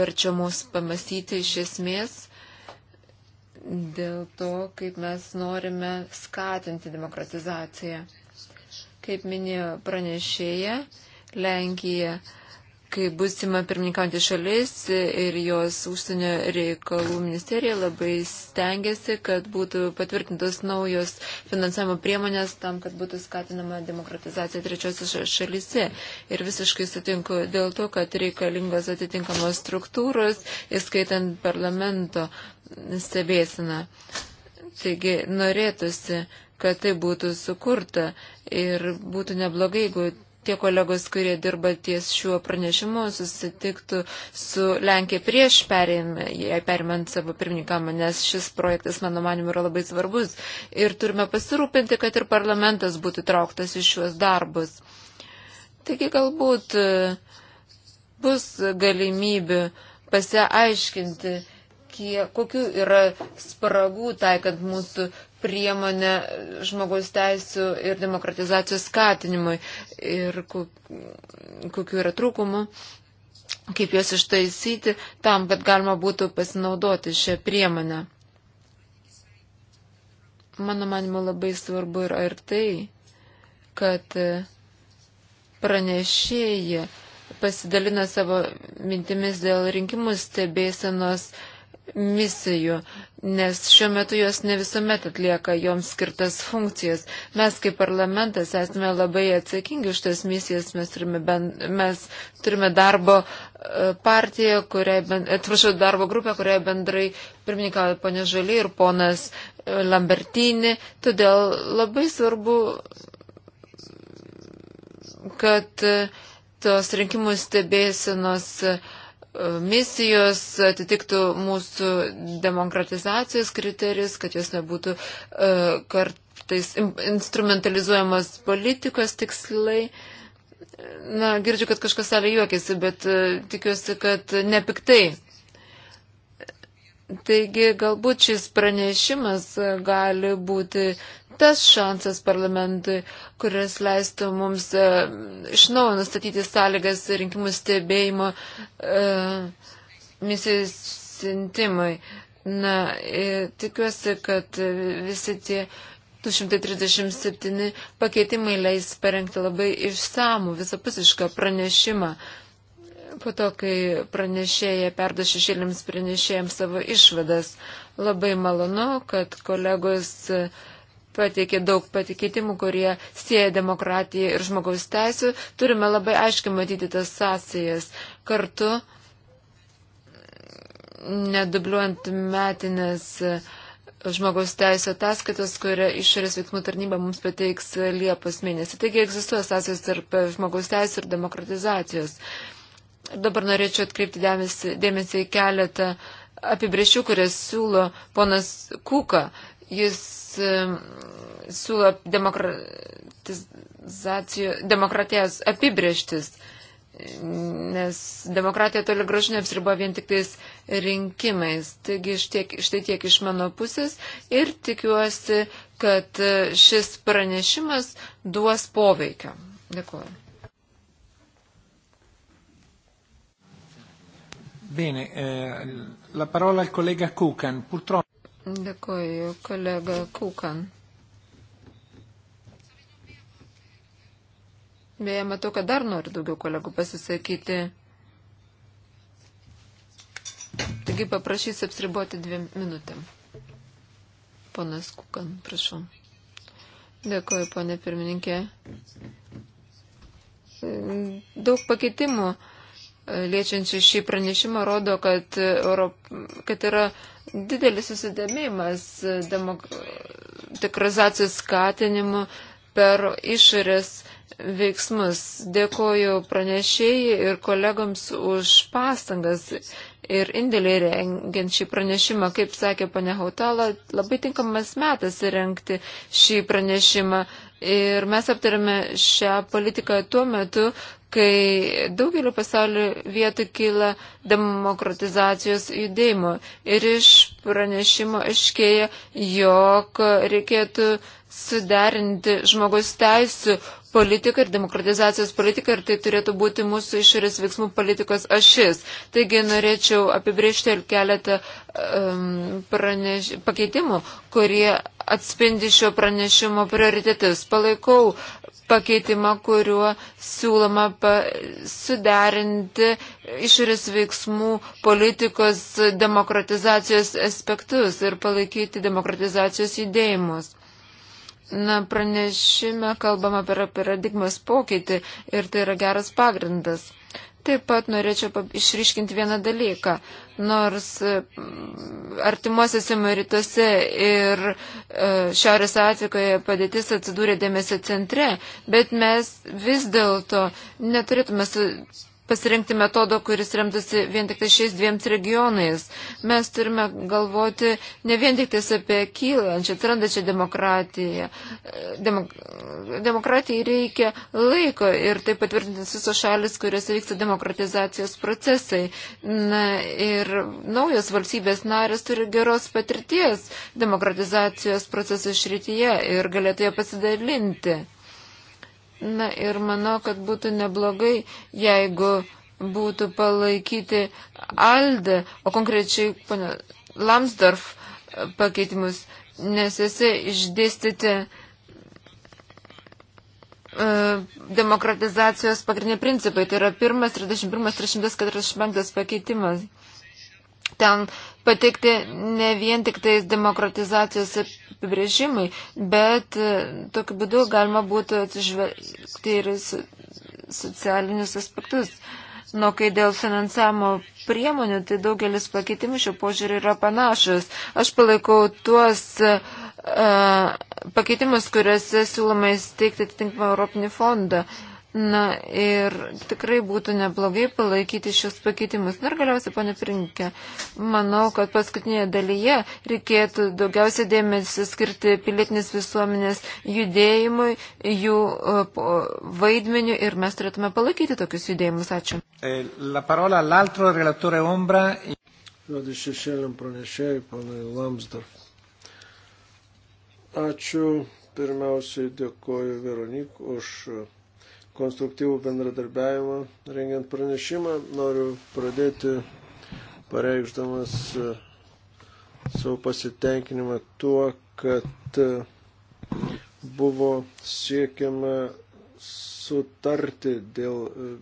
[SPEAKER 3] verčia mus pamastyti iš esmės dėl to, kaip mes norime skatinti demokratizaciją. Kaip minėjo pranešėja, Lenkija kai busima pirmininkantį šalis ir jos užsienio reikalų ministerija labai stengiasi, kad būtų patvirtintos naujos finansavimo priemonės tam, kad būtų skatinama demokratizacija trečiosios šalise. Ir visiškai sutinku dėl to, kad reikalingos atitinkamos struktūros, įskaitant parlamento stebėsiną. Taigi norėtųsi, kad tai būtų sukurta ir būtų neblogai, jeigu tie kolegos, kurie dirba ties šiuo pranešimu, susitiktų su Lenkija prieš perimant savo pirmininkamą, nes šis projektas, mano manimu, yra labai svarbus. Ir turime pasirūpinti, kad ir parlamentas būtų trauktas į šiuos darbus. Taigi galbūt e, bus galimybių pasiaiškinti kokie, kokiu yra spragų taikant mūsų priemonę žmogaus teisų ir demokratizacijos skatinimui ir kokiu yra trūkumu, kaip juos ištaisyti tam, kad galima būtų pasinaudoti šią priemonę. Mano manimo labai svarbu yra ir tai, kad pranešėjai pasidalina savo mintimis dėl rinkimų stebėsenos misijų, nes šiuo metu jos ne visuomet atlieka joms skirtas funkcijas. Mes kaip parlamentas esame labai atsakingi už tas misijas, mes turime, ben, mes turime darbo e, partiją, kuriai, atsiprašau, darbo grupę, kuriai bendrai pirmininkauja ponė Žali ir ponas e, Lambertini, todėl labai svarbu, kad e, tos rinkimų stebėsinos uh, misijos atitiktų mūsų demokratizacijos kriterijus, kad jos nebūtų e, kartais instrumentalizuojamas politikos tikslai. Na, girdžiu, kad kažkas salė juokėsi, bet e, tikiuosi, kad nepiktai. Taigi galbūt šis pranešimas gali būti tas šansas parlamentui, kuris leistų mums e, iš naujo nustatyti sąlygas rinkimų stebėjimo uh, misijos sintimai. Na, e, tikiuosi, kad visi tie 237 pakeitimai leis parengti labai išsamų, visapusišką pranešimą. Po to, kai pranešėja perdo šešėlėms pranešėjams savo išvadas, labai malonu, kad kolegos uh, pateikė daug patikėtimų, kurie sieja demokratiją ir žmogaus teisų. Turime labai aiškiai matyti tas sąsajas. Kartu, nedubliuojant metinės e, žmogaus teisų ataskaitos, kurią išorės veiksmų tarnyba mums pateiks e, Liepos mėnesį. Taigi egzistuoja sąsajos tarp e, žmogaus teisų ir demokratizacijos. Dabar norėčiau atkreipti dėmesį, dėmesį į keletą apibriešių, kurias siūlo ponas Kuka. Jis siūlo demokratijos apibrieštis, nes demokratija toli gražu neapsiriba vien tik tais rinkimais. Taigi štiek, štai tiek iš mano pusės ir tikiuosi, kad šis pranešimas duos poveikio. Dėkuoju.
[SPEAKER 1] Bene, eh, la parola al collega Kukan. Purtroppo.
[SPEAKER 3] Dėkoju, kolega Kūkan. Beje, matau, kad dar nori daugiau kolegų pasisakyti. Taigi paprašys apsiriboti dviem minutėm. Ponas Kukan, prašau. Dėkuoju, ponė pirmininkė. Daug pakeitimų e, liečiančių šį pranešimą rodo, kad, Europ... kad yra didelis susidėmimas demokratizacijos skatinimu per išorės veiksmus. Dėkoju pranešėjai ir kolegams už pastangas ir indėlį rengiant šį pranešimą. Kaip sakė pane Hautala, labai tinkamas metas rengti šį pranešimą. Ir mes aptarėme šią politiką tuo metu, kai daugelio pasaulio vietų kyla demokratizacijos judėjimo. Ir iš pranešimo aiškėja, jog reikėtų suderinti žmogaus teisų politiką ir demokratizacijos politiką ir tai turėtų būti mūsų išorės veiksmų politikos ašis. Taigi norėčiau apibriežti ir keletą um, praneš... pakeitimų, kurie atspindi šio pranešimo prioritetus. Palaikau pakeitimą, kuriuo siūloma suderinti išorės veiksmų politikos demokratizacijos aspektus ir palaikyti demokratizacijos judėjimus. Na, pranešime kalbama apie paradigmas pokytį ir tai yra geras pagrindas. Taip pat norėčiau išryškinti vieną dalyką. Nors mm, artimuosiuose rytuose ir e, Šiaurės Afrikoje padėtis atsidūrė dėmesio centre, bet mes vis dėlto neturėtume pasirinkti metodo, kuris remtasi vien tik tai šiais dviems regionais. Mes turime galvoti ne vien tik tais apie kylančią, atrandačią demokratiją. Demok demokratijai reikia laiko ir tai patvirtintis visos šalis, kuriuose vyksta demokratizacijos procesai. Na, ir naujos valstybės narės turi geros patirties demokratizacijos procesų šrityje ir galėtų ją pasidalinti. Na ir manau, kad būtų neblogai, jeigu būtų palaikyti Alde, o konkrečiai pana, Lamsdorf e, pakeitimus, nes jisai išdėstyti e, demokratizacijos pagrindiniai principai. Tai yra pirmas, 31, 345 pakeitimas. Ten patikti ne vien tik tais demokratizacijos apibrėžimai, bet e, tokiu būdu galima būtų atsižvelgti ir socialinius aspektus. Nu, kai dėl finansavimo priemonių, tai daugelis pakeitimų šio požiūrį yra panašus. Aš palaikau tuos uh, pakeitimus, kuriuose siūloma įsteigti atitinkamą Europinį fondą. Uh, Na ir tikrai būtų neblogai palaikyti šios pakeitimus. Ir galiausiai, ponė Prinkė, manau, kad paskutinėje dalyje reikėtų daugiausia dėmesio skirti pilietinės visuomenės judėjimui, jų e, vaidmeniu ir mes turėtume palaikyti tokius judėjimus. Ačiū.
[SPEAKER 1] E, la parola all'altro relatore Ombra.
[SPEAKER 4] Žodis šešėliam pranešėjai, ponai Lamsdorf. Ačiū. Pirmiausiai dėkoju Veronik už konstruktyvų bendradarbiavimą rengiant pranešimą. Noriu pradėti pareikšdamas e, savo pasitenkinimą tuo, kad e, buvo siekiama sutarti dėl e,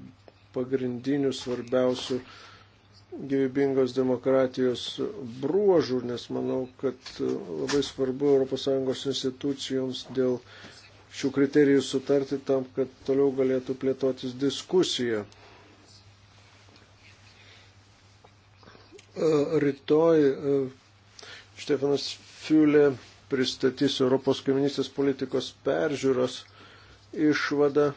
[SPEAKER 4] pagrindinių svarbiausių gyvybingos demokratijos bruožų, nes manau, kad labai svarbu ES institucijoms dėl šių kriterijų sutarti tam, kad toliau galėtų plėtotis diskusija. E, rytoj e, Štefanas Fiulė pristatys Europos kaiminystės politikos peržiūros išvadą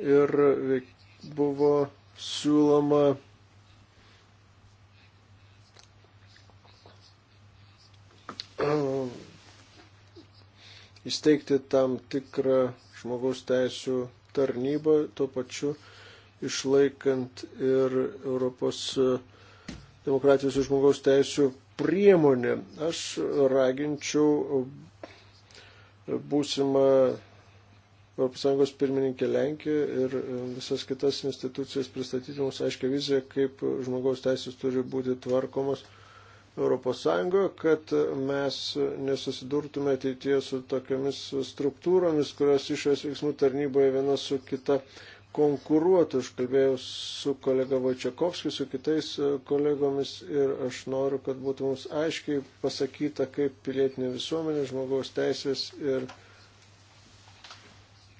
[SPEAKER 4] ir buvo siūloma įsteigti tam tikrą žmogaus teisų tarnybą, tuo pačiu išlaikant ir Europos e, demokratijos ir žmogaus teisų priemonė. Aš raginčiau būsimą ES pirmininkę Lenkiją ir e, visas kitas institucijas pristatyti mums aiškę viziją, kaip žmogaus teisės turi būti tvarkomos ES, kad mes nesusidurtume ateityje su tokiamis struktūromis, kurios išės veiksmų tarnyboje viena su kita konkuruotų. Aš kalbėjau su kolega Vačiakovskiu, su kitais kolegomis ir aš noriu, kad būtų mums aiškiai pasakyta, kaip pilietinė visuomenė, žmogaus teisės ir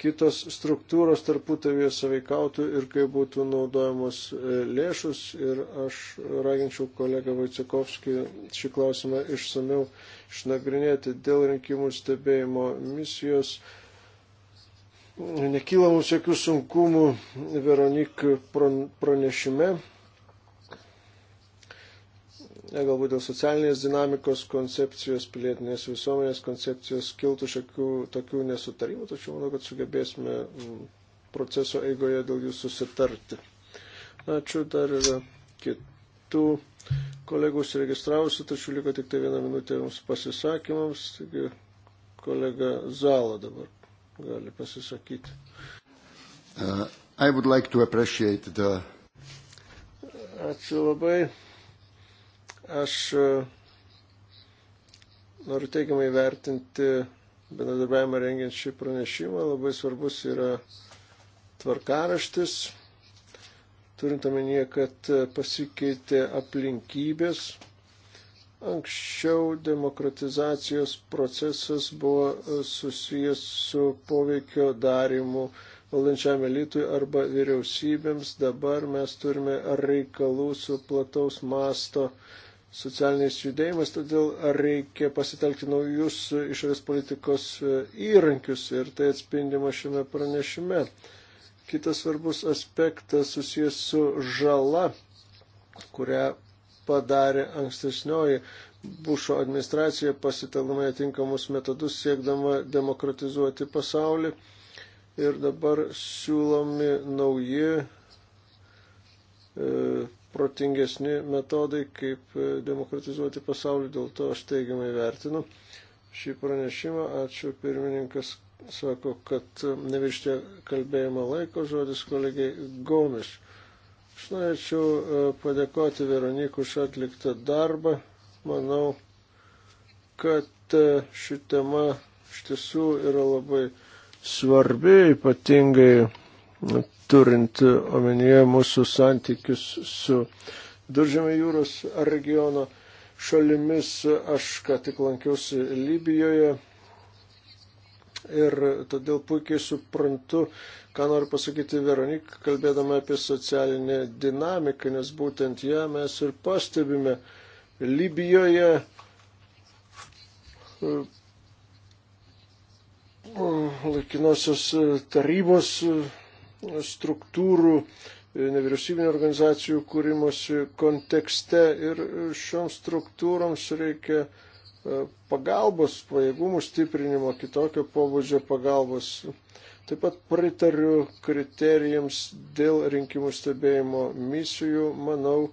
[SPEAKER 4] kitos struktūros tarpusavėje saveikautų ir kaip būtų naudojamos e, lėšus. Ir aš raginčiau kolegą Vaicekovskį šį klausimą išsameu išnagrinėti dėl rinkimų stebėjimo misijos. Nekyla mums jokių sunkumų Veronik pranešime galbūt dėl socialinės dinamikos koncepcijos, pilietinės visuomenės koncepcijos kiltų šiokių tokių nesutarimų, tačiau manau, kad sugebėsime mm, proceso eigoje dėl jų susitarti. Ačiū, dar yra kitų kolegų užsiregistravusių, tačiau liko tik tai vieną minutę jums pasisakymams. Taigi kolega Zala dabar gali pasisakyti. Uh, I would like to appreciate the. Ačiū labai. Aš e, noriu teigiamai vertinti bendradarbiavimą rengiant šį pranešimą. Labai svarbus yra tvarkaraštis, turint omenyje, kad e, pasikeitė aplinkybės. Anksčiau demokratizacijos procesas buvo e, susijęs su poveikio darimu valdančiam elitui arba vyriausybėms. Dabar mes turime reikalų su plataus masto uh, socialiniais judėjimais, todėl reikia pasitelkti naujus išorės politikos e, įrankius ir tai atspindima šiame pranešime. Kitas svarbus aspektas susijęs su žala, kurią padarė ankstesnioji Bušo administracija pasitelkdama atinkamus metodus siekdama demokratizuoti pasaulį. Ir dabar siūlomi nauji e, protingesni metodai, kaip e, demokratizuoti pasaulį, dėl to aš teigiamai vertinu šį pranešimą. Ačiū pirmininkas, sako, kad e, nevirštė kalbėjimo laiko žodis kolegiai Gomiš. Aš norėčiau e, padėkoti Veronikų už atliktą darbą. Manau, kad ši tema iš tiesų yra labai svarbi, ypatingai turint omenyje mūsų santykius su Duržėmė jūros regiono šalimis. Aš ką tik lankiausi Libijoje ir todėl puikiai suprantu, ką noriu pasakyti Veronik, kalbėdama apie socialinę dinamiką, nes būtent ją mes ir pastebime Libijoje. Laikinosios tarybos struktūrų, e, nevyriausybinio organizacijų kūrimosi kontekste ir šioms struktūroms reikia e, pagalbos, pajėgumų stiprinimo, kitokio pobūdžio pagalbos. Taip pat pritariu kriterijams dėl rinkimų stebėjimo misijų. Manau,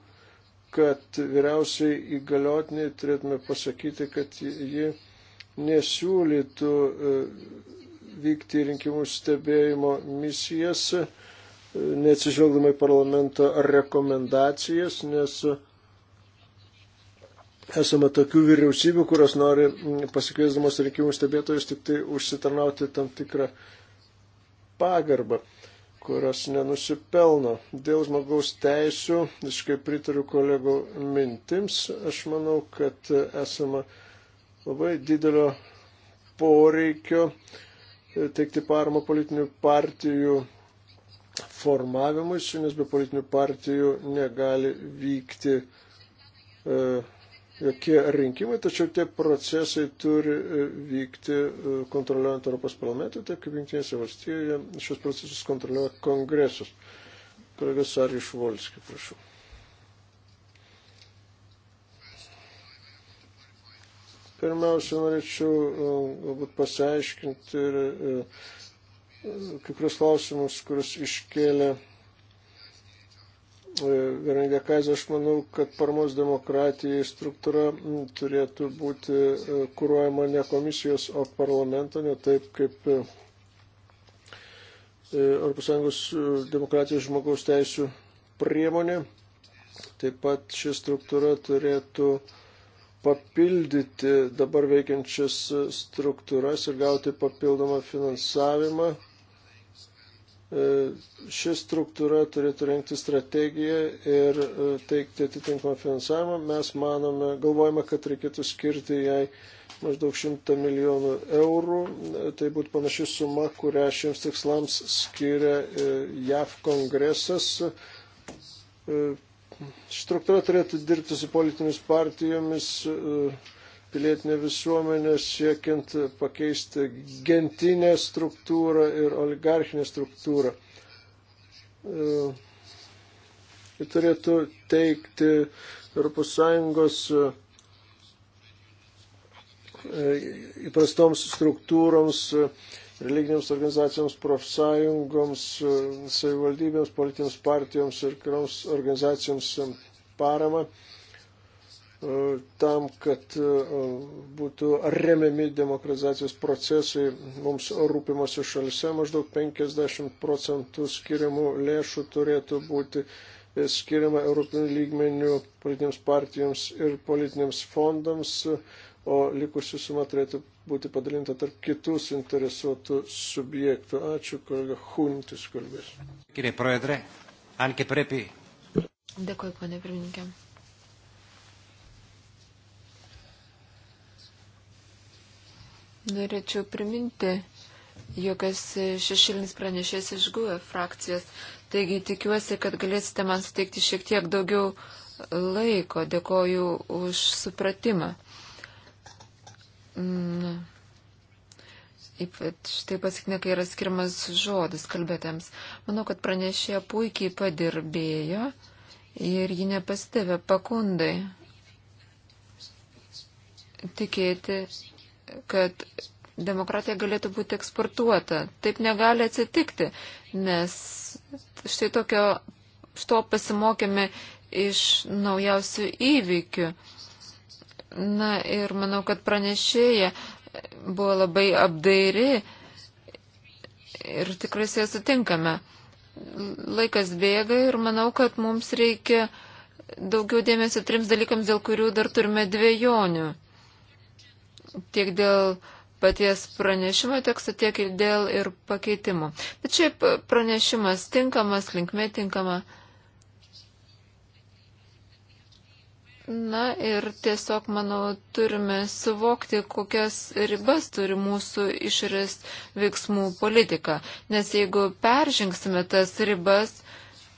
[SPEAKER 4] kad vyriausiai įgaliotiniai turėtume pasakyti, kad ji nesiūlytų e, vykti rinkimų stebėjimo misijas, e, neatsižvelgdama į parlamento rekomendacijas, nes esame tokių vyriausybių, kurios nori pasikviesdamos rinkimų stebėtojus tik tai užsitarnauti tam tikrą pagarbą kurios nenusipelno. Dėl žmogaus teisų, visiškai pritariu kolegų mintims, aš manau, kad esama labai didelio poreikio teikti paramą politinių partijų formavimui, nes be politinių partijų negali vykti e, jokie rinkimai, tačiau tie procesai turi e, vykti e, kontroliuojant Europos parlamentą, taip kaip Junktinėse valstijoje šios procesus kontroliuoja kongresas. Kolegas Arijus Volskis, prašau. Pirmiausia, norėčiau e, galbūt pasiaiškinti ir e, kai kurios klausimus, kuriuos iškėlė e, Veronika Kazė. Aš manau, kad paramos demokratijai struktūra turėtų būti kūruojama ne komisijos, o parlamento, ne taip kaip ES demokratijos žmogaus teisų priemonė. Taip pat ši struktūra turėtų uh, papildyti dabar veikiančias struktūras ir gauti papildomą finansavimą. E, ši struktūra turėtų rengti strategiją ir e, teikti atitinkamą finansavimą. Mes manome, galvojame, kad reikėtų skirti jai maždaug 100 milijonų eurų. E, tai būtų panaši suma, kurią šiems tikslams skiria JAV kongresas struktūra turėtų dirbti su politinėmis partijomis, e, pilietinė visuomenė siekiant pakeisti gentinę struktūrą ir oligarchinę struktūrą. E, ji turėtų teikti ES e, įprastoms struktūroms religinėms organizacijoms, profsąjungoms, savivaldybėms, politinėms partijoms ir kitoms organizacijoms paramą e, tam, kad e, būtų remiami demokratizacijos procesai mums rūpimose šalise. Maždaug 50 procentų skiriamų lėšų turėtų būti e, skiriama Europinių lygmenių politinėms partijoms ir politinėms fondams o likusi suma turėtų būti padalinta tarp kitų suinteresuotų subjektų. Ačiū, kolega Huntis kalbės.
[SPEAKER 1] Kyrie proedre, anke prepi.
[SPEAKER 3] Dėkuoju, ponė pirmininkė. Norėčiau priminti, jog esi šešilinis pranešės iš GUE frakcijos, taigi tikiuosi, kad galėsite man suteikti šiek tiek daugiau laiko. Dėkoju už supratimą. Mm. Ypač tai pasikne, kai yra skirmas žodis kalbėtėms. Manau, kad pranešėja puikiai padirbėjo ir ji nepastebė pakundai tikėti, kad demokratija galėtų būti eksportuota. Taip negali atsitikti, nes štai tokio, što pasimokėme iš naujausių įvykių. Na ir manau, kad pranešėja buvo labai apdairi ir tikrai su ja sutinkame. Laikas bėga ir manau, kad mums reikia daugiau dėmesio trims dalykams, dėl kurių dar turime dviejonių. Tiek dėl paties pranešimo teksto, tiek ir dėl ir pakeitimo. Bet šiaip pranešimas tinkamas, linkme tinkama. Na ir tiesiog, manau, turime suvokti, kokias ribas turi mūsų išorės veiksmų politika. Nes jeigu peržingsime tas ribas,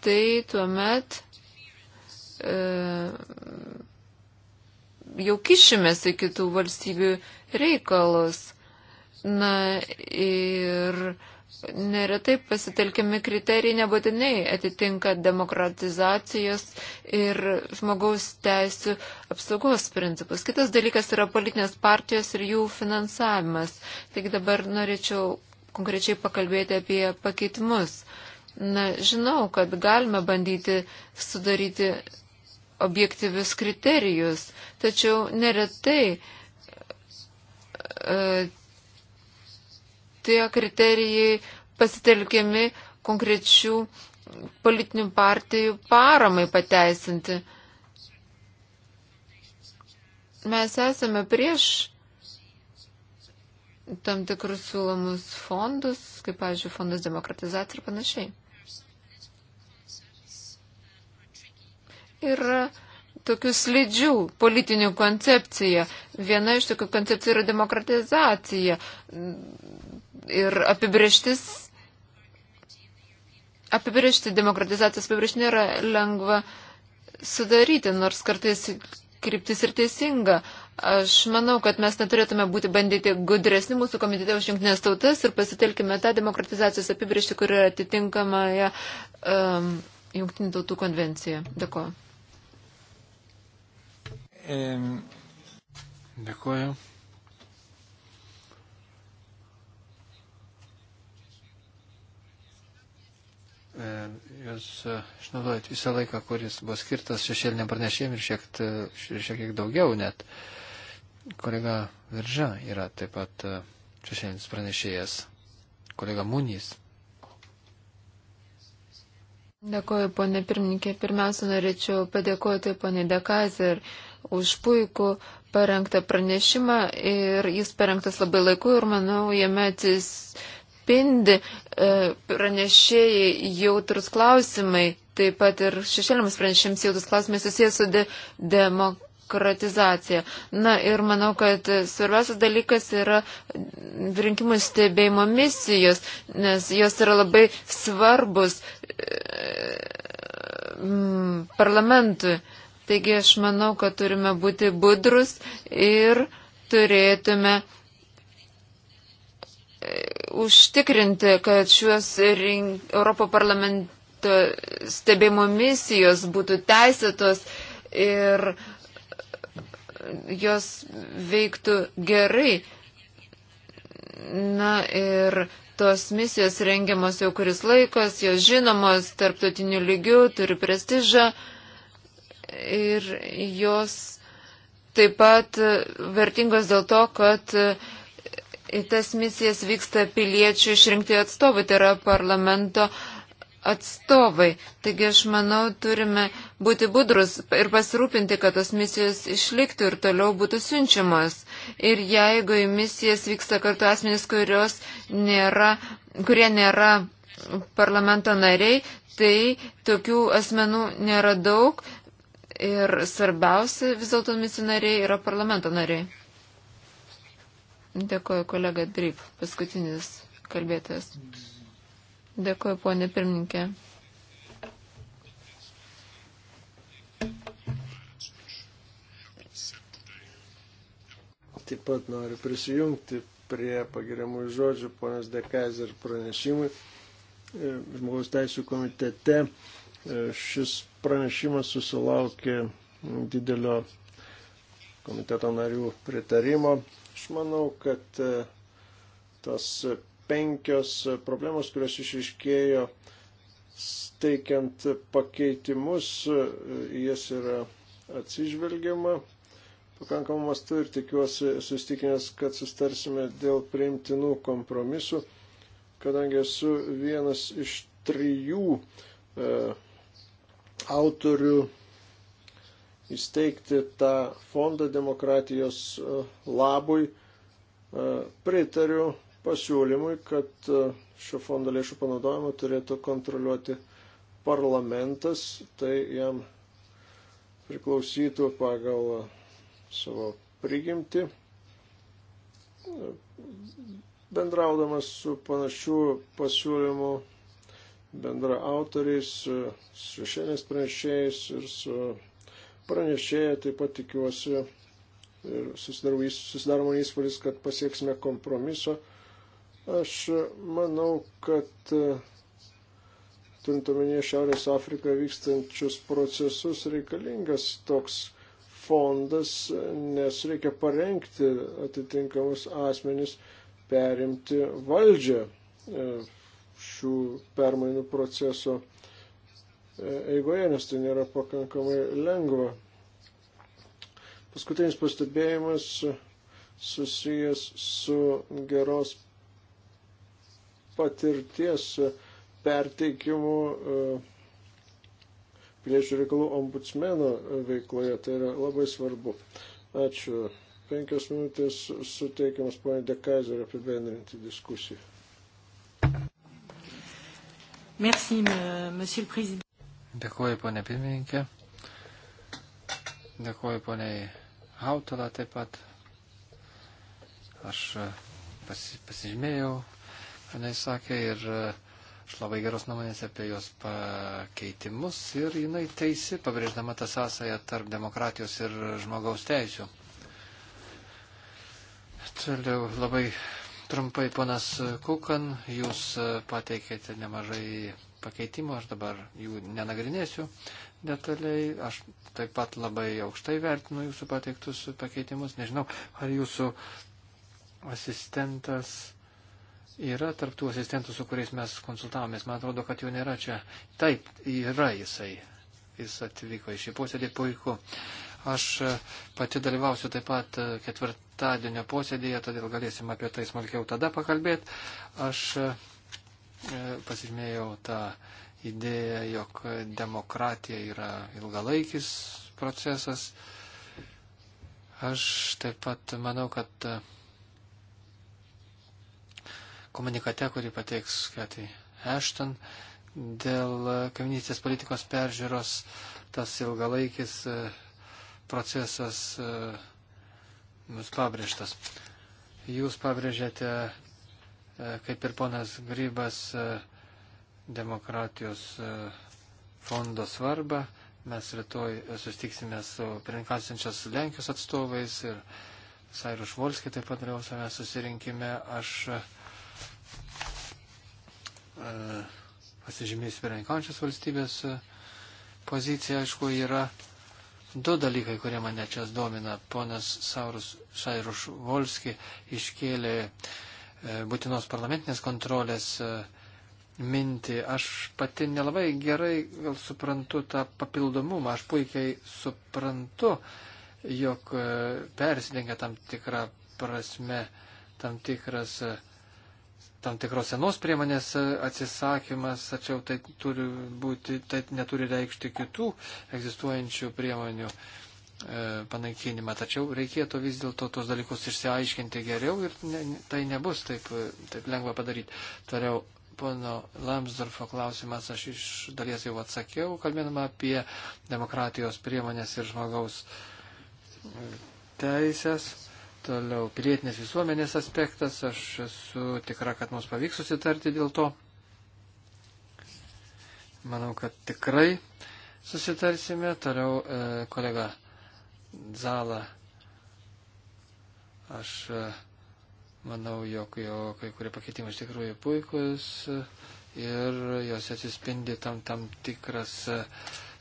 [SPEAKER 3] tai tuomet e, jau kišimės į kitų valstybių reikalus. Na ir neretai pasitelkiami kriterijai nebūtinai atitinka demokratizacijos ir žmogaus teisų apsaugos principus. Kitas dalykas yra politinės partijos ir jų finansavimas. Taigi dabar norėčiau konkrečiai pakalbėti apie pakeitimus. Na, žinau, kad galime bandyti sudaryti objektyvius kriterijus, tačiau neretai e, tie kriterijai pasitelkiami konkrečių politinių partijų paramai pateisinti. Mes esame prieš tam tikrus siūlomus fondus, kaip, pavyzdžiui, fondas demokratizacija ir panašiai. Yra tokių slidžių politinių koncepcija. Viena iš tokių koncepcijų yra demokratizacija ir apibrieštis, apibriešti demokratizacijos apibriešti nėra lengva sudaryti, nors kartais kryptis ir teisinga. Aš manau, kad mes neturėtume būti bandyti gudresni mūsų komitete už jungtinės tautas ir pasitelkime tą demokratizacijos apibriešti, kur yra atitinkamąją um, jungtinių tautų konvenciją. Dėkuoju.
[SPEAKER 1] Dėkuoju.
[SPEAKER 2] E, jūs e, išnaudojat visą laiką, kuris buvo skirtas šešėliniam pranešėjim ir šiek, šiek tiek daugiau net. Kolega Virža yra taip pat e, šešėlinis pranešėjas. Kolega Munys.
[SPEAKER 3] Dėkuoju, ponė pirmininkė. Pirmiausia, norėčiau padėkoti ponė Dekazer už puikų parengtą pranešimą ir jis parengtas labai laiku ir manau, jame atsispindi atsispindi e, pranešėjai jautrus klausimai, taip pat ir šešėliams pranešėjams jautrus klausimai susijęs su de demokratizacija. Na ir manau, kad svarbiausias dalykas yra rinkimų stebėjimo misijos, nes jos yra labai svarbus e, parlamentui. Taigi aš manau, kad turime būti budrus ir turėtume uh, užtikrinti, kad šios rink, Europo parlamento stebėjimo misijos būtų teisėtos ir jos veiktų gerai. Na ir tos misijos rengiamos jau kuris laikas, jos žinomos tarptautiniu lygiu, turi prestižą ir jos taip pat vertingos dėl to, kad uh, į tas misijas vyksta piliečių išrinkti atstovai, tai yra parlamento atstovai. Taigi aš manau, turime būti budrus ir pasirūpinti, kad tos misijos išliktų ir toliau būtų siunčiamos. Ir jeigu į misijas vyksta kartu asmenys, nėra, kurie nėra parlamento nariai, tai tokių asmenų nėra daug ir svarbiausia vis dėlto misijų nariai yra parlamento nariai. Dėkoju kolega Dryp, paskutinis kalbėtas. Dėkoju ponė pirmininkė.
[SPEAKER 4] Taip pat noriu prisijungti prie pagiriamų žodžių ponios Dekaiser pranešimui. E, Žmogaus teisų komitete e, šis pranešimas susilaukė didelio komiteto narių pritarimo. Aš manau, kad e, tas penkios problemos, kurios išiškėjo teikiant pakeitimus, e, jas yra atsižvelgiama pakankamų mastų ir tikiuosi sustikinęs, kad sustarsime dėl priimtinų kompromisų, kadangi esu vienas iš trijų e, autorių įsteigti tą fondą demokratijos e, labui. E, pritariu pasiūlymui, kad e, šio fondo lėšų panaudojimą turėtų kontroliuoti parlamentas, tai jam priklausytų pagal savo prigimti. Bendraudamas su panašių pasiūlymų bendra autoriais, su šiandienis pranešėjais ir su pranešėją, taip pat tikiuosi ir susidaroma įspūdis, kad pasieksime kompromiso. Aš manau, kad e, turint omenyje Šiaurės Afrikoje vykstančius procesus reikalingas toks fondas, nes reikia parengti atitinkamus asmenys perimti valdžią e, šių permainų proceso eigoje, nes tai nėra pakankamai lengva. Paskutinis pastebėjimas susijęs su geros patirties perteikimu e, piliečių reikalų ombudsmeno veikloje. Tai yra labai svarbu. Ačiū. Penkios minutės suteikiamas ponė Dekaiser apibendrinti diskusiją.
[SPEAKER 1] Merci,
[SPEAKER 2] monsieur le président. Dėkuoju, ponė pirmininkė. Dėkuoju, poniai Hautala taip pat. Aš e, pasi, pasižymėjau, jinai sakė, ir e, aš labai geros nuomonės apie jos pakeitimus ir jinai teisi, pabrėždama tą sąsąją tarp demokratijos ir žmogaus teisų. Toliau labai trumpai, ponas Kukan, jūs e, pateikėte nemažai pakeitimų, aš dabar jų nenagrinėsiu detaliai. Aš taip pat labai aukštai vertinu jūsų pateiktus pakeitimus. Nežinau, ar jūsų asistentas yra tarptų asistentų, su kuriais mes konsultavomės. Man atrodo, kad jų nėra čia. Taip, yra jisai. Jis atvyko į šį posėdį puiku. Aš e, pati dalyvausiu taip pat e, ketvirtadienio posėdėje, todėl galėsim apie tai smulkiau tada pakalbėti. Aš e, E, pasižymėjau tą idėją, jog demokratija yra ilgalaikis procesas. Aš taip pat manau, kad e, komunikate, kurį pateiks Kathy Ashton dėl kaiminystės politikos peržiūros, tas ilgalaikis e, procesas bus pabrėžtas. Jūs pabrėžėte E, kaip ir ponas Grybas, e, demokratijos e, fondo svarbą. Mes rytoj sustiksime su prinkasinčios Lenkijos atstovais ir Sairus Volskį taip pat dalyvausime susirinkime. Aš pasižymėsiu prinkančios valstybės pozicija, aišku, yra du dalykai, kurie mane čia domina. Ponas Saurus Sairus Volski iškėlė uh, E, būtinos parlamentinės kontrolės e, mintį. Aš pati nelabai gerai gal suprantu tą papildomumą. Aš puikiai suprantu, jog e, persidengia tam tikrą prasme, tam tikras. Tam tikros senos priemonės atsisakymas, tačiau tai, turi būti, tai neturi reikšti kitų egzistuojančių priemonių. Uh, E, panaikinimą. Tačiau reikėtų vis dėlto tos dalykus išsiaiškinti geriau ir ne, tai nebus taip, e, taip lengva padaryti. Tariau, pono Lamsdorfo klausimas aš iš dalies jau atsakiau, kalbėdama apie demokratijos priemonės ir žmogaus
[SPEAKER 3] e,
[SPEAKER 2] teisės. Toliau pilietinės visuomenės aspektas, aš esu tikra, kad mums pavyks susitarti dėl to. Manau, kad tikrai susitarsime. Toliau e, kolega Zalą. Aš e, manau, jog jo kai kurie pakeitimai iš tikrųjų puikus e, ir jos atsispindi tam, tam, tikras, e,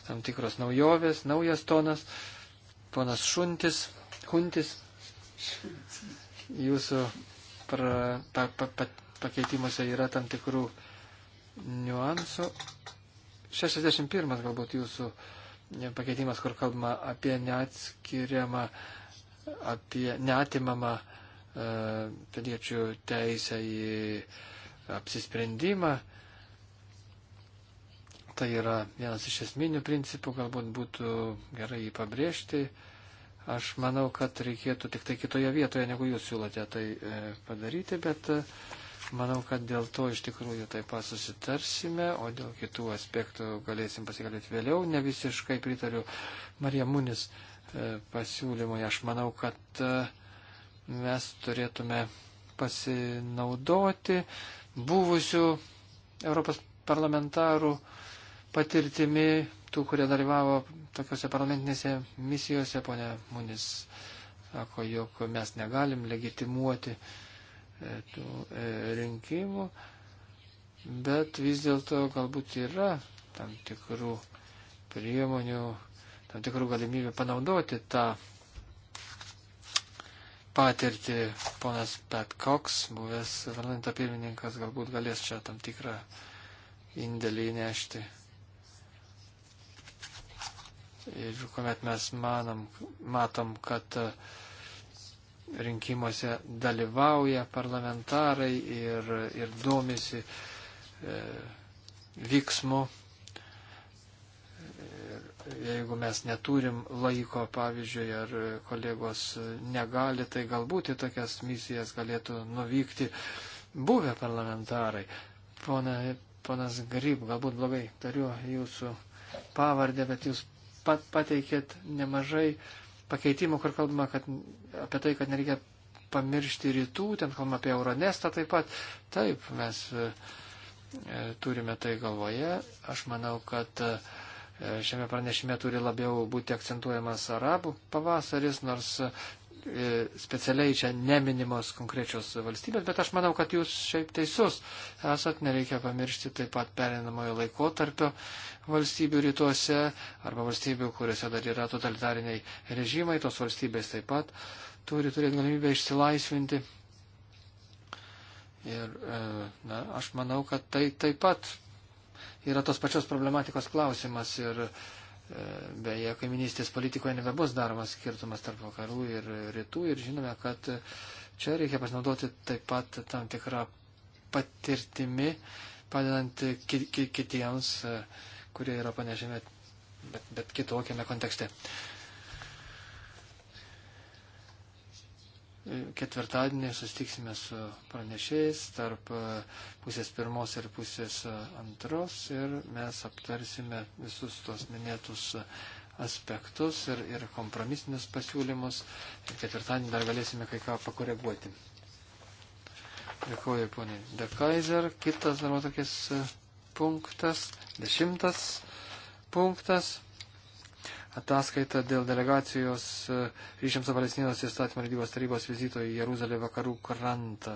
[SPEAKER 2] tam tikros naujovės, naujas tonas. Ponas Šuntis, Huntis, jūsų pra, pa, pa, pa, pakeitimuose yra tam tikrų niuansų. 61 galbūt jūsų uh, pakeitimas, kur kalbama apie neatskiriamą, apie neatimamą e, piliečių teisę į apsisprendimą. Tai yra vienas iš esminių principų, galbūt būtų gerai jį pabrėžti. Aš manau, kad reikėtų tik tai kitoje vietoje, negu jūs siūlote tai e, padaryti, bet uh, Manau, kad dėl to iš tikrųjų taip pat susitarsime, o dėl kitų aspektų galėsim pasikalbėti vėliau. Ne visiškai pritariu Marija Munis e, pasiūlymui. Aš manau, kad e, mes turėtume pasinaudoti buvusių Europos parlamentarų patirtimi, tų, kurie dalyvavo tokiuose parlamentinėse misijose, ponė Munis sako, jog mes negalim legitimuoti uh, E, tų e, rinkimų, bet vis dėlto galbūt yra tam tikrų priemonių, tam tikrų galimybių panaudoti tą patirtį. Ponas Pat Cox, buvęs parlamento pirmininkas, galbūt galės čia tam tikrą indėlį įnešti. Ir kuomet mes manom, matom, kad uh, rinkimuose dalyvauja parlamentarai ir, ir domisi e, vyksmu. Ir jeigu mes neturim laiko, pavyzdžiui, ar kolegos negali, tai galbūt į tokias misijas galėtų nuvykti buvę parlamentarai. Pona, ponas Gryb, galbūt blogai tariu jūsų pavardę, bet jūs pat pateikėt nemažai uh, pakeitimų, kur kalbama kad, apie tai, kad nereikia pamiršti rytų, ten kalbama apie Euronestą taip pat. Taip, mes e, e, turime tai galvoje. Aš manau, kad e, šiame pranešime turi labiau būti akcentuojamas arabų pavasaris, nors E, specialiai čia neminimos konkrečios valstybės, bet aš manau, kad jūs šiaip teisus esat, nereikia pamiršti taip pat perinamojo laikotarpio valstybių rytuose arba valstybių, kuriuose dar yra totalitariniai režimai, tos valstybės taip pat turi turėti galimybę išsilaisvinti. Ir e, na, aš manau, kad tai taip pat yra tos pačios problematikos klausimas. Ir, uh, Beje, kaiminystės politikoje nebebus daromas skirtumas tarp vakarų ir rytų ir žinome, kad čia reikia pasinaudoti taip pat tam tikrą patirtimi, padedant ki ki kitiems, kurie yra panežėme, bet, bet kitokiame kontekste. ketvirtadienį susitiksime su pranešėjais tarp e, pusės pirmos ir pusės e, antros ir mes aptarsime visus tuos minėtus aspektus ir, ir kompromisinius pasiūlymus. Ir ketvirtadienį dar galėsime kai ką pakoreguoti. Dėkuoju, poniai De Kaiser. Kitas darbo tokis e, punktas, dešimtas punktas ataskaitą dėl delegacijos e, ryšiams su Palestinos įstatymo lygybos tarybos vizito į Jeruzalę vakarų krantą.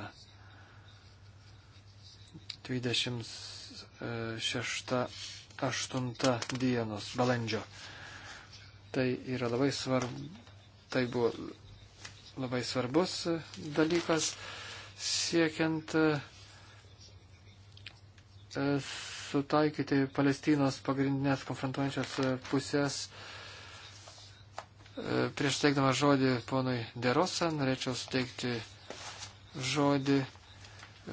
[SPEAKER 2] 26-8 e, dienos balandžio. Tai yra labai svarbu, tai buvo labai svarbus e, dalykas siekiant sutaikyti Palestinos pagrindinės konfrontuojančias pusės Prieš teikdama žodį ponui Derosa, norėčiau suteikti žodį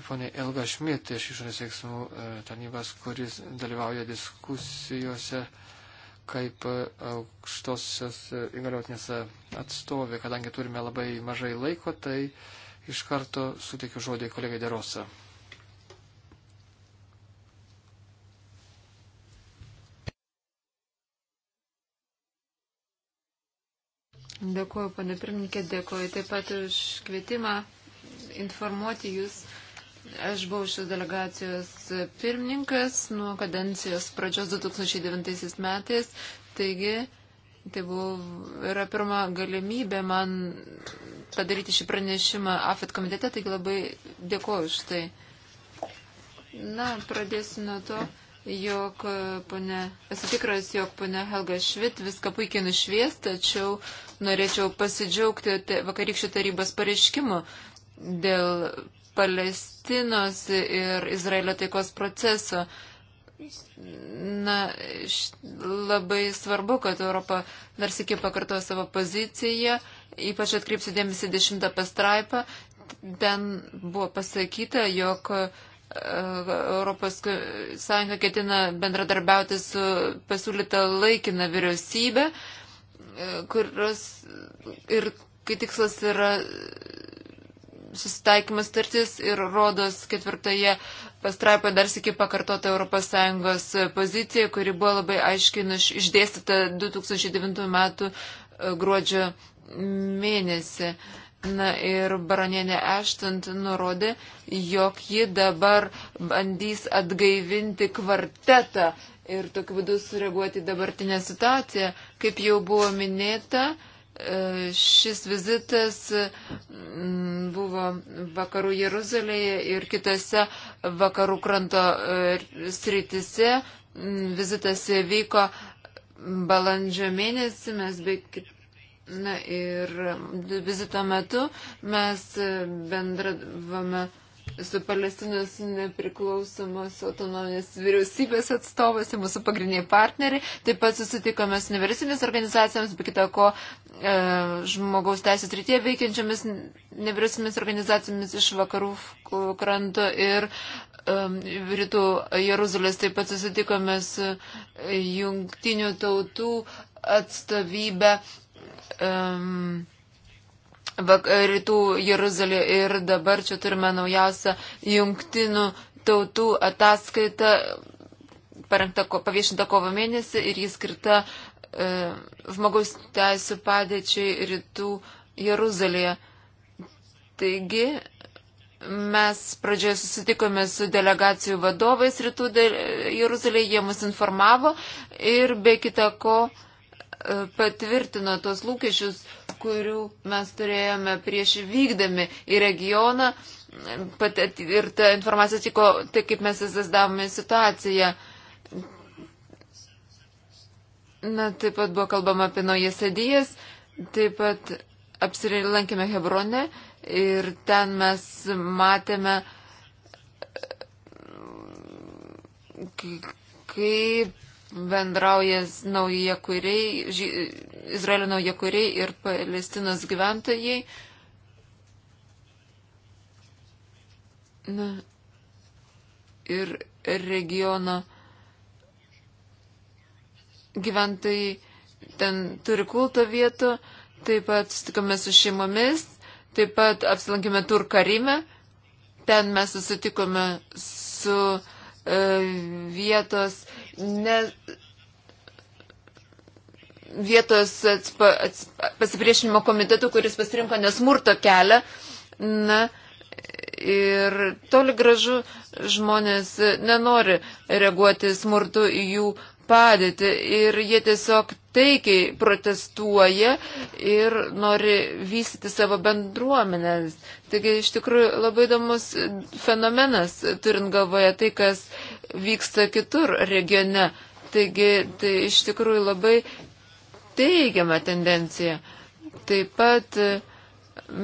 [SPEAKER 2] poniai Elga Šmit iš išorės veiksmų e, tarnybas, kuris dalyvauja diskusijose kaip aukštosios įgaliotinės atstovė. Kadangi turime labai mažai laiko, tai iš karto suteikiu žodį kolegai Derosa.
[SPEAKER 3] Dėkuoju, pane pirmininkė, dėkuoju taip pat už kvietimą informuoti jūs. Aš buvau šios delegacijos pirmininkas nuo kadencijos pradžios 2009 metais, taigi tai buvo, yra pirma galimybė man padaryti šį pranešimą AFET komitete, taigi labai dėkuoju už tai. Na, pradėsiu nuo to, jog e, ponė, esu tikras, jog ponė Helga Švit viską puikiai nušvies, tačiau norėčiau pasidžiaugti vakarykščio tarybos pareiškimu dėl Palestinos ir Izraelio taikos proceso. Na, labai svarbu, kad Europa dar sėkiai pakartoja savo poziciją, ypač atkreipsiu dėmesį dešimtą pastraipą. Ten buvo pasakyta, jog uh, Europos Sąjunga ketina bendradarbiauti su pasiūlyta laikina vyriausybė, kurios ir kai tikslas yra susitaikymas tartis ir rodos ketvirtoje pastraipoje dar sėki pakartota ES pozicija, kuri buvo labai aiškiai išdėstyta 2009 m. E, gruodžio mėnesį. Uh, Na ir baronienė Eštant nurodė, jog ji dabar bandys atgaivinti kvartetą ir tokiu būdu sureaguoti dabartinę situaciją. Kaip jau buvo minėta, e, šis vizitas buvo vakarų Jeruzalėje ir kitose vakarų kranto e, sritise. Vizitas vyko balandžio mėnesį, mes bei Na ir um, vizito metu mes e, bendravome su Palestinos nepriklausomos autonominės vyriausybės atstovas, tai mūsų pagrindiniai partneriai. Taip pat susitikome su universitinės organizacijomis, be kita ko, e, žmogaus teisės rytyje veikiančiamis nevyriausybės organizacijomis iš vakarų kranto ir e, rytų Jeruzalės. Taip pat susitikome su e, jungtinių tautų atstovybę um, rytų Jeruzalė ir dabar čia turime naujausią jungtinių tautų ataskaitą, parengta, paviešinta kovo mėnesį ir jis skirta e, žmogaus teisų padėčiai rytų Jeruzalėje. Taigi, mes pradžioje susitikome su delegacijų vadovais rytų Jeruzalėje, jie mus informavo ir be kita ko, e, E, patvirtino tuos lūkesčius, kurių mes turėjome prieš vykdami į regioną. Pat, ir ta informacija tiko, tai kaip mes įsizdavome situaciją. Na, taip pat buvo kalbama apie naujas sėdijas, taip pat apsirilankėme Hebrone ir ten mes matėme, e, kaip bendrauja nauja kuriai, ži, Izraelio nauja kuriai ir Palestinos gyventojai. Na, ir regiono gyventojai ten turi kulto vietų, taip pat sutikome su šeimomis, taip pat apsilankėme Turkarime, ten mes susitikome su e, vietos ne, vietos atspa, atspa, pasipriešinimo komitetų, kuris pasirinko nesmurto kelią. Na, ir toli gražu žmonės nenori reaguoti smurtu į jų padėtį ir jie tiesiog taikiai protestuoja ir nori vystyti savo bendruomenės. Taigi iš tikrųjų labai įdomus fenomenas, turint galvoje tai, kas vyksta kitur regione. Taigi tai iš tikrųjų labai teigiama tendencija. Taip pat e,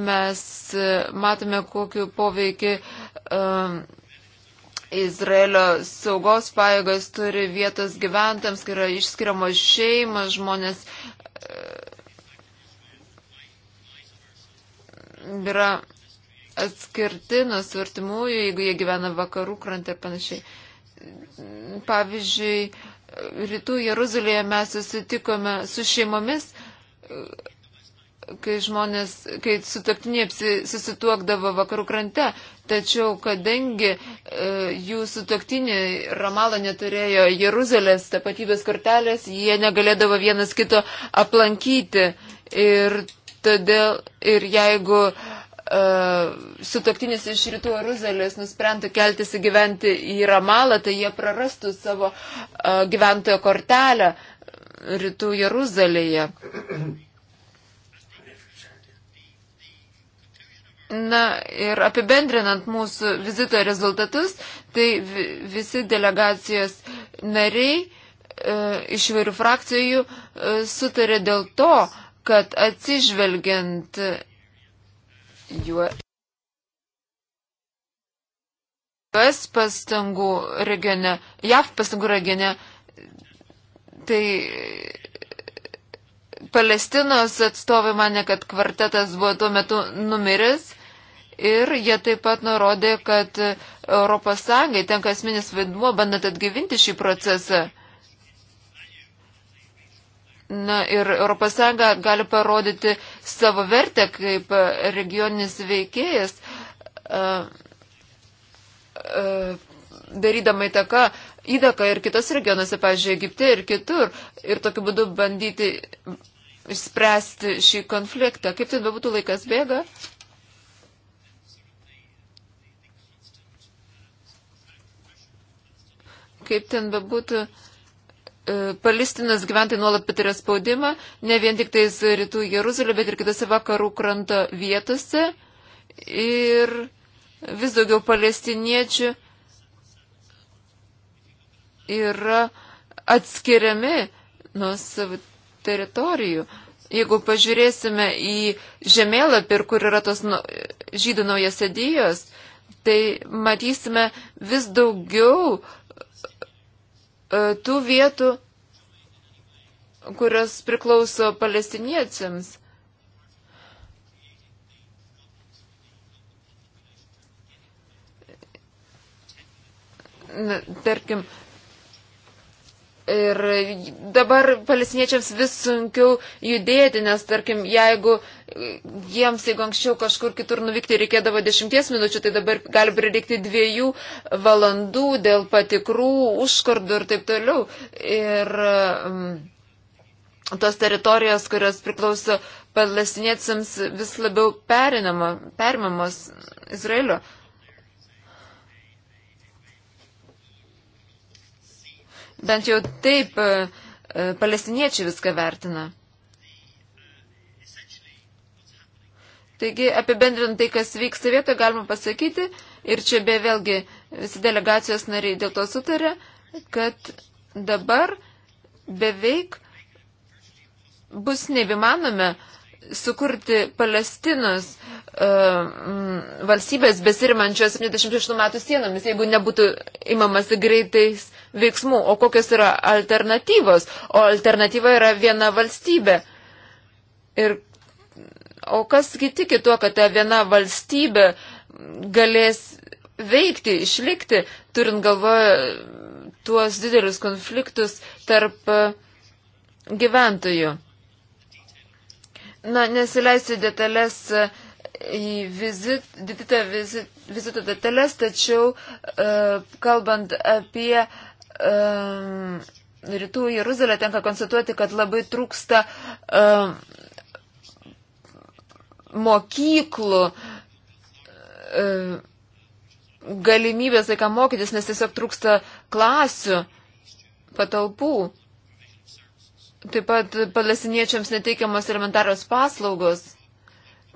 [SPEAKER 3] mes e, matome, kokiu poveikiu um, e, Izraelio saugos pajėgos turi vietos gyventams, kai yra išskiriamos šeimas, žmonės e, yra atskirti nuo svartimųjų, jeigu jie gyvena vakarų krant ir panašiai. Pavyzdžiui, rytų Jeruzalėje mes susitikome su šeimomis, kai žmonės, kai sutaptinė susituokdavo vakarų krante, tačiau kadangi e, jų sutoktinė Ramala neturėjo Jeruzalės tapatybės kortelės, jie negalėdavo vienas kito aplankyti. Ir todėl, ir jeigu e, sutoktinis iš rytų Jeruzalės nusprendė keltis įgyventi į Ramalą, tai jie prarastų savo e, gyventojo kortelę rytų Jeruzalėje. Na ir apibendrinant mūsų vizito rezultatus, tai visi delegacijos nariai e, iš vairių frakcijų e, sutarė dėl to, kad atsižvelgiant juo. US pastangų regione, JAV pastangų regione, tai Palestinos atstovai mane, kad kvartetas buvo tuo metu numiris Ir jie taip pat nurodė, kad ES tenka asmenis vaidmuo, bandant atgyvinti šį procesą. Na ir ES gali parodyti savo vertę kaip regioninis veikėjas, darydama įtaką, įtaką ir kitos regionuose, pavyzdžiui, Egipte ir kitur, ir tokiu būdu bandyti išspręsti šį konfliktą. Kaip ten bebūtų laikas bėga? Kaip ten bebūtų, e, Palestinos gyventojai nuolat patiria spaudimą, ne vien tik tais rytų Jeruzalė, bet ir kitose vakarų kranto vietose. Ir vis daugiau palestiniečių yra atskiriami nuo savo teritorijų. Jeigu pažiūrėsime į žemėlapį, kur yra tos nu, žydų naujasedijos, tai matysime vis daugiau E, tų vietų, kurios priklauso palestiniečiams. Tarkim, Ir dabar palestiniečiams vis sunkiau judėti, nes tarkim, jeigu jiems, jeigu anksčiau kažkur kitur nuvykti reikėdavo dešimties minučių, tai dabar gali prireikti dviejų valandų dėl patikrų, užkardų ir taip toliau. Ir mm, tos teritorijos, kurios priklauso palestiniečiams, vis labiau perinama, perimamos Izraelio. Uh, Bent jau taip e, e, palestiniečiai viską vertina. Taigi, apibendrinant tai, kas vyksta vietoje, galima pasakyti, ir čia be vėlgi visi delegacijos nariai dėl to sutarė, kad dabar beveik bus nebemanome sukurti Palestinos uh, valstybės besirimančios 76 metų sienomis, jeigu nebūtų imamasi greitais veiksmų, o kokios yra alternatyvos, o alternatyva yra viena valstybė. Ir, o kas tiki tuo, kad ta viena valstybė galės veikti, išlikti, turint galvoje tuos didelius konfliktus tarp e, gyventojų. Na, nesileisiu detalės e, į vizit, vizitą, vizit, vizito detalės, tačiau e, kalbant apie um, rytų Jeruzalė tenka konstatuoti, kad labai trūksta um, mokyklų um, galimybės vaiką mokytis, nes tiesiog trūksta klasių, patalpų. Taip pat palestiniečiams neteikiamos elementarios paslaugos.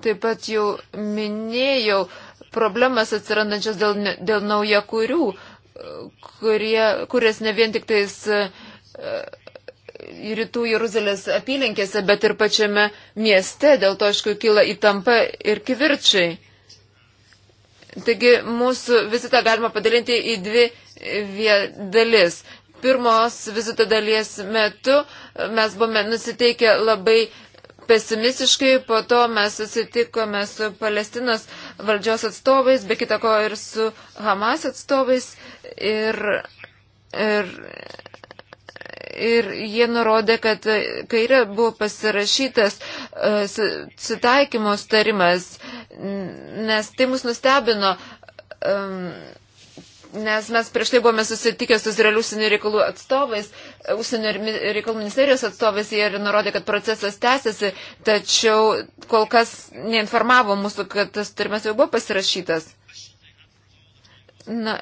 [SPEAKER 3] Taip pat jau minėjau problemas atsirandančias dėl, dėl naujakurių. kurių kurie, kurias ne vien tik tais e, rytų Jeruzalės apylinkėse, bet ir pačiame mieste, dėl to, aišku, kyla įtampa ir kivirčiai. Taigi mūsų vizitą galima padalinti į dvi dalis. Pirmos vizito dalies metu mes buvome nusiteikę labai pesimistiškai, po to mes susitikome su Palestinos uh, valdžios atstovais, be kitako ir su Hamas atstovais. Ir, ir, ir jie nurodė, kad kai yra buvo pasirašytas e, sutaikymo starimas, nes tai mus nustebino. Um, Nes mes prieš tai buvome susitikę su Izraelio užsienio reikalų atstovais, e, užsienio reikalų ministerijos atstovais, jie ir nurodė, kad procesas tęsiasi, tačiau kol kas neinformavo mūsų, kad tas turimas jau buvo pasirašytas. Na,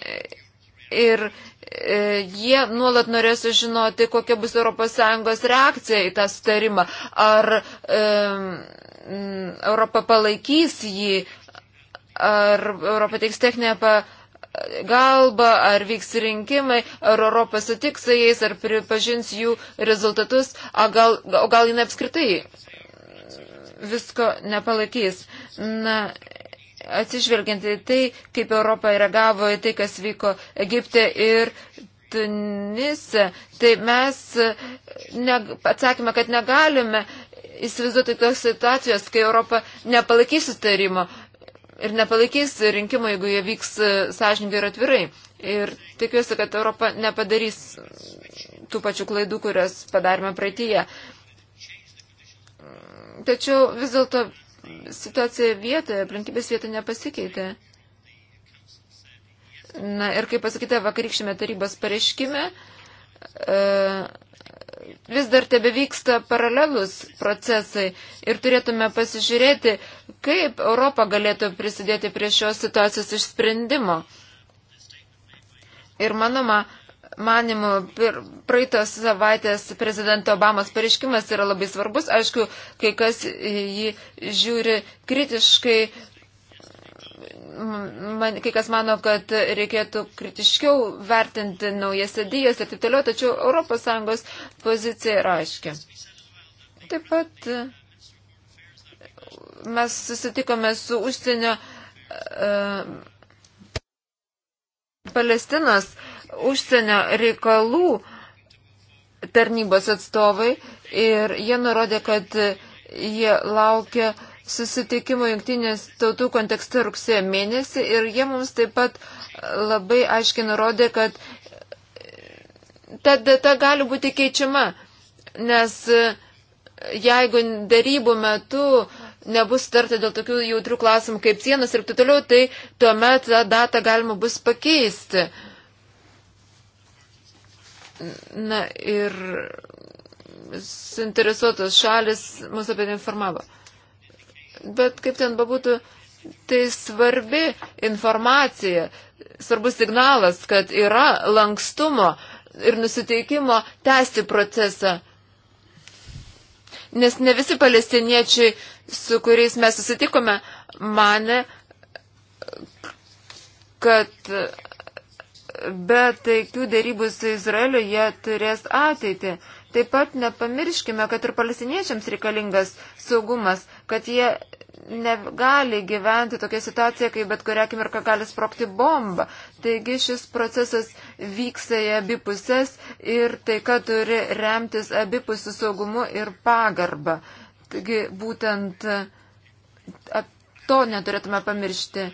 [SPEAKER 3] ir e, jie nuolat norės sužinoti, kokia bus ES reakcija į tą sutarimą. Ar e, Europa palaikys jį, ar Europa teiks techninę pagalbą galba, ar vyks rinkimai, ar Europa sutiks su jais, ar pripažins jų rezultatus, o gal, o gal jinai apskritai visko nepalaikys. Na, atsižvelgiant į tai, kaip Europa reagavo į tai, kas vyko Egipte ir Tunise, tai mes ne, atsakėme, kad negalime įsivaizduoti tos situacijos, kai Europa nepalaikys sustarimo ir nepalaikys rinkimų, jeigu jie vyks e, sąžininkai ir atvirai. Ir tikiuosi, kad Europa nepadarys tų pačių klaidų, kurias padarėme praeitįje. Tačiau vis dėlto situacija vietoje, aplinkybės vietoje nepasikeitė. Na ir kaip pasakyta vakarykščiame tarybos pareiškime, uh, vis dar tebe vyksta paralelus procesai ir turėtume pasižiūrėti, kaip Europa galėtų prisidėti prie šios situacijos išsprendimo. Ir manoma, manimu, praeitos savaitės prezidento Obamos pareiškimas yra labai svarbus. Aišku, kai kas jį žiūri kritiškai, man, kai kas mano, kad reikėtų kritiškiau vertinti naujas idėjas ir taip toliau, tačiau ES pozicija yra aiški. Taip pat e, mes susitikome su užsienio uh, Palestinos užsienio reikalų tarnybos atstovai ir jie nurodė, kad jie laukia uh, susitikimo jungtinės tautų kontekste rugsėjo mėnesį ir jie mums taip pat labai aiškiai nurodė, kad ta data gali būti keičiama, nes e, jeigu darybų metu nebus starta dėl tokių jautrių klausimų kaip sienas ir taip toliau, tai tuomet tą datą galima bus pakeisti. Na ir suinteresuotos šalis mus apie tai informavo bet kaip ten bebūtų, tai svarbi informacija, svarbus signalas, kad yra lankstumo ir nusiteikimo tęsti procesą. Nes ne visi palestiniečiai, su kuriais mes susitikome, mane, kad be taikių dėrybų su Izraeliu jie turės ateitį. Taip pat nepamirškime, kad ir palestiniečiams reikalingas saugumas kad jie negali gyventi tokia situacija, kai bet kurią akimirką gali sprokti bomba. Taigi šis procesas vyksta į abipusės ir taika turi remtis abipusių saugumu ir pagarba. Taigi būtent to neturėtume pamiršti.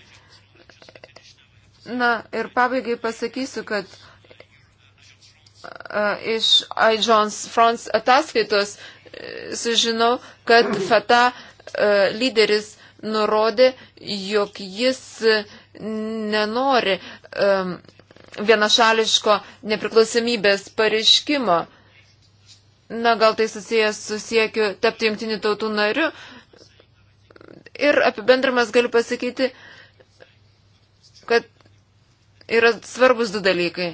[SPEAKER 3] Na ir pabaigai pasakysiu, kad uh, iš I. John's France ataskaitos e, sužinau, kad FATA E, lyderis nurodė, jog jis nenori e, vienašališko nepriklausomybės pareiškimo. Na, gal tai susijęs su siekiu tapti jungtinių tautų nariu. Ir apibendrimas galiu pasakyti, kad yra svarbus du dalykai.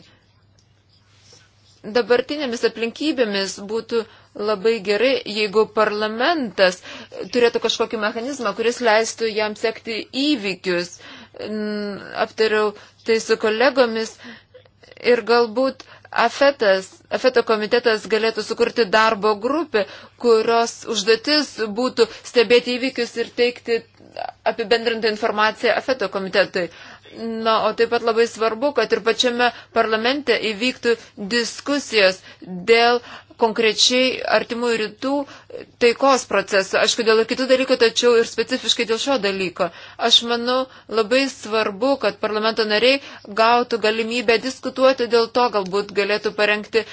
[SPEAKER 3] Dabartinėmis aplinkybėmis būtų uh, labai gerai, jeigu parlamentas turėtų kažkokį mechanizmą, kuris leistų jam sekti įvykius. Aptariau tai su kolegomis ir galbūt Afetas, Afeto komitetas galėtų sukurti darbo grupę, kurios užduotis būtų stebėti įvykius ir teikti apibendrintą informaciją Afeto komitetui. Na, o taip pat labai svarbu, kad ir pačiame parlamente įvyktų diskusijos dėl konkrečiai artimų rytų taikos procesą. Aišku, dėl kitų dalykų, tačiau ir specifiškai dėl šio dalyko. Aš manau, labai svarbu, kad parlamento nariai gautų galimybę diskutuoti dėl to, galbūt galėtų parengti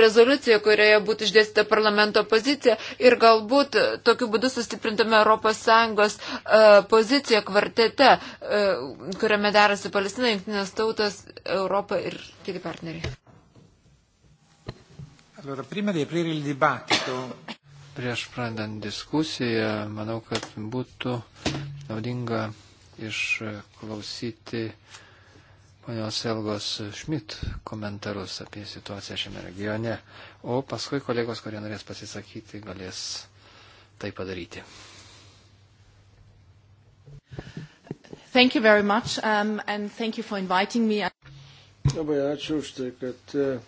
[SPEAKER 3] rezoliuciją, kurioje būtų išdėstyta parlamento pozicija ir galbūt tokiu būdu sustiprintume ES e, poziciją kvartete, e, kuriame derasi Palestina, Junktinės tautos, Europa ir kiti partneriai.
[SPEAKER 4] Allora,
[SPEAKER 2] prima di aprire il
[SPEAKER 1] dibattito.
[SPEAKER 2] Prieš pradant diskusiją, manau, kad būtų naudinga išklausyti ponios Elgos Šmit komentarus apie situaciją šiame regione, o paskui kolegos, kurie norės pasisakyti, galės tai padaryti.
[SPEAKER 3] Thank you very much um, and thank you for inviting me.
[SPEAKER 4] Labai ačiū už tai, kad uh,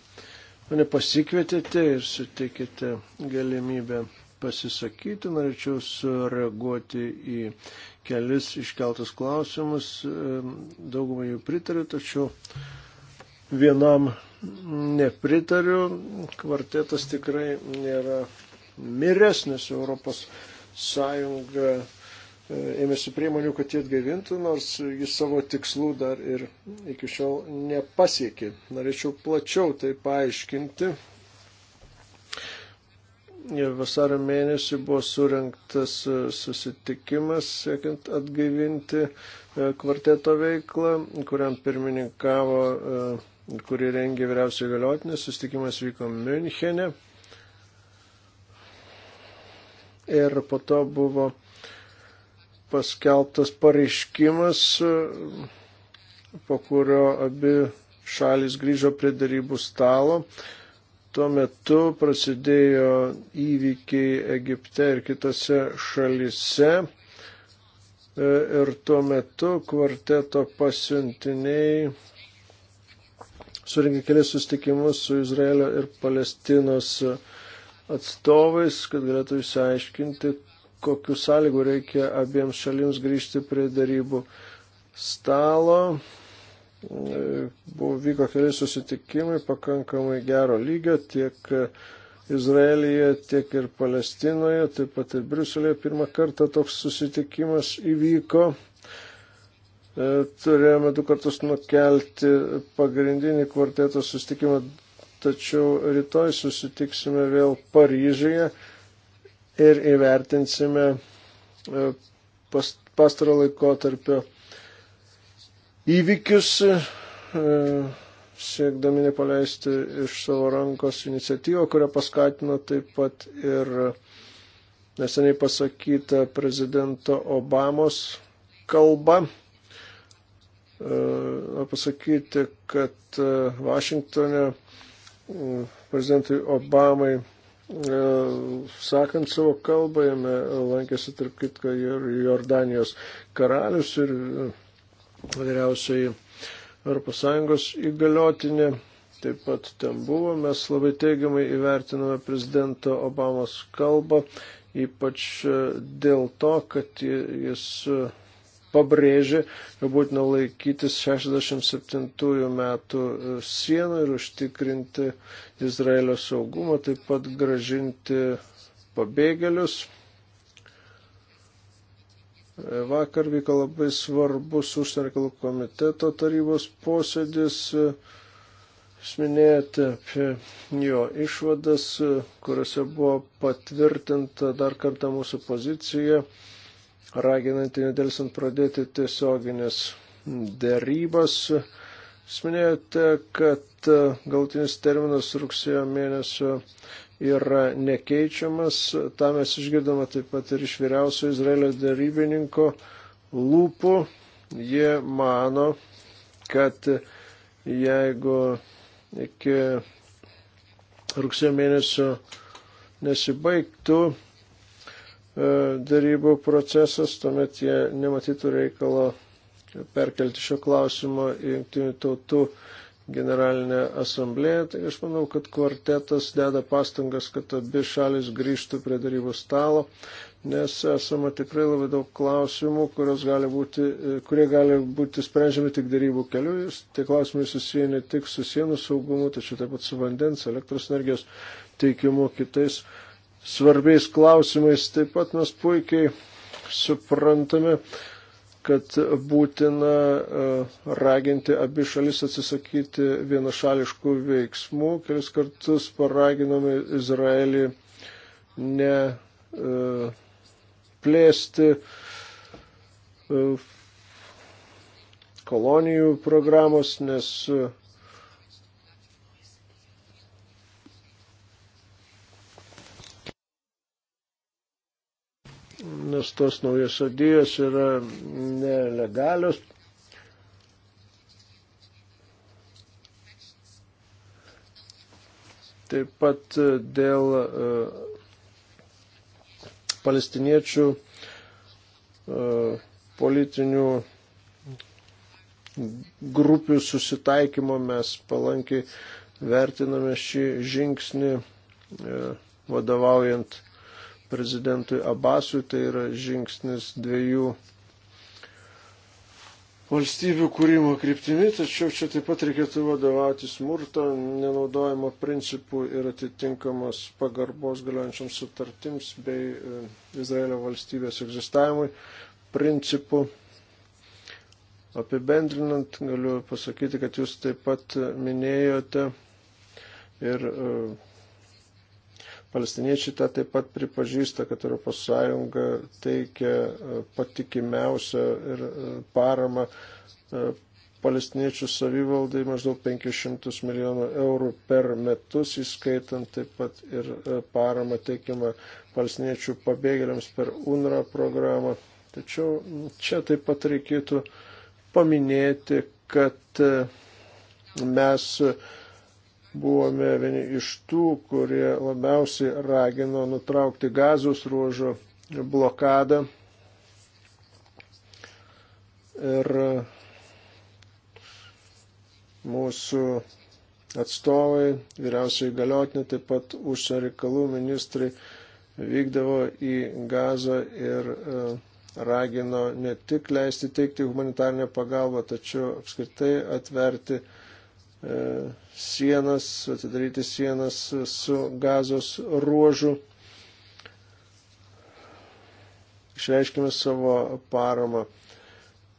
[SPEAKER 4] mane pasikvietėte ir sutikite galimybę pasisakyti. Norėčiau sureaguoti į kelis iškeltus klausimus. Daugumą jų pritariu, tačiau vienam nepritariu. Kvartetas tikrai nėra miresnis Europos Sąjunga E, ėmėsi priemonių, kad jie atgaivintų, nors jis savo tikslų dar ir iki šiol nepasiekė. Norėčiau plačiau tai paaiškinti. Vasario mėnesį buvo surinktas e, susitikimas, siekiant atgaivinti e, kvarteto veiklą, kuriam pirmininkavo ir kurį rengė vyriausiai galiotinė. Susitikimas vyko Münchene. Ir po to buvo paskelbtas pareiškimas, po kurio abi šalis grįžo prie darybų stalo. Tuo metu prasidėjo įvykiai Egipte ir kitose šalise. E, ir tuo metu kvarteto pasiuntiniai surinkė kelias sustikimus su Izraelio ir Palestinos atstovais, kad galėtų išsiaiškinti, kokiu sąlygu reikia abiems šalims grįžti prie darybų stalo. E, buvo vyko keli susitikimai pakankamai gero lygio tiek Izraelyje, tiek ir Palestinoje, taip pat ir Briuselėje pirmą kartą toks susitikimas įvyko. E, turėjome du kartus nukelti pagrindinį kvarteto susitikimą, tačiau rytoj susitiksime vėl Paryžyje ir įvertinsime e, pastaro laiko tarpio įvykius, e, siekdami nepaleisti iš savo rankos iniciatyvą, kurią paskatino taip pat ir neseniai pasakyta prezidento Obamos kalba. E, pasakyti, kad Vašingtone prezidentui Obamai E, sakant savo kalbą, jame lankėsi tarp kitko ir Jordanijos karalius ir e, vyriausiai ES įgaliotinė. Taip pat ten buvo, mes labai teigiamai įvertinome prezidento Obamos kalbą, ypač e, dėl to, kad jis pabrėžė, kad būtina laikytis 67 metų sienų ir užtikrinti Izraelio saugumą, taip pat gražinti pabėgėlius. Vakar vyko labai svarbus užsienio reikalų komiteto tarybos posėdis. Jūs minėjote apie jo išvadas, kuriuose buvo patvirtinta dar kartą mūsų pozicija raginantį nedėlsant pradėti tiesioginės dėrybas. Jūs minėjote, kad e, galtinis terminas rugsėjo mėnesio yra nekeičiamas. Ta mes išgirdome taip pat ir iš vyriausio Izraelio darybininko lūpų. Jie mano, kad jeigu iki rugsėjo mėnesio nesibaigtų E, darybų procesas, tuomet jie nematytų reikalo perkelti šio klausimo į jungtinių tautų generalinę asamblėją. Tai aš manau, kad kvartetas deda pastangas, kad abi šalis grįžtų prie darybų stalo, nes esama tikrai labai daug klausimų, gali būti, e, kurie gali būti sprendžiami tik darybų keliu. Tie klausimai susiję ne tik su sienų saugumu, tačiau taip pat su vandens, elektros energijos teikimu, kitais svarbiais klausimais. Taip pat mes puikiai suprantame, kad būtina e, raginti abi šalis atsisakyti vienašališkų veiksmų. Kelis kartus paraginome Izraelį ne e, plėsti e, kolonijų programos, nes nes tos naujos sodijos yra nelegalios. Taip pat e, dėl e, palestiniečių e, politinių grupių susitaikymo mes palankiai vertiname šį žingsnį vadovaujant prezidentui Abasui, tai yra žingsnis dviejų valstybių kūrimo kryptimi, tačiau čia taip pat reikėtų vadovauti smurto nenaudojimo principų ir atitinkamos pagarbos galiojančiams sutartims bei e, Izraelio valstybės egzistavimui principų. Apibendrinant, galiu pasakyti, kad jūs taip pat minėjote ir uh, Palestiniečiai tą taip pat pripažįsta, kad ES teikia e, patikimiausią ir e, paramą e, palestiniečių savivaldai maždaug 500 milijonų eurų per metus, įskaitant taip pat ir paramą teikiamą palestiniečių pabėgėliams per UNRA programą. Tačiau čia taip pat reikėtų paminėti, kad mes buvome vieni iš tų, kurie labiausiai ragino nutraukti gazos ruožo blokadą. Ir mūsų atstovai, vyriausiai galiotinė, taip pat užsienio reikalų ministrai vykdavo į gazą ir e, ragino ne tik leisti teikti humanitarnę pagalbą, tačiau apskritai atverti uh, E, sienas, atidaryti sienas su gazos ruožu. Išreiškime savo paramą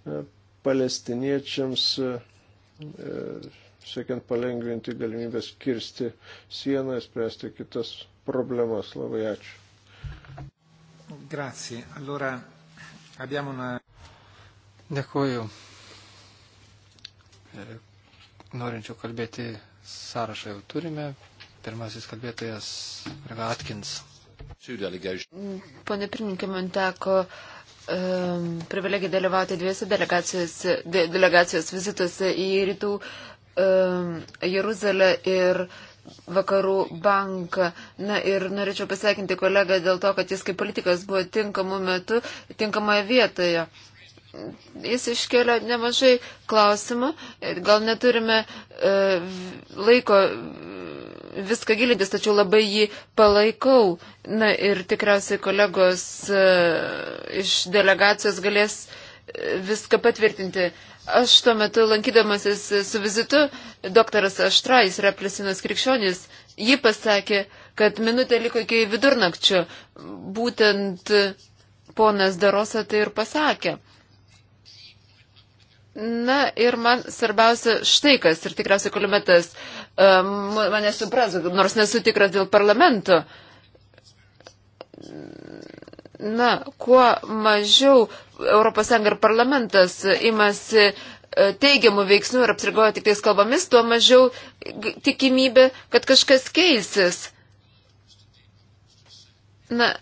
[SPEAKER 4] e, palestiniečiams e, siekiant palengvinti galimybės kirsti sieną ir spręsti kitas problemas. Labai ačiū.
[SPEAKER 1] Grazie. Allora, abbiamo una... Dėkuoju
[SPEAKER 2] norinčių kalbėti sąrašą jau turime. Pirmasis kalbėtojas yra Atkins.
[SPEAKER 3] Pone pirmininkė, man teko um, privilegija dalyvauti dviejose delegacijose, de, delegacijos vizituose į rytų um, Jeruzalę ir vakarų banką. Na ir norėčiau pasveikinti kolegą dėl to, kad jis kaip politikas buvo tinkamu metu, tinkamoje vietoje. Uh, jis iškelia nemažai klausimų, gal neturime e, laiko viską gilintis, tačiau labai jį palaikau. Na ir tikriausiai kolegos e, iš delegacijos galės e, viską patvirtinti. Aš tuo metu lankydamasis su vizitu, doktaras Aštra, jis yra plėsinas krikščionis, ji pasakė, kad minutė liko iki vidurnakčio. Būtent ponas Darosa tai ir pasakė. Na ir man svarbiausia štai kas, ir tikriausiai kolimetas e, mane supras, nors nesu tikras dėl parlamento. Na, kuo mažiau ES ir parlamentas imasi e, teigiamų veiksmų ir apsirigoja tik tais kalbomis, tuo mažiau tikimybė, kad kažkas keisis. Na,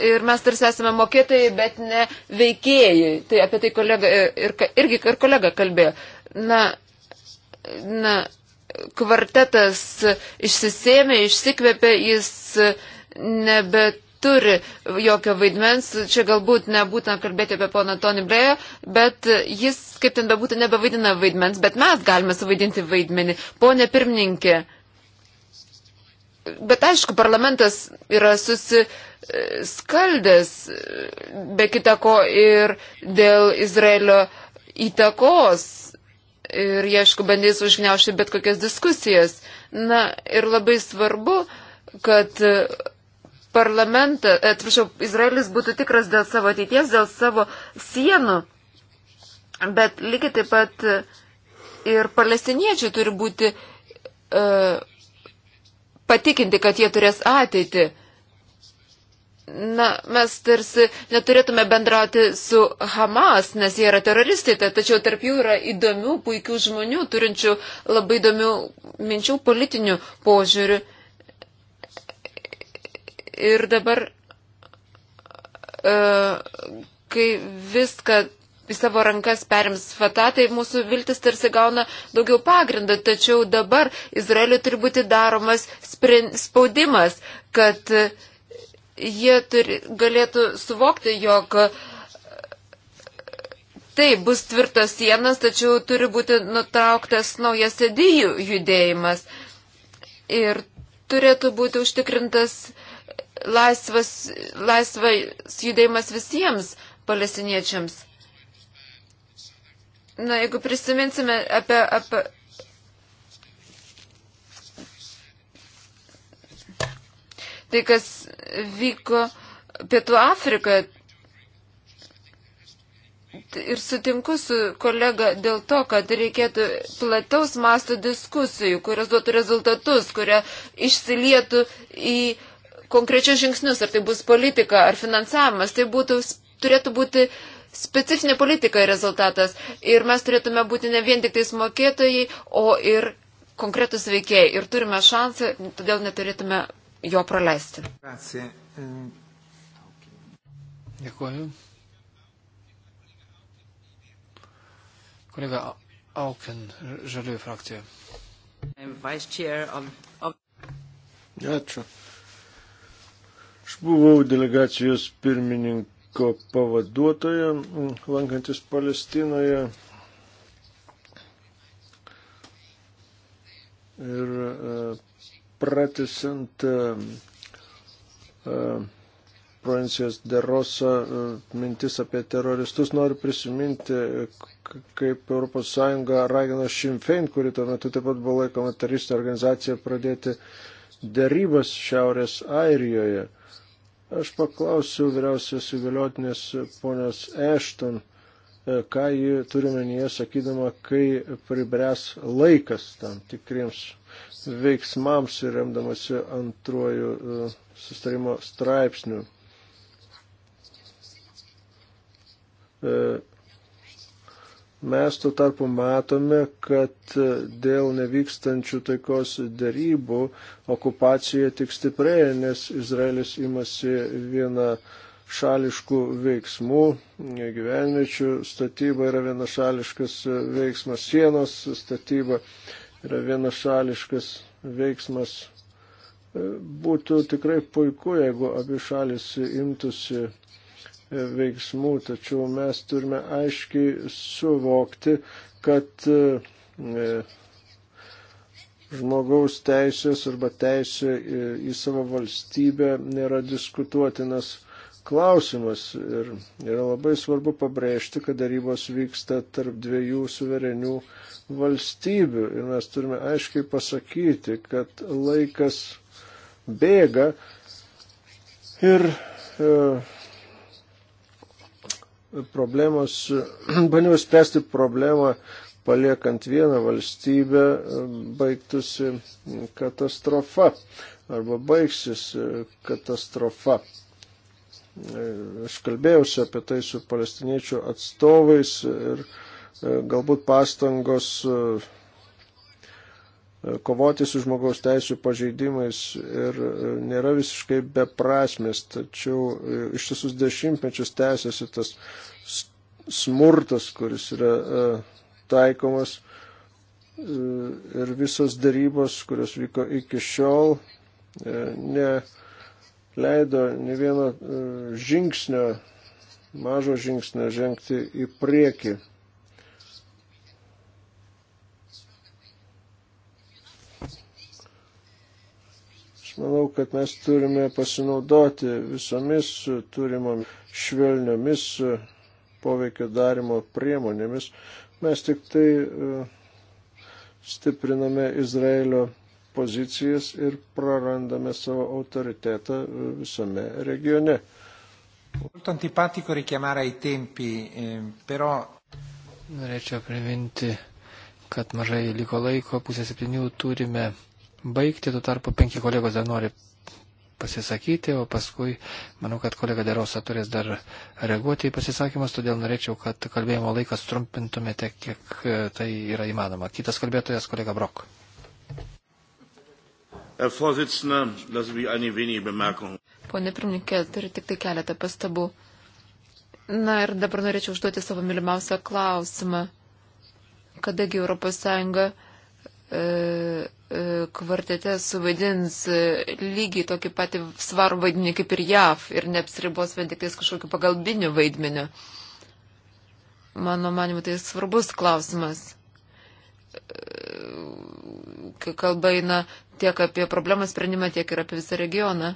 [SPEAKER 3] ir mes tarsi esame mokėtojai, bet ne veikėjai. Tai apie tai kolega e, ir, irgi ir kolega kalbėjo. Na, na, kvartetas išsisėmė, išsikvėpė, jis nebeturi jokio vaidmens. Čia galbūt nebūtina kalbėti apie poną Tony Blair, bet jis, kaip ten bebūtų, nebevaidina vaidmens, bet mes galime suvaidinti vaidmenį. Pone pirmininkė, uh, Bet aišku, parlamentas yra susiskaldęs, be kita ko, ir dėl Izraelio įtakos. Ir, aišku, bandys užgniaušti bet kokias diskusijas. Na, ir labai svarbu, kad parlamentas, e, atsiprašau, Izraelis būtų tikras dėl savo ateities, dėl savo sienų. Bet lygiai taip pat ir palestiniečiai turi būti. Uh, patikinti, kad jie turės ateitį. Na, mes tarsi neturėtume bendrauti su Hamas, nes jie yra teroristai, tai, tačiau tarp jų yra įdomių, puikių žmonių, turinčių labai įdomių minčių politinių požiūrių. Ir dabar, e, kai viską į savo rankas perims Fatah, tai mūsų viltis tarsi gauna daugiau pagrindą. Tačiau dabar Izraeliu turi būti daromas spaudimas, kad jie turi, galėtų suvokti, jog tai bus tvirtos sienas, tačiau turi būti nutrauktas naujas edijų judėjimas. Ir turėtų būti užtikrintas laisvas, laisvas judėjimas visiems palestiniečiams. Na, jeigu prisiminsime apie, apie, tai, kas vyko Pietų Afrikoje. Ir sutinku su kolega dėl to, kad reikėtų plataus masto diskusijų, kurios duotų rezultatus, kurie išsilietų į konkrečius žingsnius, ar tai bus politika, ar finansavimas. Tai būtų, turėtų būti uh, specifinė politika rezultatas ir mes turėtume būti ne vien tik tais mokėtojai, o ir konkretus veikėjai. Ir turime šansą, todėl neturėtume jo praleisti. Eh, Dėkuoju.
[SPEAKER 2] Kolega Auken, Žaliųjų frakcija.
[SPEAKER 4] Ačiū. Aš buvau delegacijos pirmininkas ko pavaduotoja, lankantis Palestinoje. Ir e, pratesant e, e, provincijos derosa mintis apie teroristus, noriu prisiminti, kaip ES ragino Šimfein, kuri tuo metu taip pat buvo laikoma teroristė organizacija, pradėti darybas Šiaurės Airijoje. Aš paklausiu vyriausios įgaliotinės ponios Ešton, e, ką ji turi menyje, sakydama, kai pribręs laikas tam tikriems veiksmams ir remdamasi antruoju e, sustarimo straipsniu. E, Mes tuo tarpu matome, kad dėl nevykstančių taikos darybų okupacija tik stiprėja, nes Izraelis imasi vieną šališkų veiksmų, gyvenviečių statyba yra vienašališkas veiksmas, sienos statyba yra vienašališkas veiksmas. Būtų tikrai puiku, jeigu abi šalis imtųsi veiksmų, tačiau mes turime aiškiai suvokti, kad e, e, žmogaus teisės arba teisė e, į savo valstybę nėra diskutuotinas klausimas. Ir yra labai svarbu pabrėžti, kad darybos vyksta tarp dviejų suverenių valstybių. Ir mes turime aiškiai pasakyti, kad laikas bėga ir e, problemos, (clears throat) bandymas spręsti problemą, paliekant vieną valstybę, e, baigtųsi katastrofa arba baigsis e, katastrofa. E, aš kalbėjausi apie tai su palestiniečių atstovais ir galbūt pastangos kovoti su žmogaus teisų pažeidimais ir e, nėra visiškai beprasmės, tačiau e, iš visus dešimtmečius tęsiasi tas smurtas, kuris yra e, taikomas ir visos darybos, kurios vyko iki šiol, neleido ne vieno žingsnio, mažo žingsnio žengti į priekį. Aš manau, kad mes turime pasinaudoti visomis turimomis švelniomis poveikio darimo priemonėmis. Mes tik tai e, stipriname Izraelio pozicijas ir prarandame savo autoritetą e, visame regione.
[SPEAKER 1] Molto antipatico richiamare ai tempi, e, però. Norėčiau priminti, kad
[SPEAKER 2] mažai liko laiko, pusę septynių turime baigti, tuo tarpu penki kolegos dar nori pasisakyti, o paskui manau, kad kolega Derosa turės dar reaguoti į pasisakymus, todėl norėčiau, kad kalbėjimo laikas trumpintumėte, kiek e, tai yra įmanoma. Kitas kalbėtojas, kolega Brok.
[SPEAKER 3] Pone pirmininkė, turiu tik tai keletą pastabų. Na ir dabar norėčiau užduoti savo mylimiausią klausimą. Kadagi Europos Sąjunga E, e, kvartete suvaidins e, lygiai tokį patį svarų vaidmenį kaip ir JAV ir neapsiribos vien tik tais kažkokiu pagalbiniu vaidmeniu. Mano manimu, tai svarbus klausimas. Kai kalba eina tiek apie problemų sprendimą, tiek ir apie visą regioną.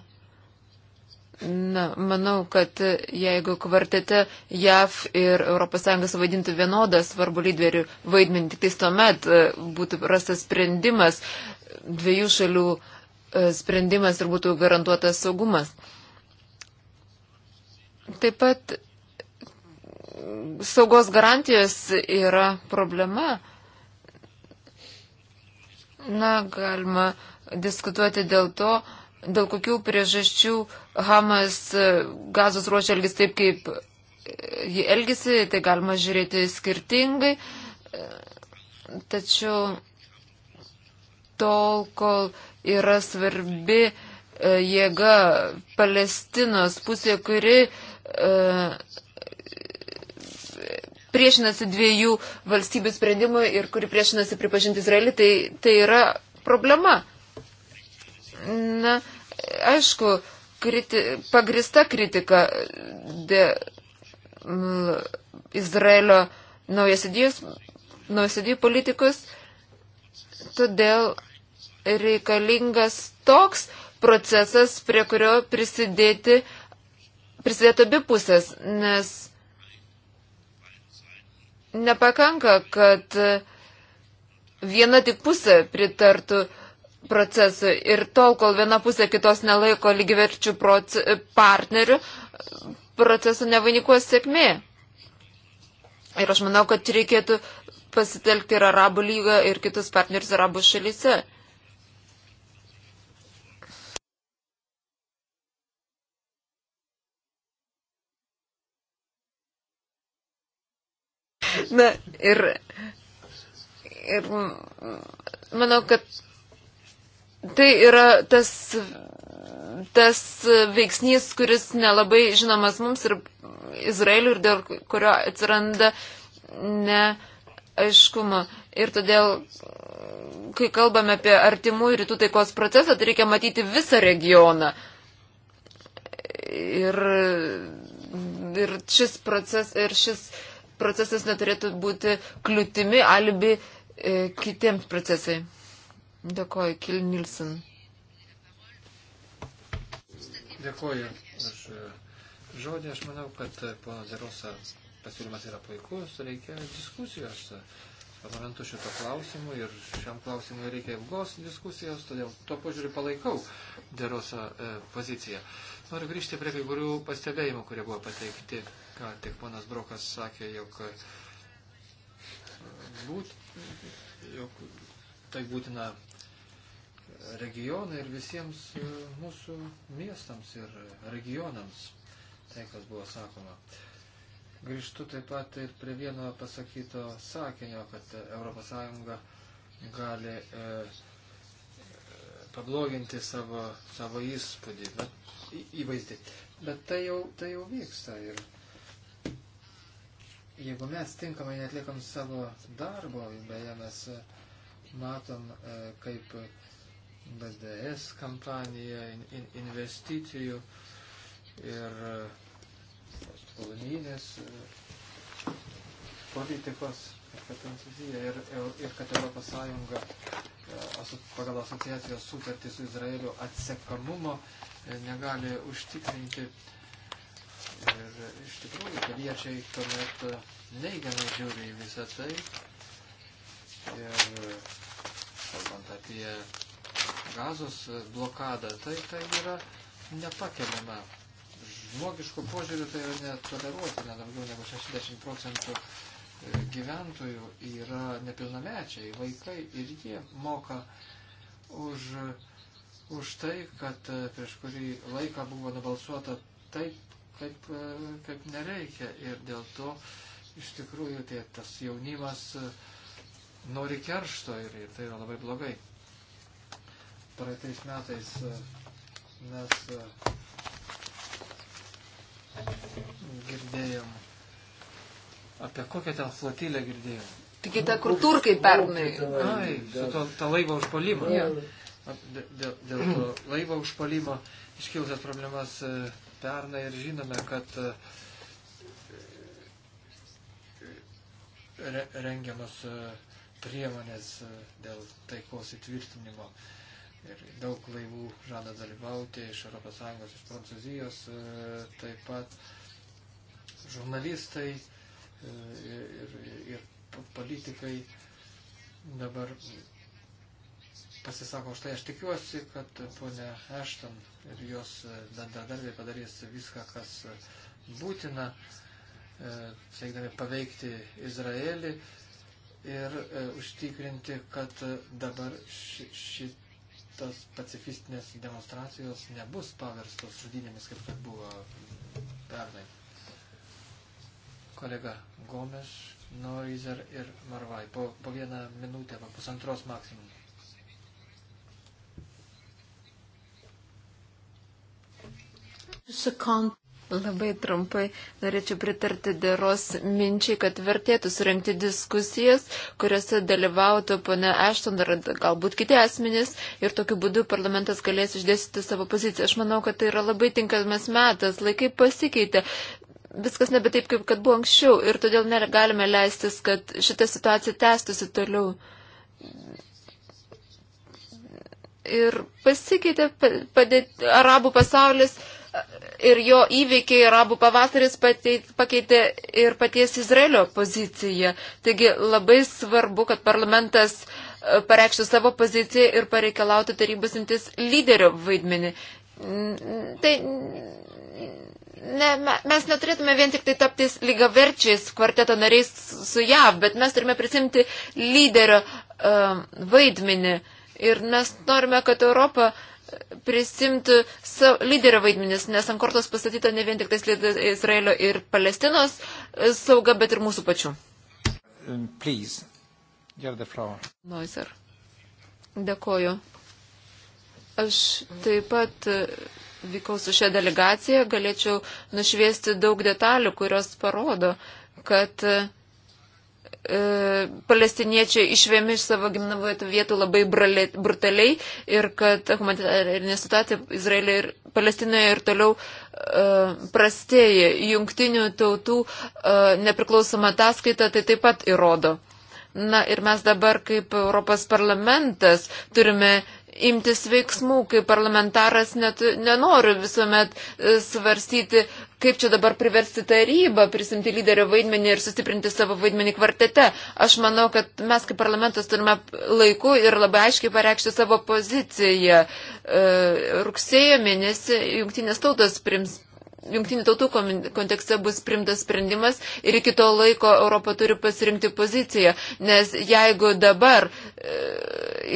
[SPEAKER 3] Na, manau, kad jeigu kvartete JAV ir ES vaidintų vienodą svarbų lyderių vaidmenį, tik tais tuomet e, būtų rastas sprendimas, dviejų šalių e, sprendimas ir būtų garantuotas saugumas. Taip pat saugos garantijos yra problema. Na, galima diskutuoti dėl to, dėl kokių priežasčių Hamas e, gazos ruošia elgis taip, kaip e, jį elgisi, tai galima žiūrėti skirtingai. E, tačiau tol, kol yra svarbi jėga Palestinos pusė, kuri priešinasi dviejų valstybių sprendimui ir kuri priešinasi pripažinti Izraelį, tai, tai yra problema. Na, aišku, kriti, pagrista kritika de, m, Izraelio naujasidijų politikus, todėl reikalingas toks procesas, prie kurio prisidėti, prisidėtų abi pusės, nes nepakanka, kad viena tik pusė pritartų uh, procesų. Ir tol, kol viena pusė kitos nelaiko lygiverčių partnerių, procesų nevainikuos sėkmė. Ir aš manau, kad reikėtų pasitelkti ir Arabų lygą, ir kitus partnerius Arabų šalyse. Na, ir, ir manau, kad tai yra tas, tas veiksnys, kuris nelabai žinomas mums ir Izraeliui ir dėl kurio atsiranda neaiškumo. Ir todėl, kai kalbame apie artimų rytų taikos procesą, tai reikia matyti visą regioną. Ir, ir šis procesas, ir šis procesas neturėtų būti kliūtimi, alibi e, kitiems procesai. Dėkoju, Kil Nilsen.
[SPEAKER 2] Dėkoju už eh, žodį. Aš manau, kad eh, pono Zerosa pasiūlymas yra puikus. Reikia diskusijos eh, parlamentu šito klausimu ir šiam klausimui reikia ilgos diskusijos, todėl tuo požiūriu palaikau Derosa e, poziciją. Noriu grįžti prie kai kurių pastebėjimų, kurie buvo pateikti, ką tik ponas Brokas sakė, jog, būt, jog tai būtina regionai ir visiems e, mūsų miestams ir regionams, tai kas buvo sakoma. Grįžtu taip pat ir prie vieno pasakyto sakinio, kad ES gali e, pabloginti savo, savo įspūdį, bet, į, įvaizdį. Bet tai jau, tai jau vyksta ir jeigu mes tinkamai netliekam savo darbo, beje, mes e, matom, e, kaip BDS kampaniją, in, investicijų ir uh, kolonijinės uh, politikos, kad Prancūzija ir, ir kad Europos Sąjunga uh, pagal asociacijos sutartį su Izraeliu atsekamumo negali užtikrinti. Ir iš tikrųjų piliečiai tuomet neigiamai žiūri į visą tai. Ir kalbant apie gazos e, blokadą, tai tai yra nepakeliama. Žmogiškų požiūrių tai yra netoleruotina, daugiau negu 60 procentų e, gyventojų yra nepilnamečiai, vaikai ir jie moka už, už tai, kad e, prieš kurį laiką buvo nubalsuota taip, kaip, kaip nereikia. Ir dėl to iš tikrųjų tai, tas jaunimas nori keršto ir, ir tai yra labai blogai. Praeitais metais e, mes e, girdėjom. Apie kokią ten flotilę girdėjom?
[SPEAKER 3] Tik tą, kur turkai pernai. Ai, su to, tą laivą užpalimą. Ja.
[SPEAKER 2] Dėl, dėl to laivo užpalimo iškilusias problemas e, pernai ir žinome, kad re, rengiamas priemonės dėl taikos įtvirtinimo. Uh, ir daug laivų žada dalyvauti iš ES, iš Prancūzijos, e, taip pat žurnalistai ir, e, ir, ir politikai dabar pasisako už tai. Aš tikiuosi, kad ponia Ashton ir jos bendradarbiai padarys viską, kas būtina, e, siekdami paveikti Izraelį ir užtikrinti, kad dabar ši, šit tas pacifistinės demonstracijos nebus paverstos žudynėmis, kaip kad buvo pernai. Kolega Gomes, Noizer ir Marvai. Po, po vieną minutę, po pusantros maksimum.
[SPEAKER 3] Second. Labai trumpai norėčiau pritarti dėros minčiai, kad vertėtų surinkti diskusijas, kuriuose dalyvautų pone Ešton ar galbūt kiti asmenys ir tokiu būdu parlamentas galės išdėstyti savo poziciją. Aš manau, kad tai yra labai tinkamas metas, laikai pasikeitė. Viskas nebe taip, kaip kad buvo anksčiau ir todėl negalime leistis, kad šita situacija tęstusi toliau. Ir pasikeitė padėti arabų pasaulis ir jo įveikiai arabų pavasaris pakeitė ir paties Izraelio poziciją. Taigi labai svarbu, kad parlamentas e, pareikštų savo poziciją ir pareikalautų tarybos imtis lyderio vaidmenį. Tai ne, mes neturėtume vien tik tai tapti lygaverčiais kvarteto nariais su JAV, bet mes turime prisimti lyderio uh, vaidmenį. Ir mes norime, kad Europa uh, prisimti lyderio vaidmenis, nes ant kortos pastatyta ne vien tik tais Izraelio ir Palestinos e, sauga, bet ir mūsų pačių.
[SPEAKER 1] Um, please,
[SPEAKER 3] Noiser. Dėkoju. Aš taip pat e, vykau su šia delegacija, galėčiau nušviesti daug detalių, kurios parodo, kad e, E, palestiniečiai išvėmi iš savo gimnavojų vietų labai brutaliai ir kad humanitarinė situacija Izraelė ir Palestinoje ir toliau uh, prastėja. Jungtinių tautų uh, nepriklausoma ataskaita tai taip pat įrodo. Na ir mes dabar kaip Europos parlamentas turime imtis veiksmų, kai parlamentaras net, nenori visuomet e, svarstyti, kaip čia dabar priversti tarybą prisimti lyderio vaidmenį ir sustiprinti savo vaidmenį kvartete. Aš manau, kad mes kaip parlamentas turime laiku ir labai aiškiai pareikšti savo poziciją. E, rugsėjo mėnesį jungtinės tautos prims jungtinių tautų kontekste bus primtas sprendimas ir iki to laiko Europa turi pasirinkti poziciją, nes jeigu dabar e,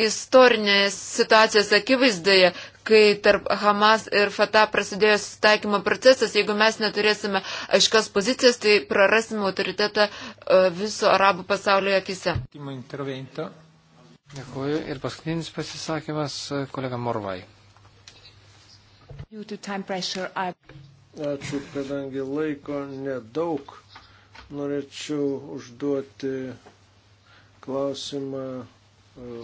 [SPEAKER 3] istorinės situacijos akivaizdoje, kai tarp Hamas ir Fatah prasidėjo susitaikymo procesas, jeigu mes neturėsime aiškas pozicijas, tai prarasime autoritetą e, viso arabų pasaulio akise.
[SPEAKER 2] Dėkuoju. Ir paskutinis pasisakymas e, kolega Morvai.
[SPEAKER 4] Ačiū, kadangi laiko nedaug, norėčiau užduoti klausimą e,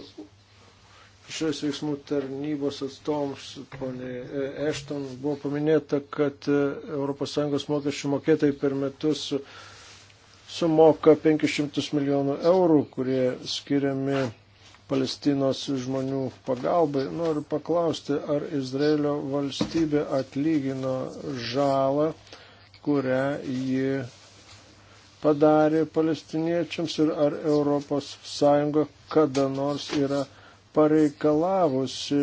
[SPEAKER 4] šios veiksmų tarnybos atstovams, ponė e, Ešton, buvo paminėta, kad e, ES mokesčių mokėtai per metus sumoka 500 milijonų eurų, kurie skiriami Palestinos žmonių pagalbai. Noriu paklausti, ar Izraelio valstybė atlygino žalą, kurią ji padarė palestiniečiams ir ar ES kada nors yra pareikalavusi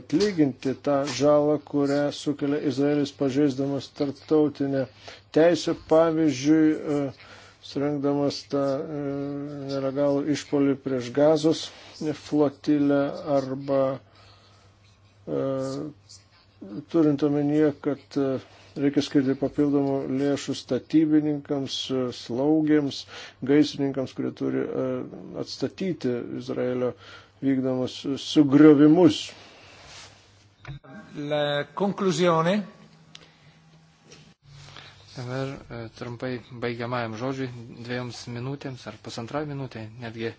[SPEAKER 4] atlyginti tą žalą, kurią sukelia Izraelis pažeisdamas tarptautinę teisę. Pavyzdžiui, surengdamas tą e, nelegalų išpolį prieš gazos flotilę arba e, turint omenyje, kad e, reikia skirti papildomų lėšų statybininkams, slaugėms, gaisininkams, kurie turi atstatyti Izraelio vykdomus sugriovimus.
[SPEAKER 1] La conclusione.
[SPEAKER 4] Dabar e, trumpai
[SPEAKER 2] baigiamajam žodžiui, dviejoms minutėms ar pusantrai minutė, netgi e,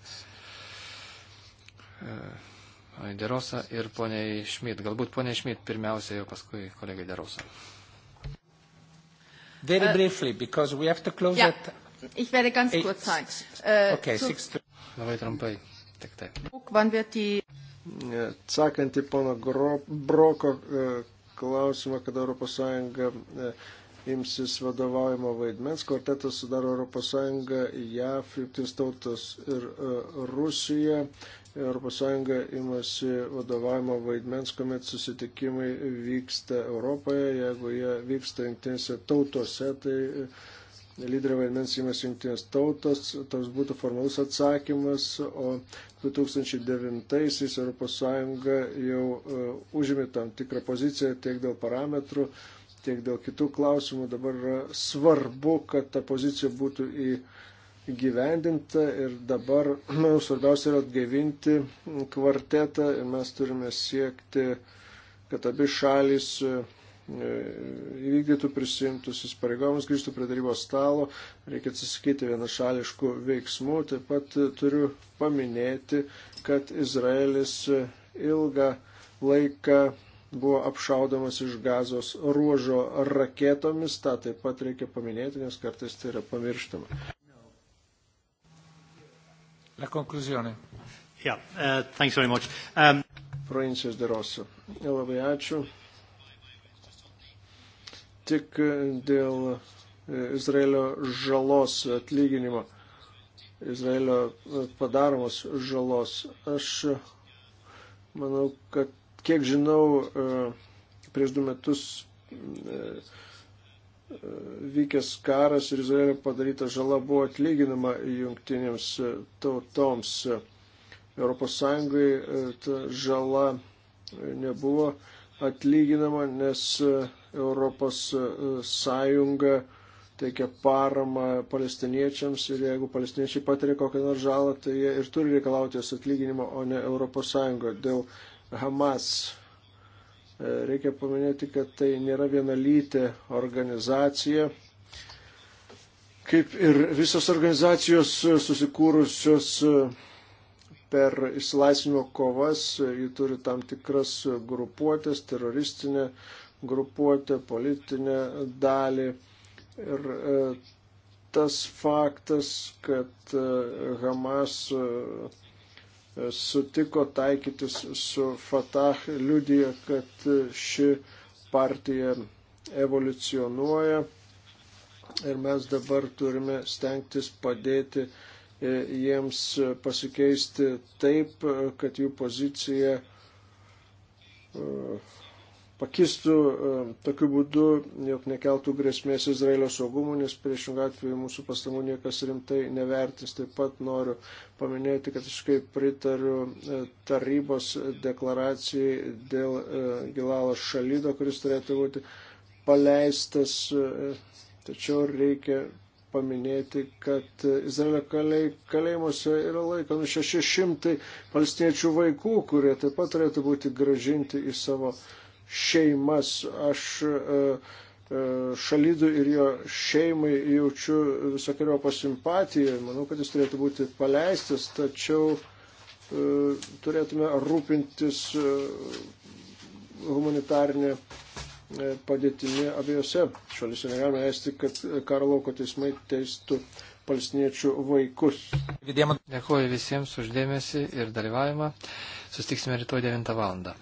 [SPEAKER 2] Derosa ir poniai Šmit. Galbūt poniai Šmit pirmiausia, o paskui kolegai Derosa.
[SPEAKER 1] Very uh, briefly,
[SPEAKER 2] because we have to
[SPEAKER 1] close yeah. at... Ich werde ganz eight, kurz sein. Uh, okay, zu... six
[SPEAKER 4] to... Labai trumpai, tik tai. Atsakant į pono Broko e, klausimą, kad ES imsis vadovaujamo vaidmens. Kvartetas sudaro ES, JAF, Junktinės tautos ir e, Rusija. ES imasi vadovaujamo vaidmens, kuomet susitikimai vyksta Europoje. Jeigu jie vyksta Junktinėse tautose, tai e, lyderio vaidmens imasi Junktinės tautos. Toks būtų formalus atsakymas. O 2009-aisiais ES jau e, užėmė tam tikrą poziciją tiek dėl parametrų tiek dėl kitų klausimų dabar yra svarbu, kad ta pozicija būtų įgyvendinta ir dabar manau, svarbiausia yra atgaivinti kvartetą ir mes turime siekti, kad abi šalis e, įvykdytų prisimtus įsipareigojimus, grįžtų prie darybos stalo, reikia atsisakyti vienašališkų veiksmų. Taip pat turiu paminėti, kad Izraelis ilgą laiką buvo apšaudomas iš gazos ruožo raketomis, tą taip pat reikia paminėti, nes kartais tai yra pamirštama. La conclusione. Yeah, uh, thanks very much. Um... Provincijos derosiu. Labai ačiū. Tik uh, dėl uh, Izraelio žalos atlyginimo, Izraelio uh, padaromos žalos. Aš manau, kad Kiek žinau, e, prieš du metus e, e, vykęs karas ir Izraelio padaryta žala buvo atlyginama jungtinėms tautoms. ES ta žala nebuvo atlyginama, nes ES teikia paramą palestiniečiams ir jeigu palestiniečiai patiria kokią nors žalą, tai jie ir turi reikalauti jos atlyginimo, o ne ES. Dėl Hamas. E, reikia paminėti, kad tai nėra vienalytė organizacija. Kaip ir visos organizacijos susikūrusios per išsilaisvinimo kovas, ji turi tam tikras grupuotės, teroristinę grupuotę, politinę dalį. Ir e, tas faktas, kad e, Hamas sutiko taikytis su Fatah, liudija, kad ši partija evoliucionuoja ir mes dabar turime stengtis padėti e, jiems pasikeisti taip, kad jų pozicija e, pakistų e, tokiu būdu, jog nekeltų grėsmės Izraelio saugumų, nes priešingą atveju mūsų pastangų niekas rimtai nevertis. Taip pat noriu paminėti, kad iškai pritariu e, tarybos deklaracijai dėl e, Gilalo Šalydo, kuris turėtų būti paleistas. Tačiau reikia paminėti, kad Izraelio kalėj, kalėjimuose yra laikomi 600 palestiniečių vaikų, kurie taip pat turėtų būti gražinti į savo šeimas. Aš e, e, šalydų ir jo šeimai jaučiu visokiojo pasimpatiją. Manau, kad jis turėtų būti paleistas, tačiau e, turėtume rūpintis humanitarinė padėtimi abiejose šalise. Negalime leisti, kad karo lauko teismai teistų palestiniečių vaikus.
[SPEAKER 2] Dėkuoju visiems uždėmesi ir dalyvavimą. Sustiksime rytoj 9 valandą.